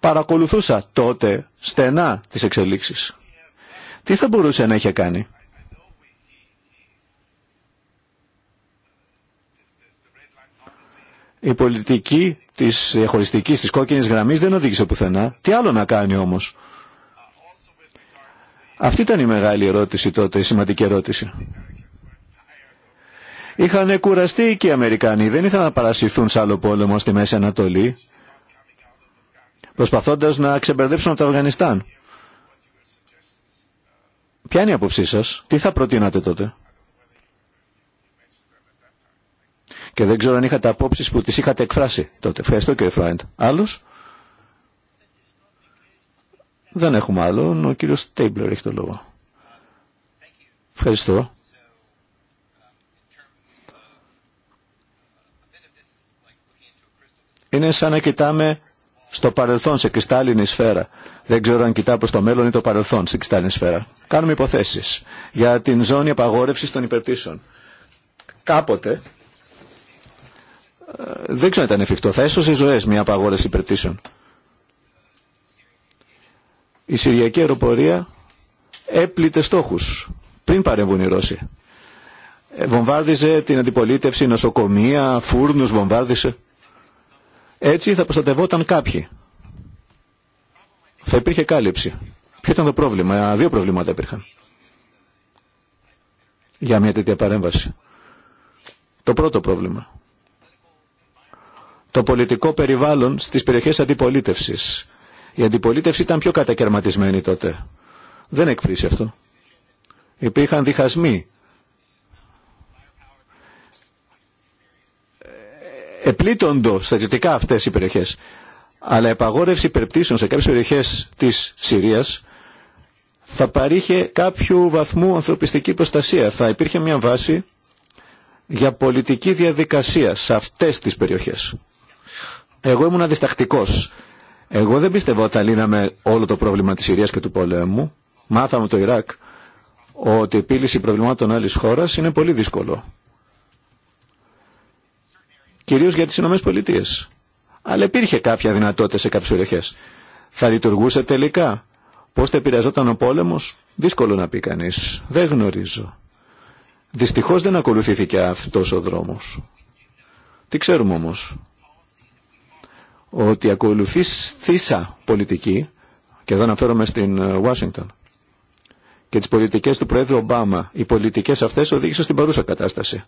B: Παρακολουθούσα τότε στενά τις εξελίξεις. Τι θα μπορούσε να είχε κάνει. Η πολιτική της χωριστικής, της κόκκινης γραμμής δεν οδήγησε πουθενά. Τι άλλο να κάνει όμως. Αυτή ήταν η μεγάλη ερώτηση τότε, η σημαντική ερώτηση. Είχαν κουραστεί και οι Αμερικανοί, δεν ήθελαν να παρασυρθούν σε άλλο πόλεμο στη Μέση Ανατολή, προσπαθώντας να ξεμπερδέψουν από το Αφγανιστάν. Ποια είναι η άποψή σας, τι θα προτείνατε τότε. Και δεν ξέρω αν είχατε απόψεις που τις είχατε εκφράσει τότε. Ευχαριστώ κύριε Φράιντ. Άλλους? Δεν έχουμε άλλον. Ο κύριος Τέιμπλερ έχει το λόγο. Ευχαριστώ. Είναι σαν να κοιτάμε στο παρελθόν, σε κρυστάλλινη σφαίρα. Δεν ξέρω αν κοιτά προς το μέλλον ή το παρελθόν σε κρυστάλλινη σφαίρα. Κάνουμε υποθέσεις για την ζώνη απαγόρευσης των υπερπτήσεων. Κάποτε, ε, δεν ξέρω αν ήταν εφικτό, θα έσωσε ζωές μια απαγόρευση υπερπτήσεων η Συριακή αεροπορία έπλητε στόχους πριν παρεμβούν οι Ρώσοι. Ε, βομβάρδιζε την αντιπολίτευση, νοσοκομεία, φούρνους βομβάρδισε. Έτσι θα προστατευόταν κάποιοι. Θα υπήρχε κάλυψη. Ποιο ήταν το πρόβλημα. Δύο προβλήματα υπήρχαν για μια τέτοια παρέμβαση. Το πρώτο πρόβλημα. Το πολιτικό περιβάλλον στις περιοχές αντιπολίτευσης η αντιπολίτευση ήταν πιο κατακαιρματισμένη τότε. Δεν εκπλήσει αυτό. Υπήρχαν διχασμοί. Ε, επλήττοντο στα δυτικά αυτές οι περιοχέ. Αλλά η επαγόρευση υπερπτήσεων σε κάποιε περιοχέ τη Συρίας θα παρήχε κάποιο βαθμού ανθρωπιστική προστασία. Θα υπήρχε μια βάση για πολιτική διαδικασία σε αυτές τις περιοχές. Εγώ ήμουν διστακτικός εγώ δεν πιστεύω ότι θα λύναμε όλο το πρόβλημα της Συρίας και του πολέμου. Μάθαμε το Ιράκ ότι η επίλυση προβλημάτων άλλης χώρας είναι πολύ δύσκολο. Κυρίως για τις Ηνωμένες Πολιτείες. Αλλά υπήρχε κάποια δυνατότητα σε κάποιες περιοχές. Θα λειτουργούσε τελικά. Πώς θα επηρεαζόταν ο πόλεμος, δύσκολο να πει κανείς. Δεν γνωρίζω. Δυστυχώς δεν ακολουθήθηκε αυτός ο δρόμος. Τι ξέρουμε όμως ότι ακολουθεί θύσα πολιτική, και εδώ αναφέρομαι στην Ουάσιγκτον, ε, και τι πολιτικές του Πρόεδρου Ομπάμα, οι πολιτικές αυτές οδήγησαν στην παρούσα κατάσταση.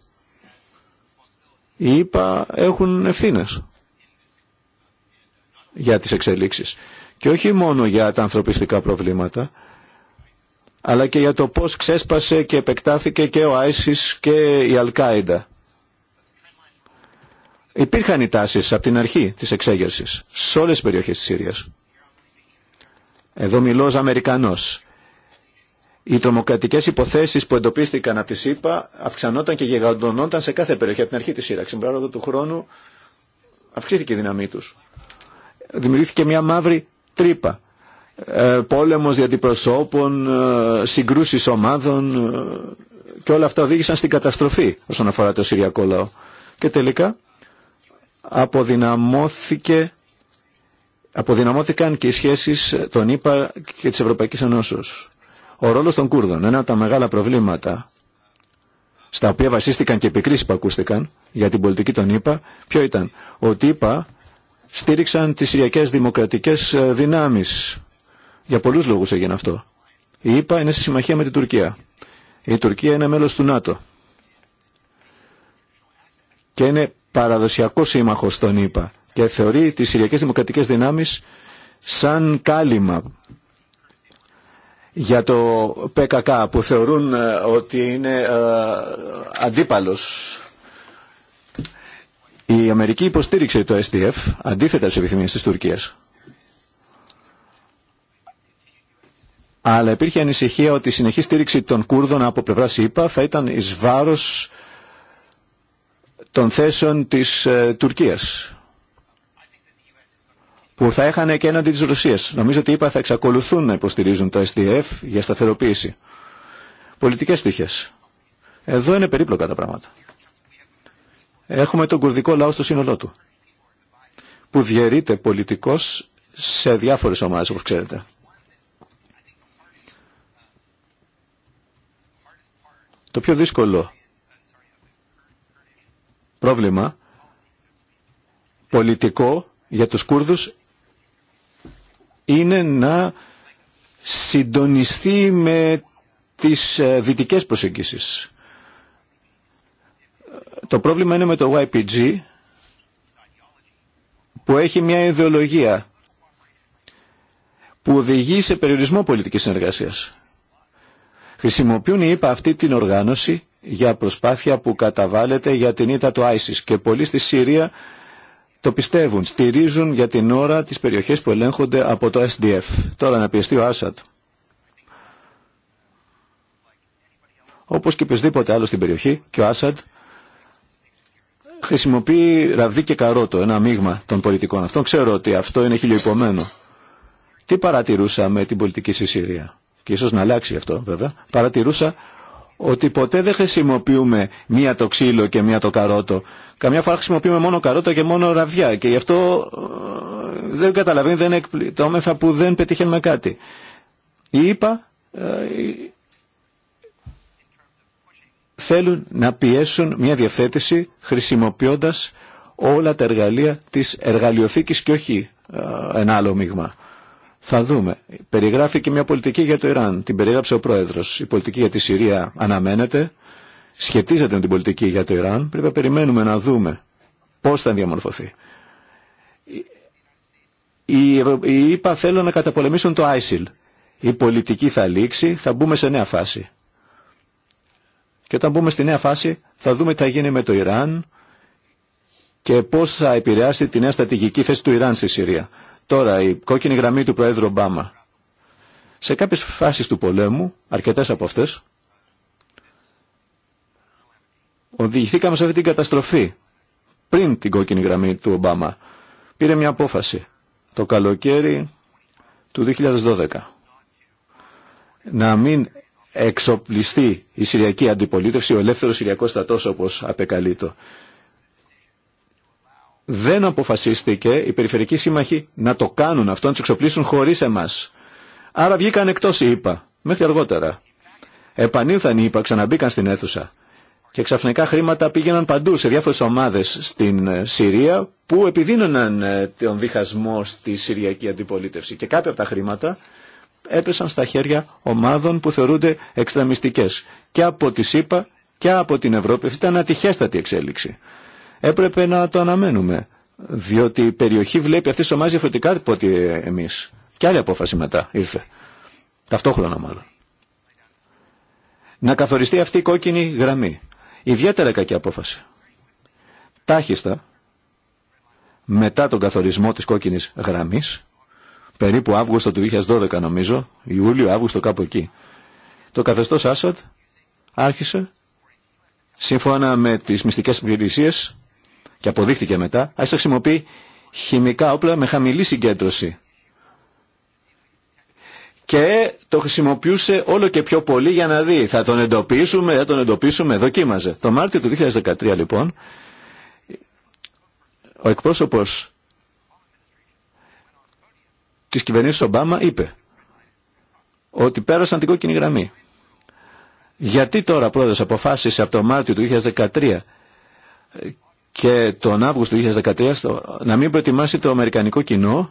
B: Οι ΙΠΑ έχουν ευθύνε για τις εξελίξεις. Και όχι μόνο για τα ανθρωπιστικά προβλήματα, αλλά και για το πώς ξέσπασε και επεκτάθηκε και ο Άισις και η Αλκάιντα. Υπήρχαν οι τάσεις από την αρχή της εξέγερσης σε όλες τις περιοχές της Συρίας. Εδώ μιλώ ως Αμερικανός. Οι τρομοκρατικές υποθέσεις που εντοπίστηκαν από τη ΣΥΠΑ αυξανόταν και γεγαντωνόταν σε κάθε περιοχή από την αρχή της σύραξη. Στην πράγμα του χρόνου αυξήθηκε η δύναμή του. Δημιουργήθηκε μια μαύρη τρύπα. Ε, πόλεμος για αντιπροσώπων, ε, συγκρούσεις ομάδων ε, και όλα αυτά οδήγησαν στην καταστροφή όσον αφορά το Συριακό λαό. Και τελικά αποδυναμώθηκε αποδυναμώθηκαν και οι σχέσεις των ΗΠΑ και της Ευρωπαϊκής Ενώσεως. Ο ρόλος των Κούρδων, ένα από τα μεγάλα προβλήματα στα οποία βασίστηκαν και επικρίσεις που ακούστηκαν για την πολιτική των ΗΠΑ, ποιο ήταν, ότι ΙΠΑ στήριξαν τις Συριακές Δημοκρατικές Δυνάμεις. Για πολλούς λόγους έγινε αυτό. Η ΗΠΑ είναι σε συμμαχία με την Τουρκία. Η Τουρκία είναι μέλος του ΝΑΤΟ και είναι παραδοσιακό σύμμαχο των ΗΠΑ και θεωρεί τις Συριακές Δημοκρατικές Δυνάμεις σαν κάλυμα για το ΠΚΚ που θεωρούν ε, ότι είναι ε, αντίπαλος. Η Αμερική υποστήριξε το SDF αντίθετα στις επιθυμίες της Τουρκίας. Αλλά υπήρχε ανησυχία ότι η συνεχή στήριξη των Κούρδων από πλευρά ΣΥΠΑ θα ήταν εις βάρος των θέσεων της ε, Τουρκίας που θα έχανε και έναντι της Ρωσίας. Νομίζω ότι είπα θα εξακολουθούν να υποστηρίζουν το SDF για σταθεροποίηση. Πολιτικές στοιχείες. Εδώ είναι περίπλοκα τα πράγματα. Έχουμε τον κουρδικό λαό στο σύνολό του που διαιρείται πολιτικός σε διάφορες ομάδες όπως ξέρετε. Το πιο δύσκολο πρόβλημα πολιτικό για τους Κούρδους είναι να συντονιστεί με τις ε, δυτικές προσεγγίσεις. Το πρόβλημα είναι με το YPG που έχει μια ιδεολογία που οδηγεί σε περιορισμό πολιτικής συνεργασίας. Χρησιμοποιούν, είπα, αυτή την οργάνωση για προσπάθεια που καταβάλλεται για την ήττα του ISIS και πολλοί στη Συρία το πιστεύουν, στηρίζουν για την ώρα τις περιοχές που ελέγχονται από το SDF. Τώρα να πιεστεί ο Άσαντ. Όπως και οποιοδήποτε άλλο στην περιοχή και ο Άσαντ χρησιμοποιεί ραβδί και καρότο, ένα μείγμα των πολιτικών αυτών. Ξέρω ότι αυτό είναι χιλιοϊπωμένο. Τι παρατηρούσα με την πολιτική στη Συρία. Και ίσως να αλλάξει αυτό βέβαια. Παρατηρούσα ότι ποτέ δεν χρησιμοποιούμε μία το ξύλο και μία το καρότο. Καμιά φορά χρησιμοποιούμε μόνο καρότα και μόνο ραβδιά και γι' αυτό ε, δεν καταλαβαίνει, δεν εκπληκτόμεθα που δεν πετύχαμε κάτι. Οι ΕΠΑ ε, θέλουν να πιέσουν μια διευθέτηση χρησιμοποιώντας όλα τα εργαλεία της εργαλειοθήκης και όχι ε, ένα άλλο μείγμα. Θα δούμε. Περιγράφει και μια πολιτική για το Ιράν. Την περιγράψε ο πρόεδρο. Η πολιτική για τη Συρία αναμένεται. Σχετίζεται με την πολιτική για το Ιράν. Πρέπει να περιμένουμε να δούμε πώ θα διαμορφωθεί. Οι, Ευρω... Οι να καταπολεμήσουν το ISIL. Η πολιτική θα λήξει, θα μπούμε σε νέα φάση. Και όταν μπούμε στη νέα φάση θα δούμε τι θα γίνει με το Ιράν και πώς θα επηρεάσει τη νέα στρατηγική θέση του Ιράν στη Συρία. Τώρα, η κόκκινη γραμμή του Προέδρου Ομπάμα. Σε κάποιες φάσεις του πολέμου, αρκετές από αυτές, οδηγηθήκαμε σε αυτή την καταστροφή πριν την κόκκινη γραμμή του Ομπάμα. Πήρε μια απόφαση το καλοκαίρι του 2012 να μην εξοπλιστεί η Συριακή Αντιπολίτευση, ο ελεύθερος Συριακός στρατός όπως απεκαλεί δεν αποφασίστηκε οι περιφερικοί σύμμαχοι να το κάνουν αυτό, να του εξοπλίσουν χωρί εμά. Άρα βγήκαν εκτό οι ΙΠΑ, μέχρι αργότερα. Επανήλθαν οι ΙΠΑ, ξαναμπήκαν στην αίθουσα. Και ξαφνικά χρήματα πήγαιναν παντού σε διάφορε ομάδε στην ε, Συρία που επιδίνωναν ε, τον διχασμό στη Συριακή αντιπολίτευση. Και κάποια από τα χρήματα έπεσαν στα χέρια ομάδων που θεωρούνται εξτραμιστικέ. Και από τη ΣΥΠΑ και από την Ευρώπη. Αυτή ήταν ατυχέστατη εξέλιξη έπρεπε να το αναμένουμε. Διότι η περιοχή βλέπει αυτή τη ομάδα διαφορετικά από ότι εμεί. Και άλλη απόφαση μετά ήρθε. Ταυτόχρονα μάλλον. Να καθοριστεί αυτή η κόκκινη γραμμή. Ιδιαίτερα κακή απόφαση. Τάχιστα, μετά τον καθορισμό της κόκκινης γραμμής, περίπου Αύγουστο του 2012 νομίζω, Ιούλιο-Αύγουστο κάπου εκεί, το καθεστώς Άσαντ άρχισε, σύμφωνα με τις μυστικές υπηρεσίες, και αποδείχθηκε μετά, ας χρησιμοποιεί χημικά όπλα με χαμηλή συγκέντρωση. Και το χρησιμοποιούσε όλο και πιο πολύ για να δει. Θα τον εντοπίσουμε, θα τον εντοπίσουμε, δοκίμαζε. Το Μάρτιο του 2013 λοιπόν, ο εκπρόσωπος της κυβερνήσης Ομπάμα είπε ότι πέρασαν την κόκκινη γραμμή. Γιατί τώρα πρόεδρος αποφάσισε από το Μάρτιο του 2013 και τον Αύγουστο 2013 να μην προετοιμάσει το αμερικανικό κοινό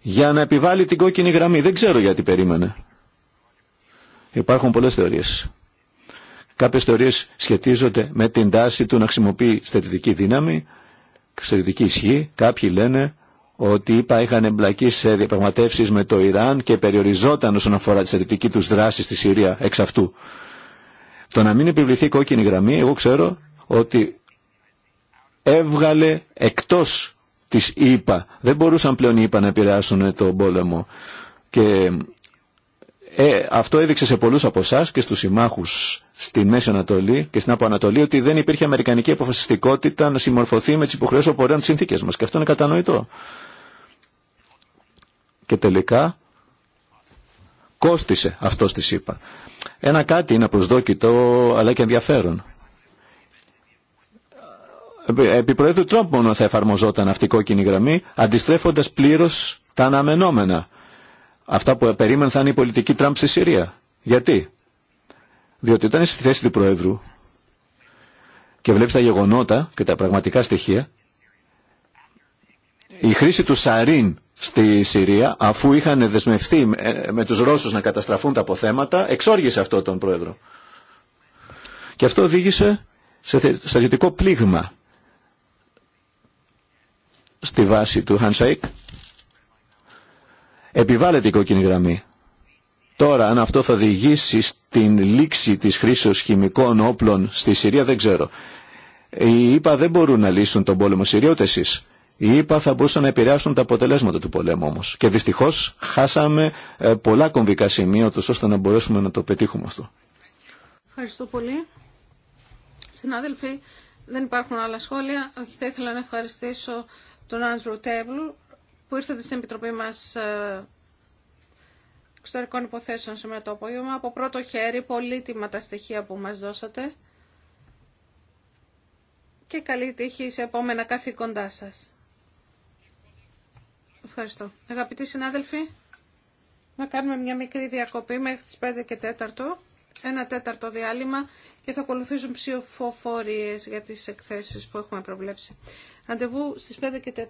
B: για να επιβάλλει την κόκκινη γραμμή. Δεν ξέρω γιατί περίμενε. Υπάρχουν πολλές θεωρίες. Κάποιες θεωρίες σχετίζονται με την τάση του να χρησιμοποιεί στρατιωτική δύναμη, στρατιωτική ισχύ. Κάποιοι λένε ότι είπα είχαν εμπλακεί σε διαπραγματεύσεις με το Ιράν και περιοριζόταν όσον αφορά τη στρατιωτική τους δράση στη Συρία εξ αυτού. Το να μην επιβληθεί κόκκινη γραμμή, εγώ ξέρω ότι έβγαλε εκτός της ΙΠΑ. Δεν μπορούσαν πλέον οι ΙΠΑ να επηρεάσουν τον πόλεμο. Και ε, αυτό έδειξε σε πολλούς από εσά και στους συμμάχους στη Μέση Ανατολή και στην Αποανατολή ότι δεν υπήρχε αμερικανική αποφασιστικότητα να συμμορφωθεί με τις υποχρεώσεις απορρέων της συνθήκες μας. Και αυτό είναι κατανοητό. Και τελικά κόστισε αυτό τη ΣΥΠΑ. Ένα κάτι είναι προσδόκητο αλλά και ενδιαφέρον επί Προέδρου Τρόμπ μόνο θα εφαρμοζόταν αυτή η κόκκινη γραμμή, αντιστρέφοντας πλήρως τα αναμενόμενα. Αυτά που περίμεναν θα είναι η πολιτική Τραμπ στη Συρία. Γιατί? Διότι όταν είσαι στη θέση του Προέδρου και βλέπει τα γεγονότα και τα πραγματικά στοιχεία, η χρήση του Σαρίν στη Συρία, αφού είχαν δεσμευτεί ε, με τους Ρώσους να καταστραφούν τα αποθέματα, εξόργησε αυτό τον Πρόεδρο. Και αυτό οδήγησε σε στρατιωτικό πλήγμα στη βάση του handshake. Επιβάλλεται η κόκκινη γραμμή. Τώρα, αν αυτό θα οδηγήσει στην λήξη της χρήσεως χημικών όπλων στη Συρία, δεν ξέρω. Οι ΙΠΑ δεν μπορούν να λύσουν τον πόλεμο Συρία, ούτε εσείς. Οι ΙΠΑ θα μπορούσαν να επηρεάσουν τα αποτελέσματα του πολέμου όμως. Και δυστυχώς χάσαμε ε, πολλά κομβικά σημεία, ώστε να μπορέσουμε να το πετύχουμε αυτό.
C: Ευχαριστώ πολύ. Συνάδελφοι, δεν υπάρχουν άλλα σχόλια. Θα ήθελα να ευχαριστήσω τον Άντρου Τέβλου που ήρθατε στην Επιτροπή μας ε, εξωτερικών υποθέσεων σήμερα το απόγευμα. Από πρώτο χέρι, πολύτιμα τα στοιχεία που μας δώσατε και καλή τύχη σε επόμενα καθήκοντά σας. Ευχαριστώ. Αγαπητοί συνάδελφοι, να κάνουμε μια μικρή διακοπή μέχρι τις 5 και 4, ένα τέταρτο διάλειμμα και θα ακολουθήσουν ψηφοφορίες για τις εκθέσεις που έχουμε προβλέψει. Αντεβού στις 5 και 4.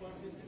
E: What is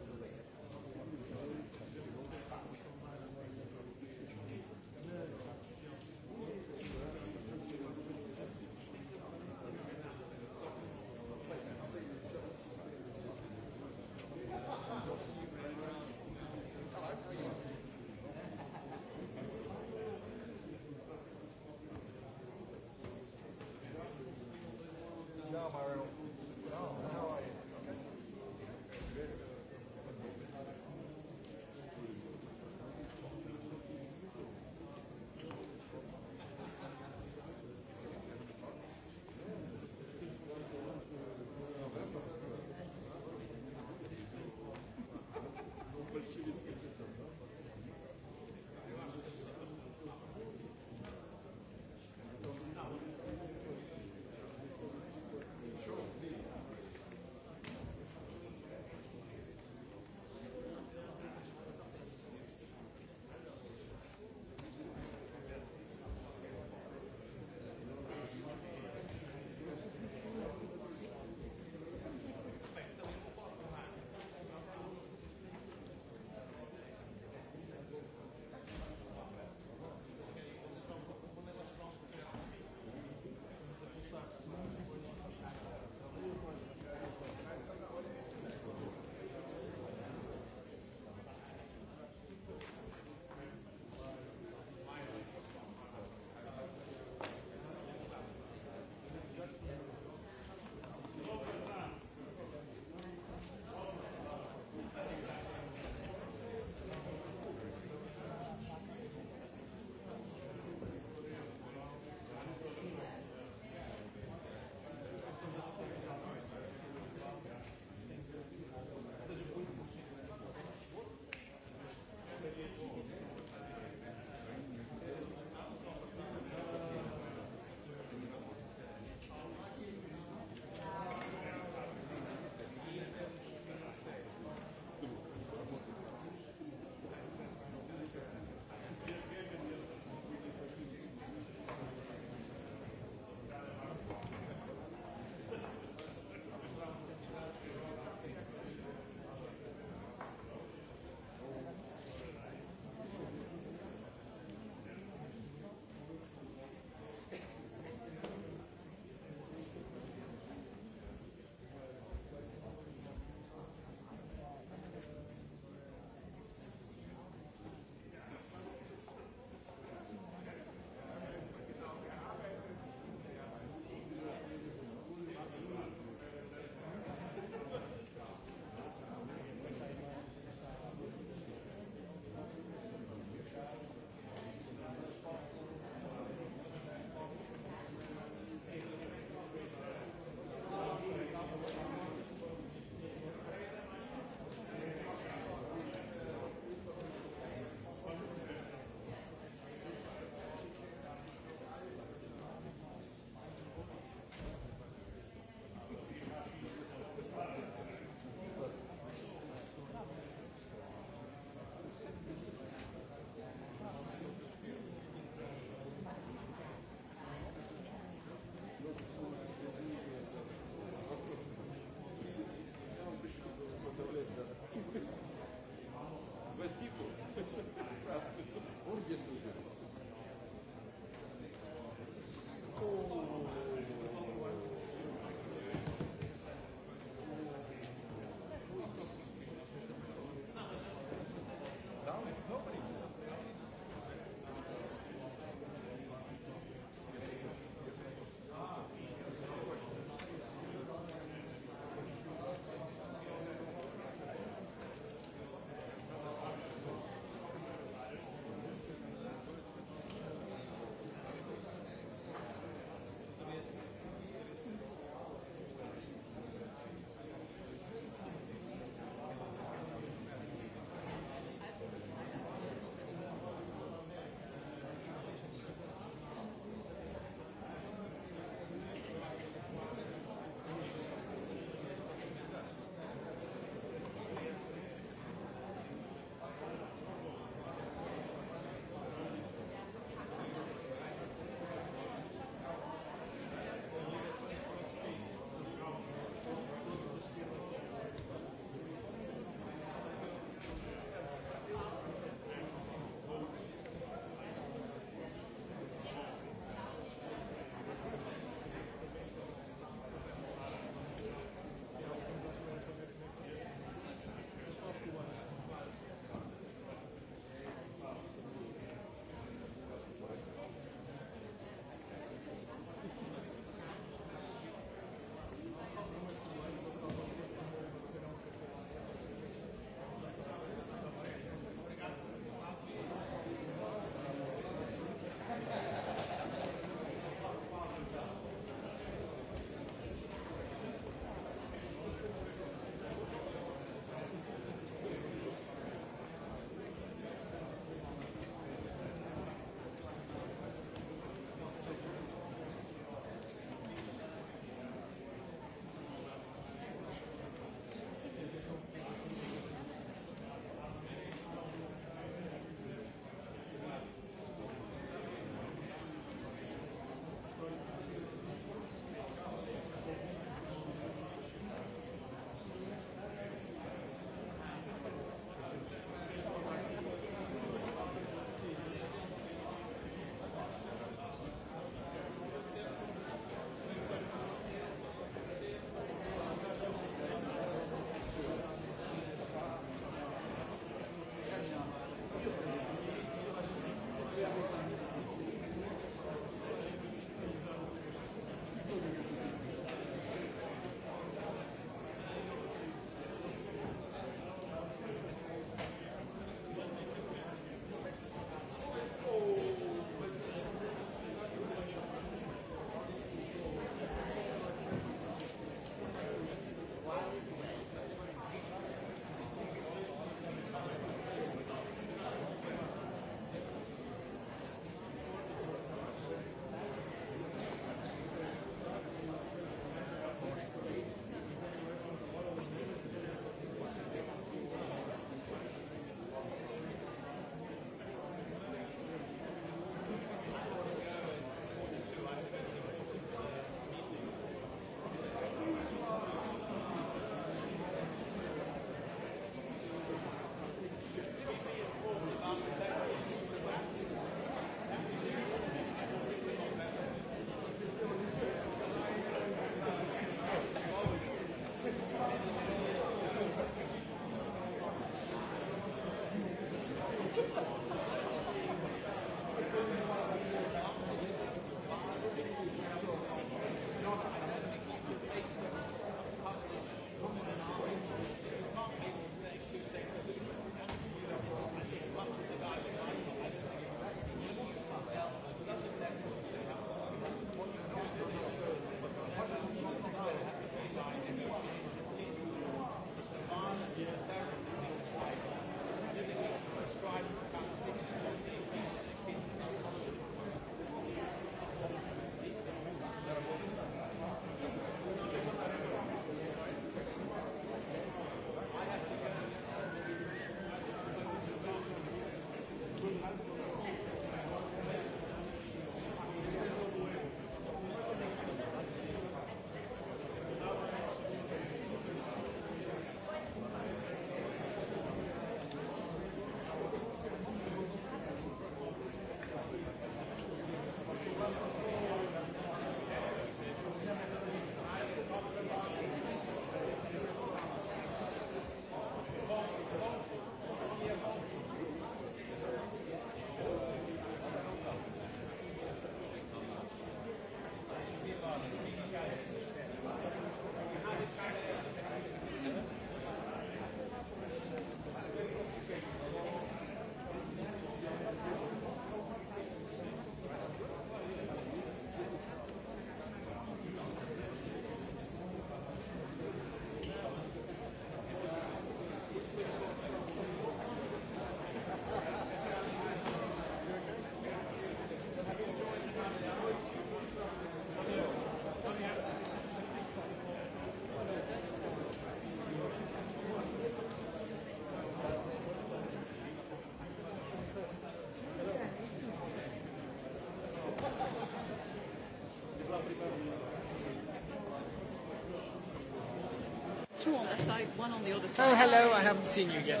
E: Oh,
A: hello, I haven't seen you yet.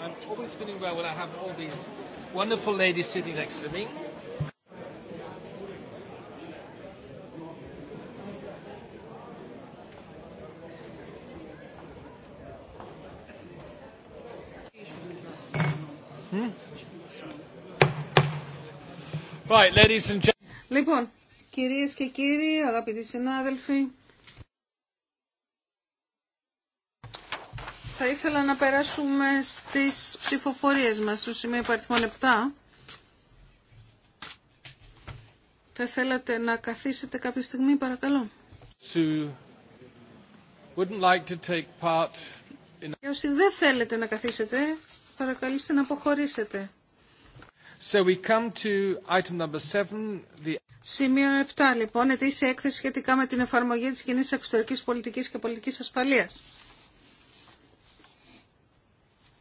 A: I'm always feeling well when I have all these wonderful ladies sitting next to me.
C: Right, ladies and gentlemen. Λοιπόν, κυρίες και κύριοι, αγαπητοί συνάδελφοι, ήθελα να περάσουμε στις ψηφοφορίες μας, στο σημείο υπαριθμών 7. Θα θέλατε να καθίσετε κάποια στιγμή, παρακαλώ. Και όσοι δεν θέλετε να καθίσετε, παρακαλείστε να αποχωρήσετε.
A: So we come to item number seven, the...
C: Σημείο 7, λοιπόν, ετήσια έκθεση σχετικά με την εφαρμογή της κοινή εξωτερικής πολιτικής και πολιτικής ασφαλείας.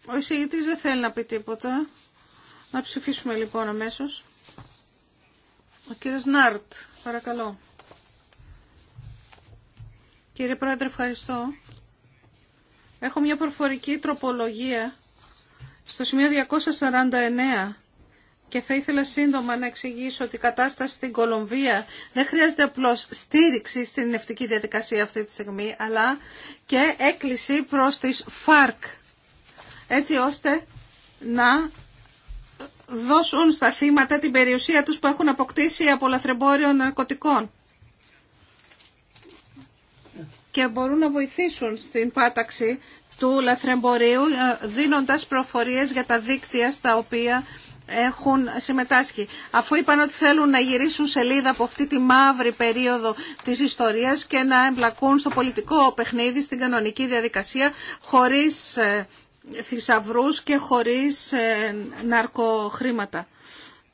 C: Ο εισηγητής δεν θέλει να πει τίποτα. Να ψηφίσουμε λοιπόν αμέσως. Ο κύριος Νάρτ, παρακαλώ. Κύριε Πρόεδρε, ευχαριστώ. Έχω μια προφορική τροπολογία στο σημείο 249 και θα ήθελα σύντομα να εξηγήσω ότι η κατάσταση στην Κολομβία δεν χρειάζεται απλώς στήριξη στην νευτική διαδικασία αυτή τη στιγμή, αλλά και έκκληση προς τις ΦΑΡΚ έτσι ώστε να δώσουν στα θύματα την περιουσία τους που έχουν αποκτήσει από λαθρεμπόριο ναρκωτικών και μπορούν να βοηθήσουν στην πάταξη του λαθρεμπορίου ε, δίνοντας προφορίες για τα δίκτυα στα οποία έχουν συμμετάσχει. Αφού είπαν ότι θέλουν να γυρίσουν σελίδα από αυτή τη μαύρη περίοδο της ιστορίας και να εμπλακούν στο πολιτικό παιχνίδι, στην κανονική διαδικασία, χωρίς ε, θησαυρού και χωρίς ε, ναρκοχρήματα.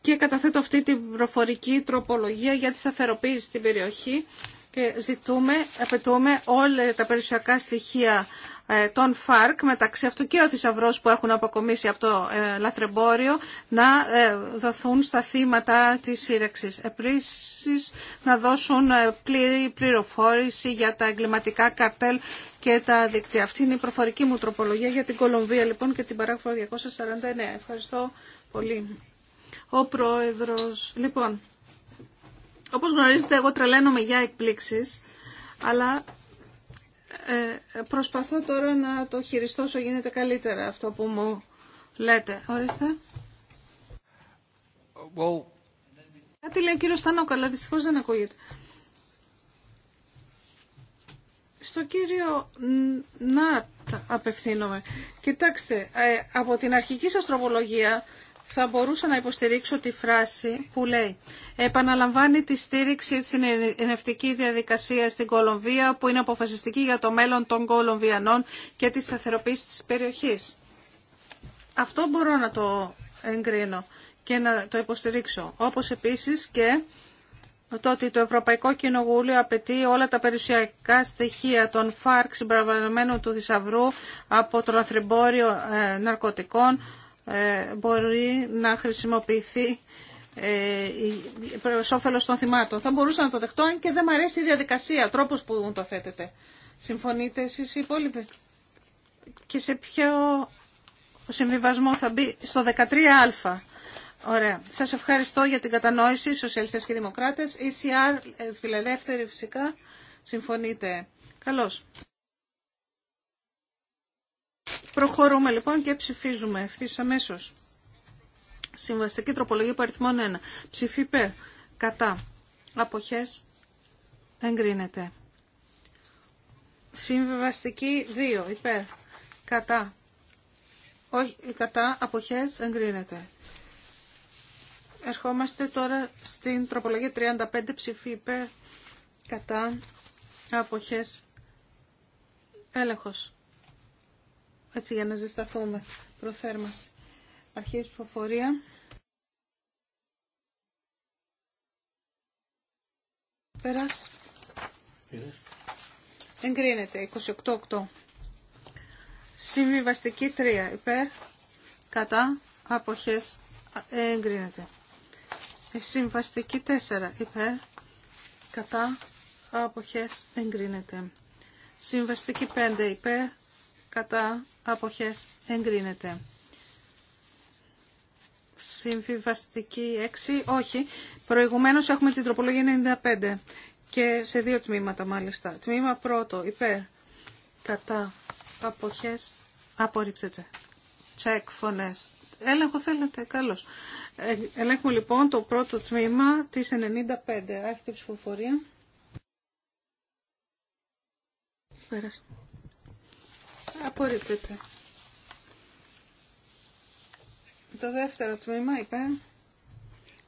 C: Και καταθέτω αυτή την προφορική τροπολογία για τη σταθεροποίηση στην περιοχή και ζητούμε, απαιτούμε όλα τα περιουσιακά στοιχεία ε, των ΦΑΡΚ, μεταξύ αυτού και ο θησαυρό που έχουν αποκομίσει από το ε, λαθρεμπόριο, να ε, δοθούν στα θύματα της σύρεξης. Επίσης, να δώσουν πλήρη πληροφόρηση για τα εγκληματικά καρτέλ και τα δίκτυα. Αυτή είναι η προφορική μου τροπολογία για την Κολομβία, λοιπόν, και την παράγραφο 249. Ευχαριστώ πολύ. Ο Πρόεδρος... Λοιπόν, όπως γνωρίζετε, εγώ τρελαίνομαι για εκπλήξεις, αλλά ε, προσπαθώ τώρα να το χειριστώ όσο γίνεται καλύτερα αυτό που μου λέτε. Ορίστε. Well... Κάτι λέει ο κύριος Στανόκα, αλλά δυστυχώς δεν ακούγεται. Στο κύριο Νάρτ απευθύνομαι. Κοιτάξτε, ε, από την αρχική σας τροπολογία θα μπορούσα να υποστηρίξω τη φράση που λέει «Επαναλαμβάνει τη στήριξη της ενευτική διαδικασία στην Κολομβία που είναι αποφασιστική για το μέλλον των Κολομβιανών και τη σταθεροποίηση της περιοχής». Αυτό μπορώ να το εγκρίνω και να το υποστηρίξω. Όπως επίσης και το ότι το Ευρωπαϊκό Κοινοβούλιο απαιτεί όλα τα περιουσιακά στοιχεία των ΦΑΡΚ συμπραγματευμένων του Δησαυρού από το λαθρεμπόριο ε, ναρκωτικών ε, μπορεί να χρησιμοποιηθεί ε, προς όφελος των θυμάτων. Θα μπορούσα να το δεχτώ, αν και δεν μου αρέσει η διαδικασία, ο τρόπος που μου το θέτεται. Συμφωνείτε εσείς οι υπόλοιποι. Και σε ποιο συμβιβασμό θα μπει στο 13α. Ωραία. Σας ευχαριστώ για την κατανόηση, σοσιαλιστές και δημοκράτες. ECR, ε, φιλελεύθεροι φυσικά, συμφωνείτε. Καλώς. Προχωρούμε λοιπόν και ψηφίζουμε ευθύ αμέσω. Συμβαστική τροπολογία παριθμών 1. Ψηφί υπέρ Κατά. Αποχές. Εγκρίνεται. Συμβαστική 2. Υπέρ. Κατά. Όχι, κατά. Αποχές. Εγκρίνεται. Ερχόμαστε τώρα στην τροπολογία 35 ψηφί υπέρ. Κατά. Αποχές. Έλεγχος έτσι για να ζεσταθούμε προθέρμαση. Αρχίζει ψηφοφορία. Είναι. Εγκρίνεται. 28-8. Συμβιβαστική 3. Ε, Υπέρ. Κατά. Αποχές. Εγκρίνεται. Συμβαστική 4. Υπέρ. Κατά. Αποχές. Εγκρίνεται. Συμβαστική 5. Υπέρ κατά αποχές εγκρίνεται. Συμβιβαστική 6, όχι. Προηγουμένως έχουμε την τροπολογία 95 και σε δύο τμήματα μάλιστα. Τμήμα πρώτο, υπέρ, κατά αποχές απορρίπτεται. Τσεκ φωνές. Έλεγχο θέλετε, καλώς. Ε, ελέγχουμε λοιπόν το πρώτο τμήμα της 95. Άρχεται η ψηφοφορία. Πέρασε. Απορρίπτεται. Το δεύτερο τμήμα είπε.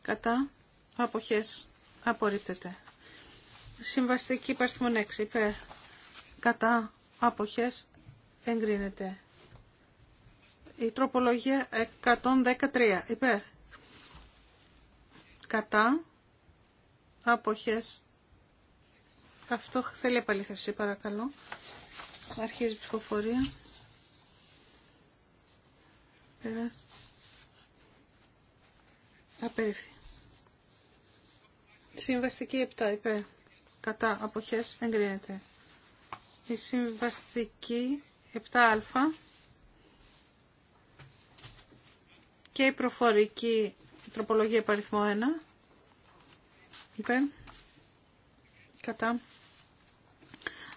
C: κατά αποχές απορρίπτεται. Συμβαστική υπαρθμόν 6 κατά αποχές εγκρίνεται. Η τροπολογία 113 Είπε. κατά αποχές αυτό θέλει επαλήθευση παρακαλώ. Αρχίζει η ψηφοφορία. Πέρας. Απέριφθη. Συμβαστική 7 υπέρ. Κατά αποχές εγκρίνεται. Η συμβαστική 7α και η προφορική τροπολογία παριθμό 1 υπέρ. Κατά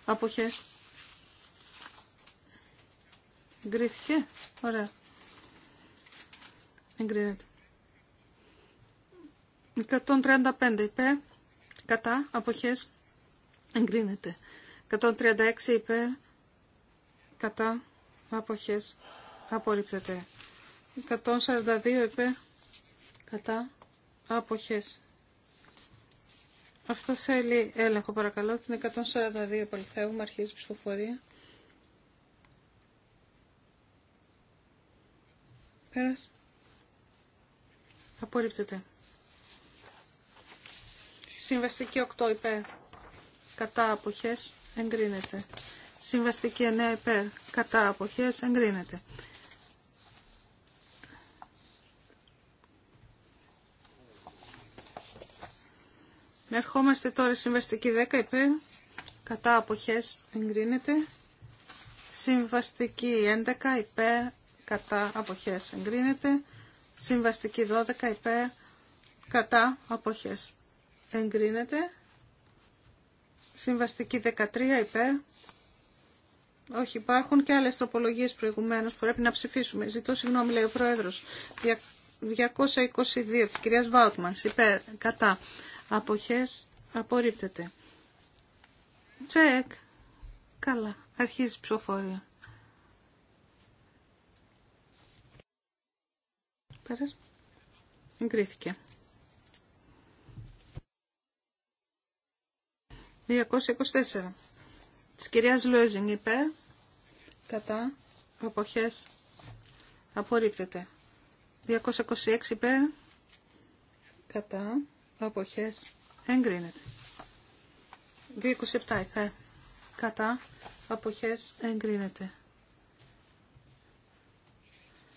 C: αποχές Εγκρίθηκε. Ωραία. Εγκρίνεται. 135 υπέρ. Κατά. Αποχές. Εγκρίνεται. 136 υπέρ. Κατά. Αποχές. Απορρίπτεται. 142 υπέρ. Κατά. Αποχές. Αυτό θέλει έλεγχο παρακαλώ. Την 142 επαληθεύουμε. Αρχίζει η ψηφοφορία. Πέρας. Απορρίπτεται. Συμβαστική 8 υπέρ. Κατά αποχές εγκρίνεται. Συμβαστική 9 υπέρ. Κατά αποχές εγκρίνεται. Ερχόμαστε τώρα συμβαστική 10 υπέρ. Κατά αποχές εγκρίνεται. Συμβαστική 11 υπέρ κατά αποχές εγκρίνεται. Συμβαστική 12 υπέρ κατά αποχές εγκρίνεται. Συμβαστική 13 υπέρ. Όχι, υπάρχουν και άλλες τροπολογίες προηγουμένως που πρέπει να ψηφίσουμε. Ζητώ συγγνώμη, λέει ο Πρόεδρος. 222 της κυρίας Βάουτμανς υπέρ κατά αποχές απορρίπτεται. Τσεκ. Καλά. Αρχίζει η ψηφοφορία. Πέρας. Εγκρίθηκε. 224. Της κυρίας Λόιζινγκ υπέρ. Κατά. Αποχές. Απορρίπτεται. 226 είπε. Κατά. Αποχές. Εγκρίνεται. 227 είπε. Κατά. Αποχές. Εγκρίνεται.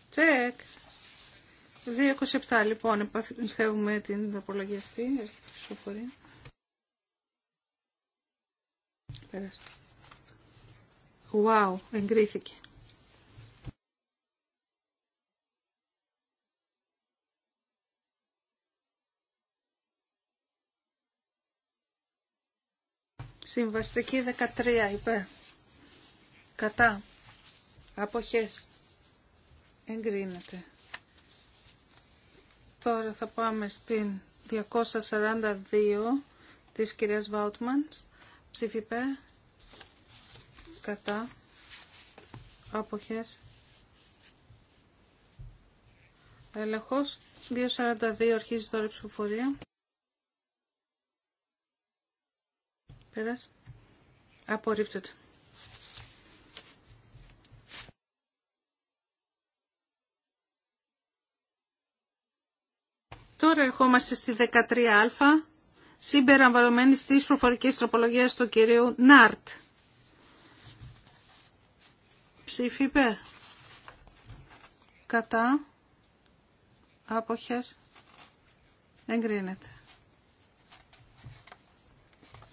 C: Τσεκ. 2.27 λοιπόν, επαθεύουμε την απολογή αυτή, ψηφοφορία. Πέρασε. Wow, εγκρίθηκε. Συμβαστική 13 είπε. Κατά. Αποχές. Εγκρίνεται. Τώρα θα πάμε στην 242 της κυρίας Βάουτμαν. Ψήφιπε. Κατά. Άποχες. Έλεγχος. 2.42 αρχίζει τώρα η ψηφοφορία. Πέρας. Απορρίπτεται. Τώρα ερχόμαστε στη 13α, συμπεραμβαλωμένη τη προφορική τροπολογία του κυρίου Νάρτ. Ψήφι υπέρ. Κατά. Άποχες. Εγκρίνεται.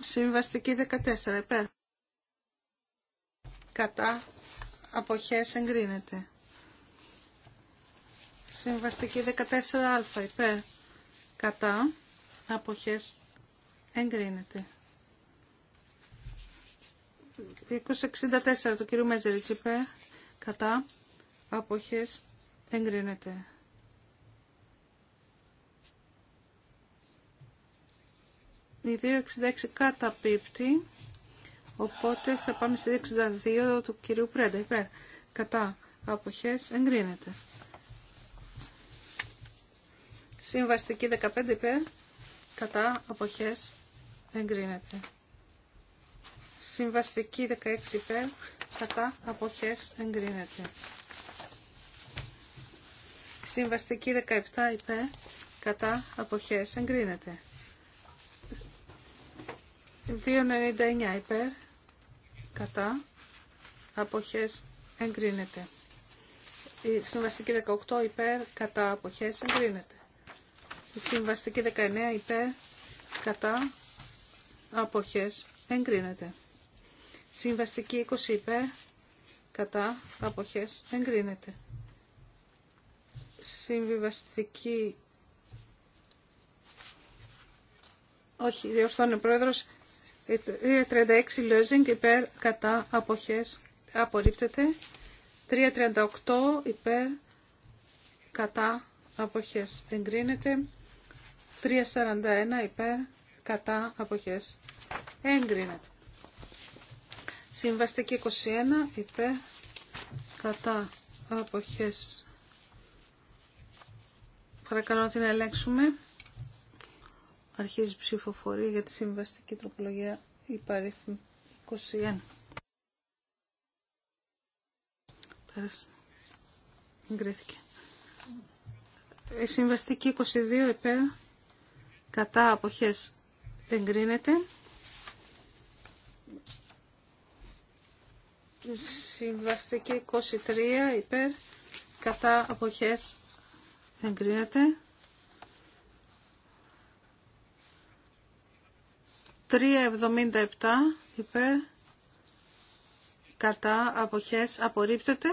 C: Συμβαστική 14 υπέρ. Κατά. Αποχές εγκρίνεται. Συμβαστική 14α υπέρ κατά αποχές εγκρίνεται. 264 του κύριο Μέζεριτς είπε κατά αποχές εγκρίνεται. 266 καταπίπτει, οπότε θα πάμε στη 262 του κυρίου Πρέντα Κατά αποχές εγκρίνεται. Συμβαστική 15 υπέρ κατά αποχές εγκρίνεται. Συμβαστική 16 υπέρ κατά αποχές εγκρίνεται. Συμβαστική 17 υπέρ κατά αποχές εγκρίνεται. 2,99 υπέρ κατά αποχές εγκρίνεται. Η συμβαστική 18 υπέρ κατά αποχές εγκρίνεται συμβαστική 19 υπέρ κατά αποχές εγκρίνεται. Συμβαστική 20 υπέρ κατά αποχές εγκρίνεται. Συμβιβαστική όχι, διορθώνει πρόεδρος 36 ε, Λόζινγκ υπέρ κατά αποχές απορρίπτεται. 338 υπέρ κατά αποχές εγκρίνεται. 341 υπέρ κατά αποχές εγκρίνεται. Συμβαστική 21 υπέρ κατά αποχές. Παρακαλώ να την ελέγξουμε. Αρχίζει ψηφοφορία για τη συμβαστική τροπολογία υπαρίθμη 21. Πέρασε. Εγκρίθηκε. Η συμβαστική 22 υπέρ κατά αποχές εγκρίνεται. Συμβαστική 23 υπέρ κατά αποχές εγκρίνεται. 377 υπέρ κατά αποχές απορρίπτεται.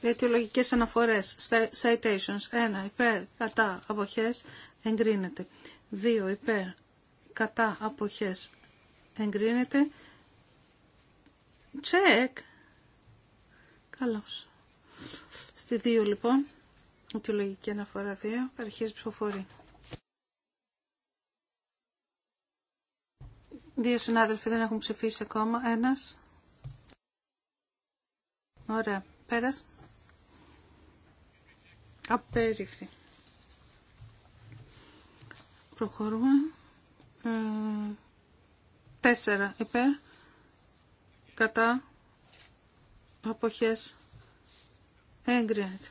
C: Αιτιολογικές αναφορές, citations, 1 υπέρ κατά αποχές εγκρίνεται. 2 υπέρ κατά αποχές εγκρίνεται. Τσεκ. Καλώς. Στη 2 λοιπόν, αιτιολογική αναφορά 2, αρχίζει ψηφοφορία. Δύο συνάδελφοι δεν έχουν ψηφίσει ακόμα. Ένας. Ωραία. Πέρας. Απέριφθη. Προχωρούμε. Ε, τέσσερα υπέρ. Κατά. Αποχές. Εγκρίνεται.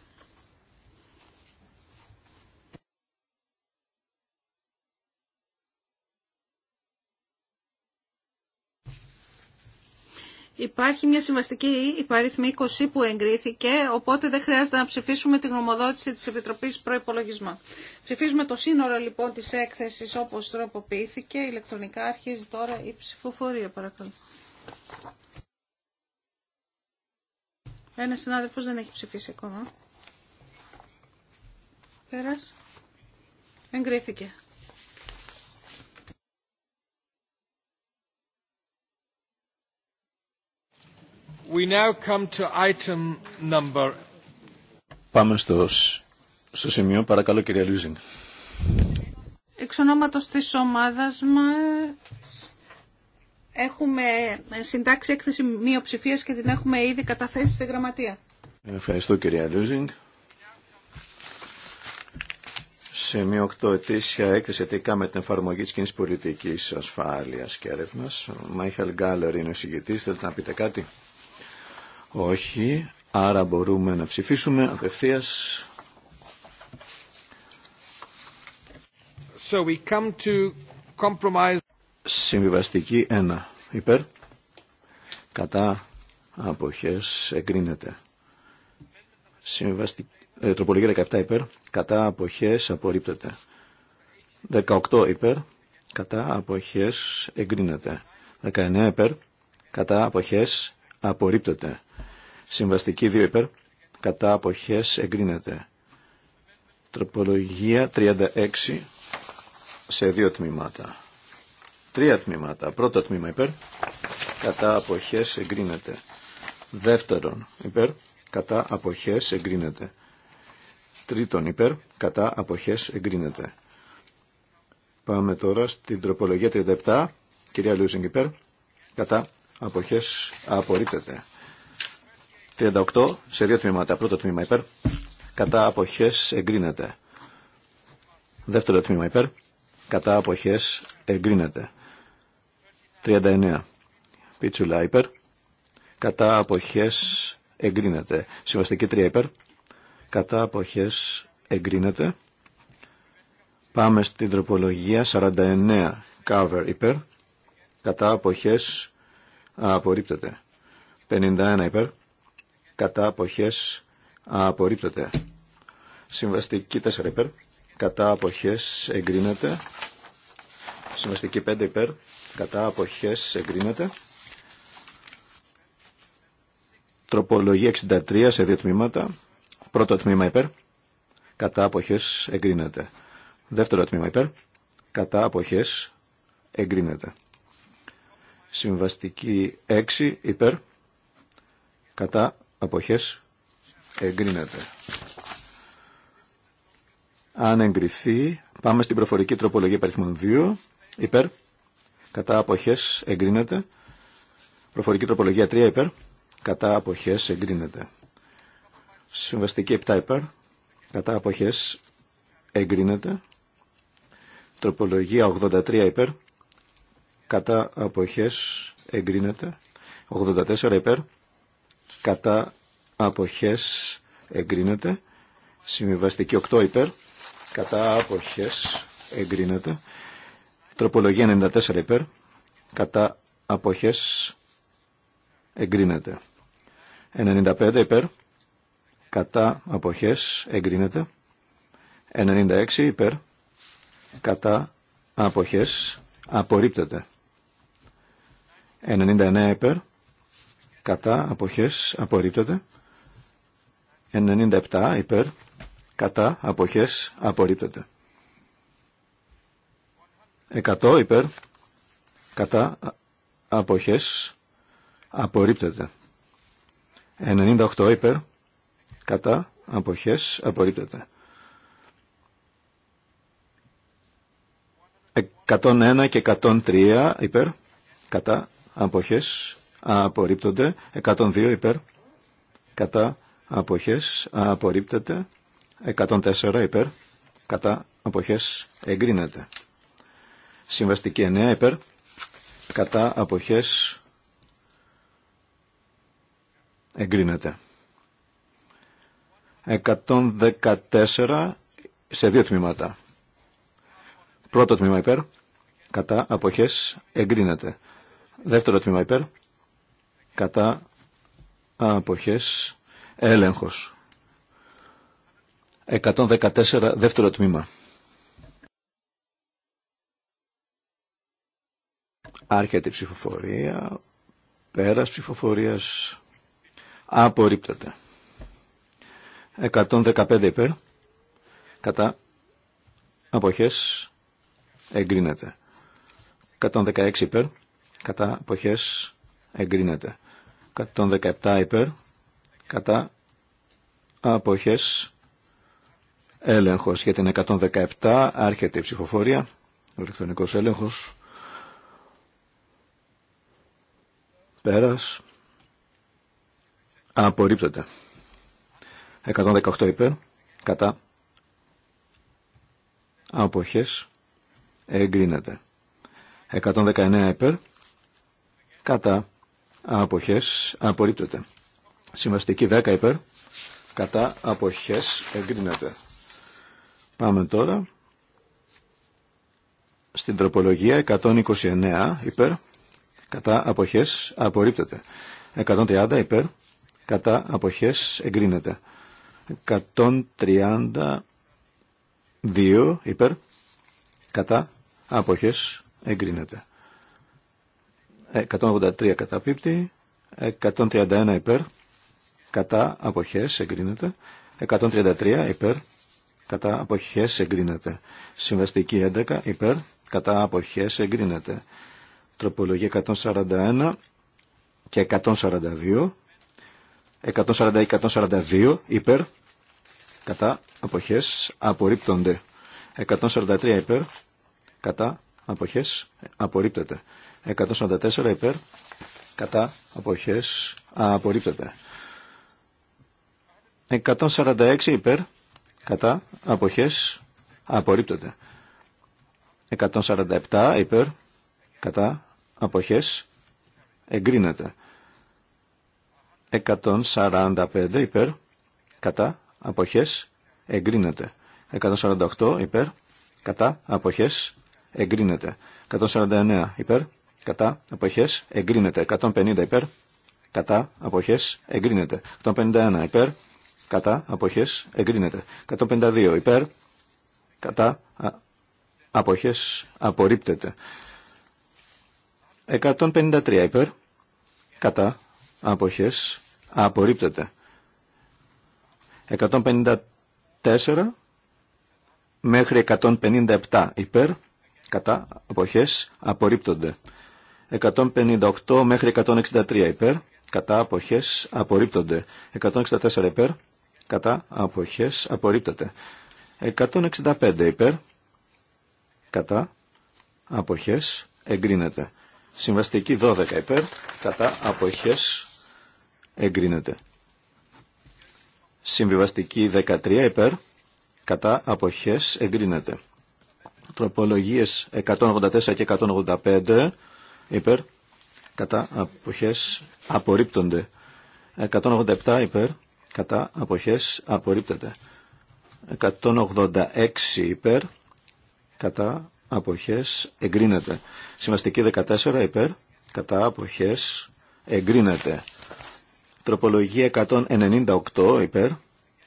C: Υπάρχει μια συμβαστική υπαριθμή 20 που εγκρίθηκε, οπότε δεν χρειάζεται να ψηφίσουμε τη γνωμοδότηση της Επιτροπής Προϋπολογισμών. Ψηφίζουμε το σύνορο λοιπόν της έκθεσης όπως τροποποιήθηκε. Ηλεκτρονικά αρχίζει τώρα η ψηφοφορία παρακαλώ. Ένας συνάδελφος δεν έχει ψηφίσει ακόμα. Πέρας. Εγκρίθηκε.
B: Πάμε στο, στο σημείο. Παρακαλώ κυρία Λούζινγκ.
C: Εξ ονόματος της ομάδας μας έχουμε συντάξει έκθεση μειοψηφίας και την έχουμε ήδη καταθέσει στη γραμματεία.
B: Ευχαριστώ κυρία Λούζινγκ. μία 8 ετήσια έκθεση ετικά με την εφαρμογή της κοινής πολιτικής ασφάλειας και έρευνας. Μάιχαλ Γκάλερ είναι ο συγκητής. Θέλετε να πείτε κάτι. Όχι. Άρα μπορούμε να ψηφίσουμε απευθείας.
A: So we come to compromise.
B: Συμβιβαστική 1. Υπέρ. Κατά αποχές εγκρίνεται. Συμβιβαστική... Ε, τροπολογία 17 υπέρ. Κατά αποχές απορρίπτεται. 18 υπέρ. Κατά αποχές εγκρίνεται. 19 υπέρ. Κατά αποχές απορρίπτεται. Συμβαστική 2 υπέρ. Κατά αποχές εγκρίνεται. Τροπολογία 36 σε δύο τμήματα. Τρία τμήματα. Πρώτο τμήμα υπέρ. Κατά αποχές εγκρίνεται. Δεύτερον υπέρ. Κατά αποχές εγκρίνεται. Τρίτον υπέρ. Κατά αποχές εγκρίνεται. Πάμε τώρα στην τροπολογία 37. Κυρία Λούζινγκ υπέρ. Κατά αποχές απορρίπτεται. 38 σε δύο τμήματα. Πρώτο τμήμα υπέρ. Κατά αποχέ εγκρίνεται. Δεύτερο τμήμα υπέρ. Κατά απόχέ εγκρίνεται. 39. Πίτσουλα υπέρ. Κατά απόχέ εγκρίνεται. Συμβαστική 3 υπέρ. Κατά απόχέ εγκρίνεται. Πάμε στην τροπολογία 49. Cover υπέρ. Κατά απόχέ. απορρίπτεται. 51 υπέρ κατά αποχές απορρίπτεται. Συμβαστική 4 υπέρ, κατά αποχές εγκρίνεται. Συμβαστική 5 υπέρ, κατά αποχές εγκρίνεται. Τροπολογία 63 σε δύο τμήματα. Πρώτο τμήμα υπέρ, κατά αποχές εγκρίνεται. Δεύτερο τμήμα υπέρ, κατά αποχές εγκρίνεται. Συμβαστική 6 υπέρ, κατά αποχές εγκρίνεται. Αν εγκριθεί, πάμε στην προφορική τροπολογία παριθμών 2, υπέρ, κατά αποχές εγκρίνεται. Προφορική τροπολογία 3 υπέρ, κατά αποχές εγκρίνεται. Συμβαστική 7 υπέρ, κατά αποχές εγκρίνεται. Τροπολογία 83 υπέρ, κατά αποχές εγκρίνεται. 84 υπέρ, κατά αποχές εγκρίνεται. Συμβιβαστική 8 υπέρ, κατά αποχές εγκρίνεται. Τροπολογία 94 υπέρ, κατά αποχές εγκρίνεται. 95 υπέρ, κατά αποχές εγκρίνεται. 96 υπέρ, κατά αποχές απορρίπτεται. 99 υπέρ, κατά αποχές απορρίπτεται 97 υπέρ κατά αποχές απορρίπτεται 100 υπέρ κατά αποχές απορρίπτεται 98 υπέρ κατά αποχές απορρίπτεται 101 και 103 υπέρ κατά αποχές απορρίπτονται. 102 υπέρ κατά αποχές απορρίπτεται. 104 υπέρ κατά αποχές εγκρίνεται. Συμβαστική 9 υπέρ κατά αποχές εγκρίνεται. 114 σε δύο τμήματα. Πρώτο τμήμα υπέρ, κατά αποχές εγκρίνεται. Δεύτερο τμήμα υπέρ, κατά αποχές έλεγχος. 114 δεύτερο τμήμα. Άρχεται η ψηφοφορία, πέρας ψηφοφορίας, απορρίπτεται. 115 υπέρ, κατά αποχές εγκρίνεται. 116 υπέρ, κατά αποχές εγκρίνεται. 117 υπέρ κατά αποχές έλεγχος για την 117 άρχεται η ψηφοφορία ο ηλεκτρονικός έλεγχος πέρας απορρίπτονται. 118 υπέρ κατά αποχές εγκρίνεται 119 υπέρ κατά αποχές απορρίπτεται. Συμβαστική 10 υπέρ κατά αποχές εγκρίνεται. Πάμε τώρα στην τροπολογία 129 υπέρ κατά αποχές απορρίπτεται. 130 υπέρ κατά αποχές εγκρίνεται. 132 υπέρ κατά αποχές εγκρίνεται. 183 καταπίπτει, 131 υπέρ, κατά αποχές εγκρίνεται, 133 υπέρ, κατά αποχές εγκρίνεται, συμβαστική 11 υπέρ, κατά αποχές εγκρίνεται, τροπολογία 141 και 142, 140 142 υπέρ, κατά αποχές απορρίπτονται, 143 υπέρ, κατά αποχές απορρίπτεται. 144 υπέρ κατά αποχές απορρίπτεται 146 υπέρ κατά αποχές απορρίπτεται 147 υπέρ κατά αποχές εγκρίνεται 145 υπέρ κατά αποχές εγκρίνεται 148 υπέρ κατά αποχές εγκρίνεται 149 υπέρ κατά αποχές εγκρίνεται 150 υπέρ κατά αποχές εγκρίνεται 151 υπέρ κατά αποχές εγκρίνεται 152 υπέρ κατά αποχές απορρίπτεται 153 υπέρ κατά αποχές απορρίπτεται 154 μέχρι 157 υπέρ κατά αποχές απορρίπτονται 158 μέχρι 163 υπέρ, κατά αποχές απορρίπτονται. 164 υπέρ, κατά αποχές απορρίπτονται. 165 υπέρ, κατά αποχές εγκρίνεται. Συμβαστική 12 υπέρ, κατά αποχές εγκρίνεται. Συμβιβαστική 13 υπέρ, κατά αποχές εγκρίνεται. Τροπολογίες 184 και 185 υπέρ, κατά αποχές απορρίπτονται. 187 υπέρ, κατά αποχές απορρίπτεται. 186 υπέρ, κατά αποχές εγκρίνεται. Συμβαστική 14 υπέρ, κατά αποχές εγκρίνεται. Τροπολογία 198 υπέρ,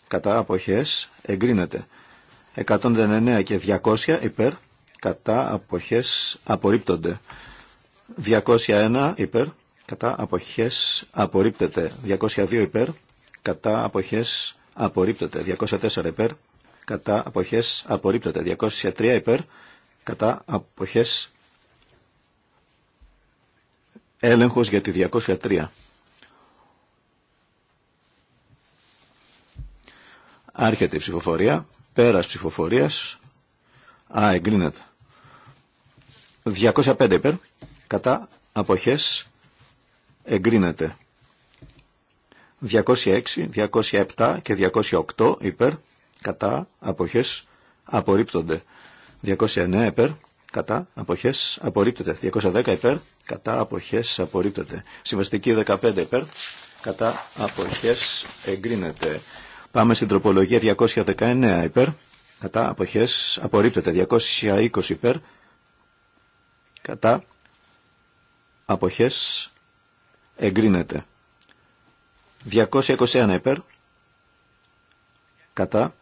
B: κατά αποχές εγκρίνεται. 199 και 200 υπέρ, κατά αποχές απορρίπτονται. 201 υπέρ, κατά αποχές απορρίπτεται. 202 υπέρ, κατά αποχές απορρίπτεται. 204 υπέρ, κατά αποχές απορρίπτεται. 203 υπέρ, κατά αποχές έλεγχος για τη 203. Άρχεται η ψηφοφορία, πέρας ψηφοφορίας, α, εγκρίνεται. 205 υπέρ, κατά αποχές εγκρίνεται. 206, 207 και 208 υπέρ κατά αποχές απορρίπτονται. 209 υπέρ κατά αποχές απορρίπτονται. 210 υπέρ κατά αποχές απορρίπτεται. Συμβαστική 15 υπέρ κατά αποχές εγκρίνεται. Πάμε στην τροπολογία 219 υπέρ κατά αποχές απορρίπτεται. 220 υπέρ κατά αποχές εγκρίνεται. 221 υπέρ κατά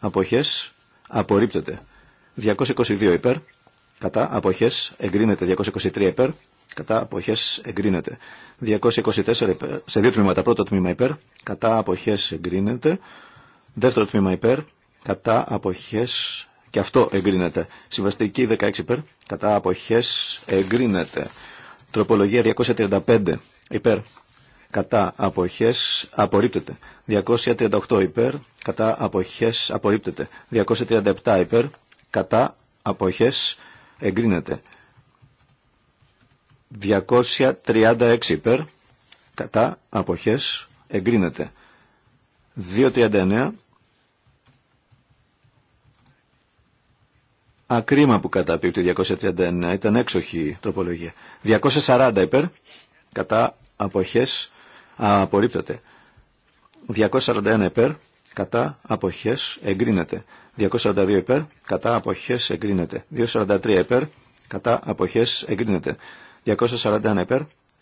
B: αποχές απορρίπτεται. 222 υπέρ κατά αποχές εγκρίνεται. 223 υπέρ κατά αποχές εγκρίνεται. 224 υπέρ, σε δύο τμήματα. Πρώτο τμήμα υπέρ κατά αποχές εγκρίνεται. Δεύτερο τμήμα υπέρ κατά αποχές και αυτό εγκρίνεται. Συμβαστική 16 υπέρ κατά αποχές εγκρίνεται. Τροπολογία 235 υπέρ κατά αποχές απορρίπτεται. 238 υπέρ κατά αποχές απορρίπτεται. 237 υπέρ κατά αποχές εγκρίνεται. 236 υπέρ κατά αποχές εγκρίνεται. 239 Ακρίμα που καταπίπτει 239, ήταν έξοχη τροπολογία. 240 υπέρ, κατά αποχές, α, 241 υπέρ, κατά αποχές, εγκρίνεται. 242 υπέρ, κατά αποχές, εγκρίνεται. 243 υπέρ, κατά αποχές, εγκρίνεται. 241 υπέρ,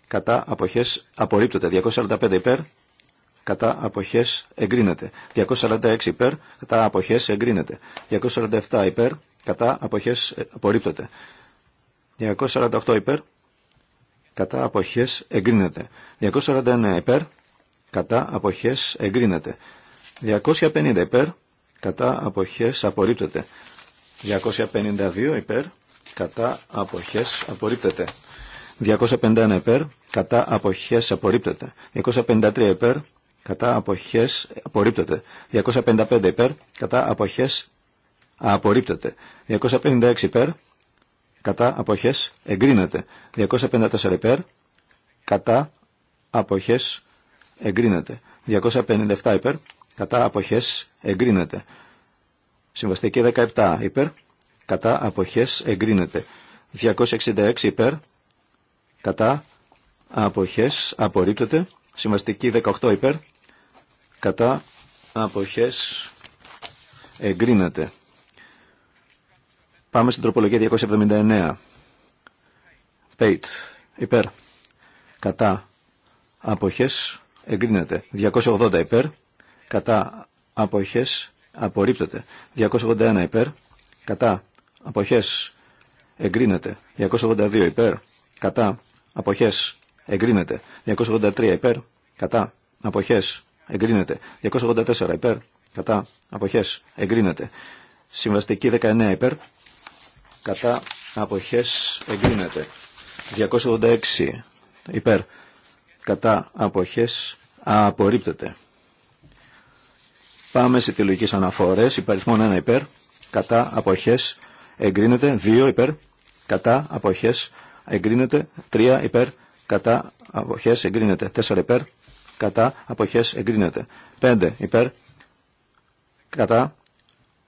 B: κατά αποχές, απορρίπτεται. 245 υπέρ, κατά αποχές, εγκρίνεται. 246 υπέρ, κατά αποχές, εγκρίνεται. 247 υπέρ, κατά αποχές ε, απορρίπτεται. 248 υπέρ, κατά αποχές εγκρίνεται. 249 υπέρ, κατά αποχές εγκρίνεται. 250 υπέρ, κατά αποχές απορρίπτεται. 252 υπέρ, κατά αποχές απορρίπτεται. 251 υπέρ, κατά αποχές απορρίπτεται. 253 υπέρ, κατά αποχές απορρίπτεται. 255 υπέρ, κατά αποχές Απορρίπτεται. 256 υπέρ. Κατά αποχές εγκρίνεται. 254 υπέρ. Κατά αποχές εγκρίνεται. 257 υπέρ. Κατά αποχές εγκρίνεται. Συμβαστική 17 υπέρ. Κατά αποχές εγκρίνεται. 266 υπέρ. Κατά αποχές απορρίπτεται. Συμβαστική 18 υπέρ. Κατά αποχές εγκρίνεται. Πάμε στην τροπολογία 279. Πέιτ. Υπέρ. Κατά. Αποχές. Εγκρίνεται. 280 υπέρ. Κατά. Αποχές. Απορρίπτεται. 281 υπέρ. Κατά. Αποχές. Εγκρίνεται. 282 υπέρ. Κατά. Αποχές. Εγκρίνεται. 283 υπέρ. Κατά. Αποχές. Εγκρίνεται. 284 υπέρ. Κατά. Αποχές. Εγκρίνεται. Συμβαστική 19 υπέρ κατά αποχές εγκρίνεται. 286 υπέρ κατά αποχές απορρίπτεται. Πάμε σε τελογικές αναφορές. Υπαριθμόν 1 υπέρ κατά αποχές εγκρίνεται. 2 υπέρ κατά αποχές εγκρίνεται. 3 υπέρ κατά αποχές εγκρίνεται. 4 υπέρ κατά αποχές εγκρίνεται. 5 υπέρ κατά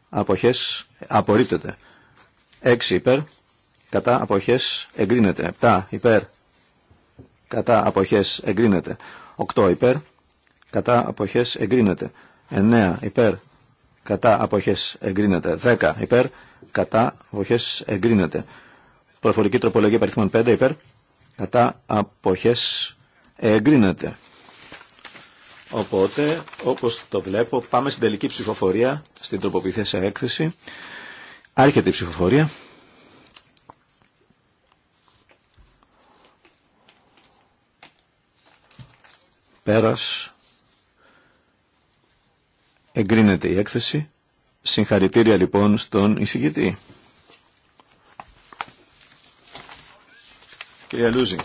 B: αποχές απορρίπτεται. 6 υπέρ, κατά αποχές εγκρίνεται. 7 υπέρ, κατά αποχές εγκρίνεται. 8 υπέρ, κατά αποχές εγκρίνεται. 9 υπέρ, κατά αποχές εγκρίνεται. 10 υπέρ, κατά αποχές εγκρίνεται. Προφορική τροπολογία παριθμών 5 υπέρ, κατά αποχές εγκρίνεται. Οπότε, όπως το βλέπω, πάμε στην τελική ψηφοφορία, στην τροποποιηθέσα έκθεση. Άρχεται η ψηφοφορία. Πέρας. Εγκρίνεται η έκθεση. Συγχαρητήρια λοιπόν στον εισηγητή. Και Λούζη.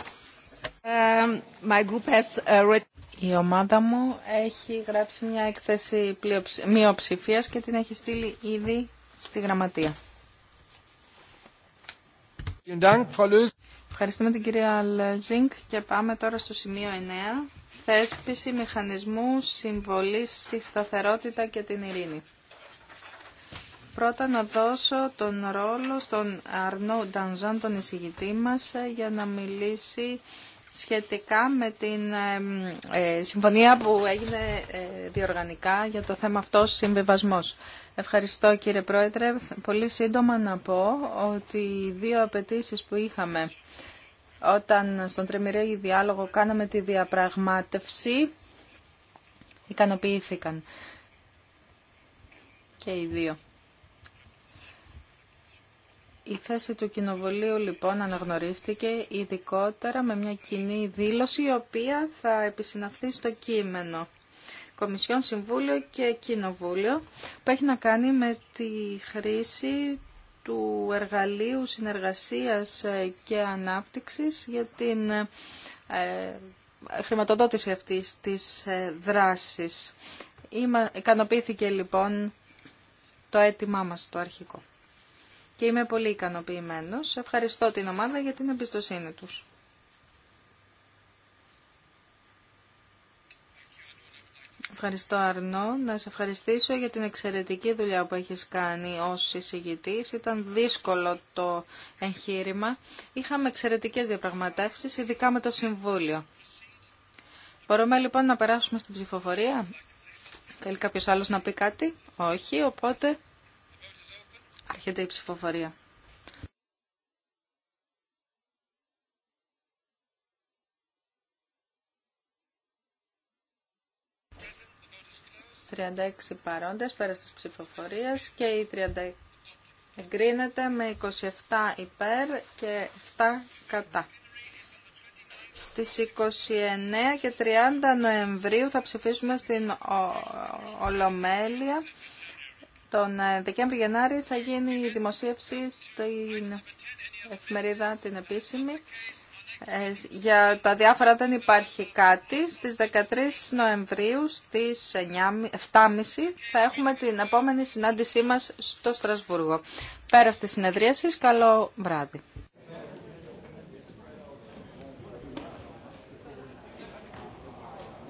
D: Um, uh, η ομάδα μου έχει γράψει μια έκθεση μειοψηφίας και την έχει στείλει ήδη στη Γραμματεία. Ευχαριστούμε την κυρία Λετζίνκ και πάμε τώρα στο σημείο 9. Θέσπιση μηχανισμού συμβολής στη σταθερότητα και την ειρήνη. Πρώτα να δώσω τον ρόλο στον Αρνό Ντανζάν, τον εισηγητή μας, για να μιλήσει σχετικά με την ε, συμφωνία που έγινε ε, διοργανικά για το θέμα αυτό συμβιβασμός. Ευχαριστώ κύριε Πρόεδρε. Πολύ σύντομα να πω ότι οι δύο απαιτήσει που είχαμε όταν στον τριμηρέγη διάλογο κάναμε τη διαπραγμάτευση ικανοποιήθηκαν και οι δύο. Η θέση του Κοινοβουλίου λοιπόν αναγνωρίστηκε ειδικότερα με μια κοινή δήλωση η οποία θα επισυναφθεί στο κείμενο. Κομισιόν, Συμβούλιο και Κοινοβούλιο που έχει να κάνει με τη χρήση του εργαλείου συνεργασίας ε, και ανάπτυξης για την ε, χρηματοδότηση αυτής της ε, δράσης. Ικανοποιήθηκε λοιπόν το αίτημά μας το αρχικό και είμαι πολύ ικανοποιημένος. Ευχαριστώ την ομάδα για την εμπιστοσύνη τους. Ευχαριστώ Αρνό. Να σε ευχαριστήσω για την εξαιρετική δουλειά που έχεις κάνει ως εισηγητής. Ήταν δύσκολο το εγχείρημα. Είχαμε εξαιρετικές διαπραγματεύσεις, ειδικά με το Συμβούλιο. Μπορούμε λοιπόν να περάσουμε στην ψηφοφορία. Θέλει κάποιος άλλος να πει κάτι. Όχι, οπότε Άρχεται η ψηφοφορία. ...36 παρόντες πέρα της ψηφοφορίες και η 30 εγκρίνεται με 27 υπέρ και 7 κατά. Στις 29 και 30 Νοεμβρίου θα ψηφίσουμε στην Ολομέλεια τον ε, Δεκέμβρη-Γενάρη θα γίνει η δημοσίευση στην εφημερίδα την επίσημη. Ε, για τα διάφορα δεν υπάρχει κάτι. Στις 13 Νοεμβρίου στις 7.30 θα έχουμε την επόμενη συνάντησή μας στο Στρασβούργο. Πέρα στη συνεδρίαση, καλό βράδυ.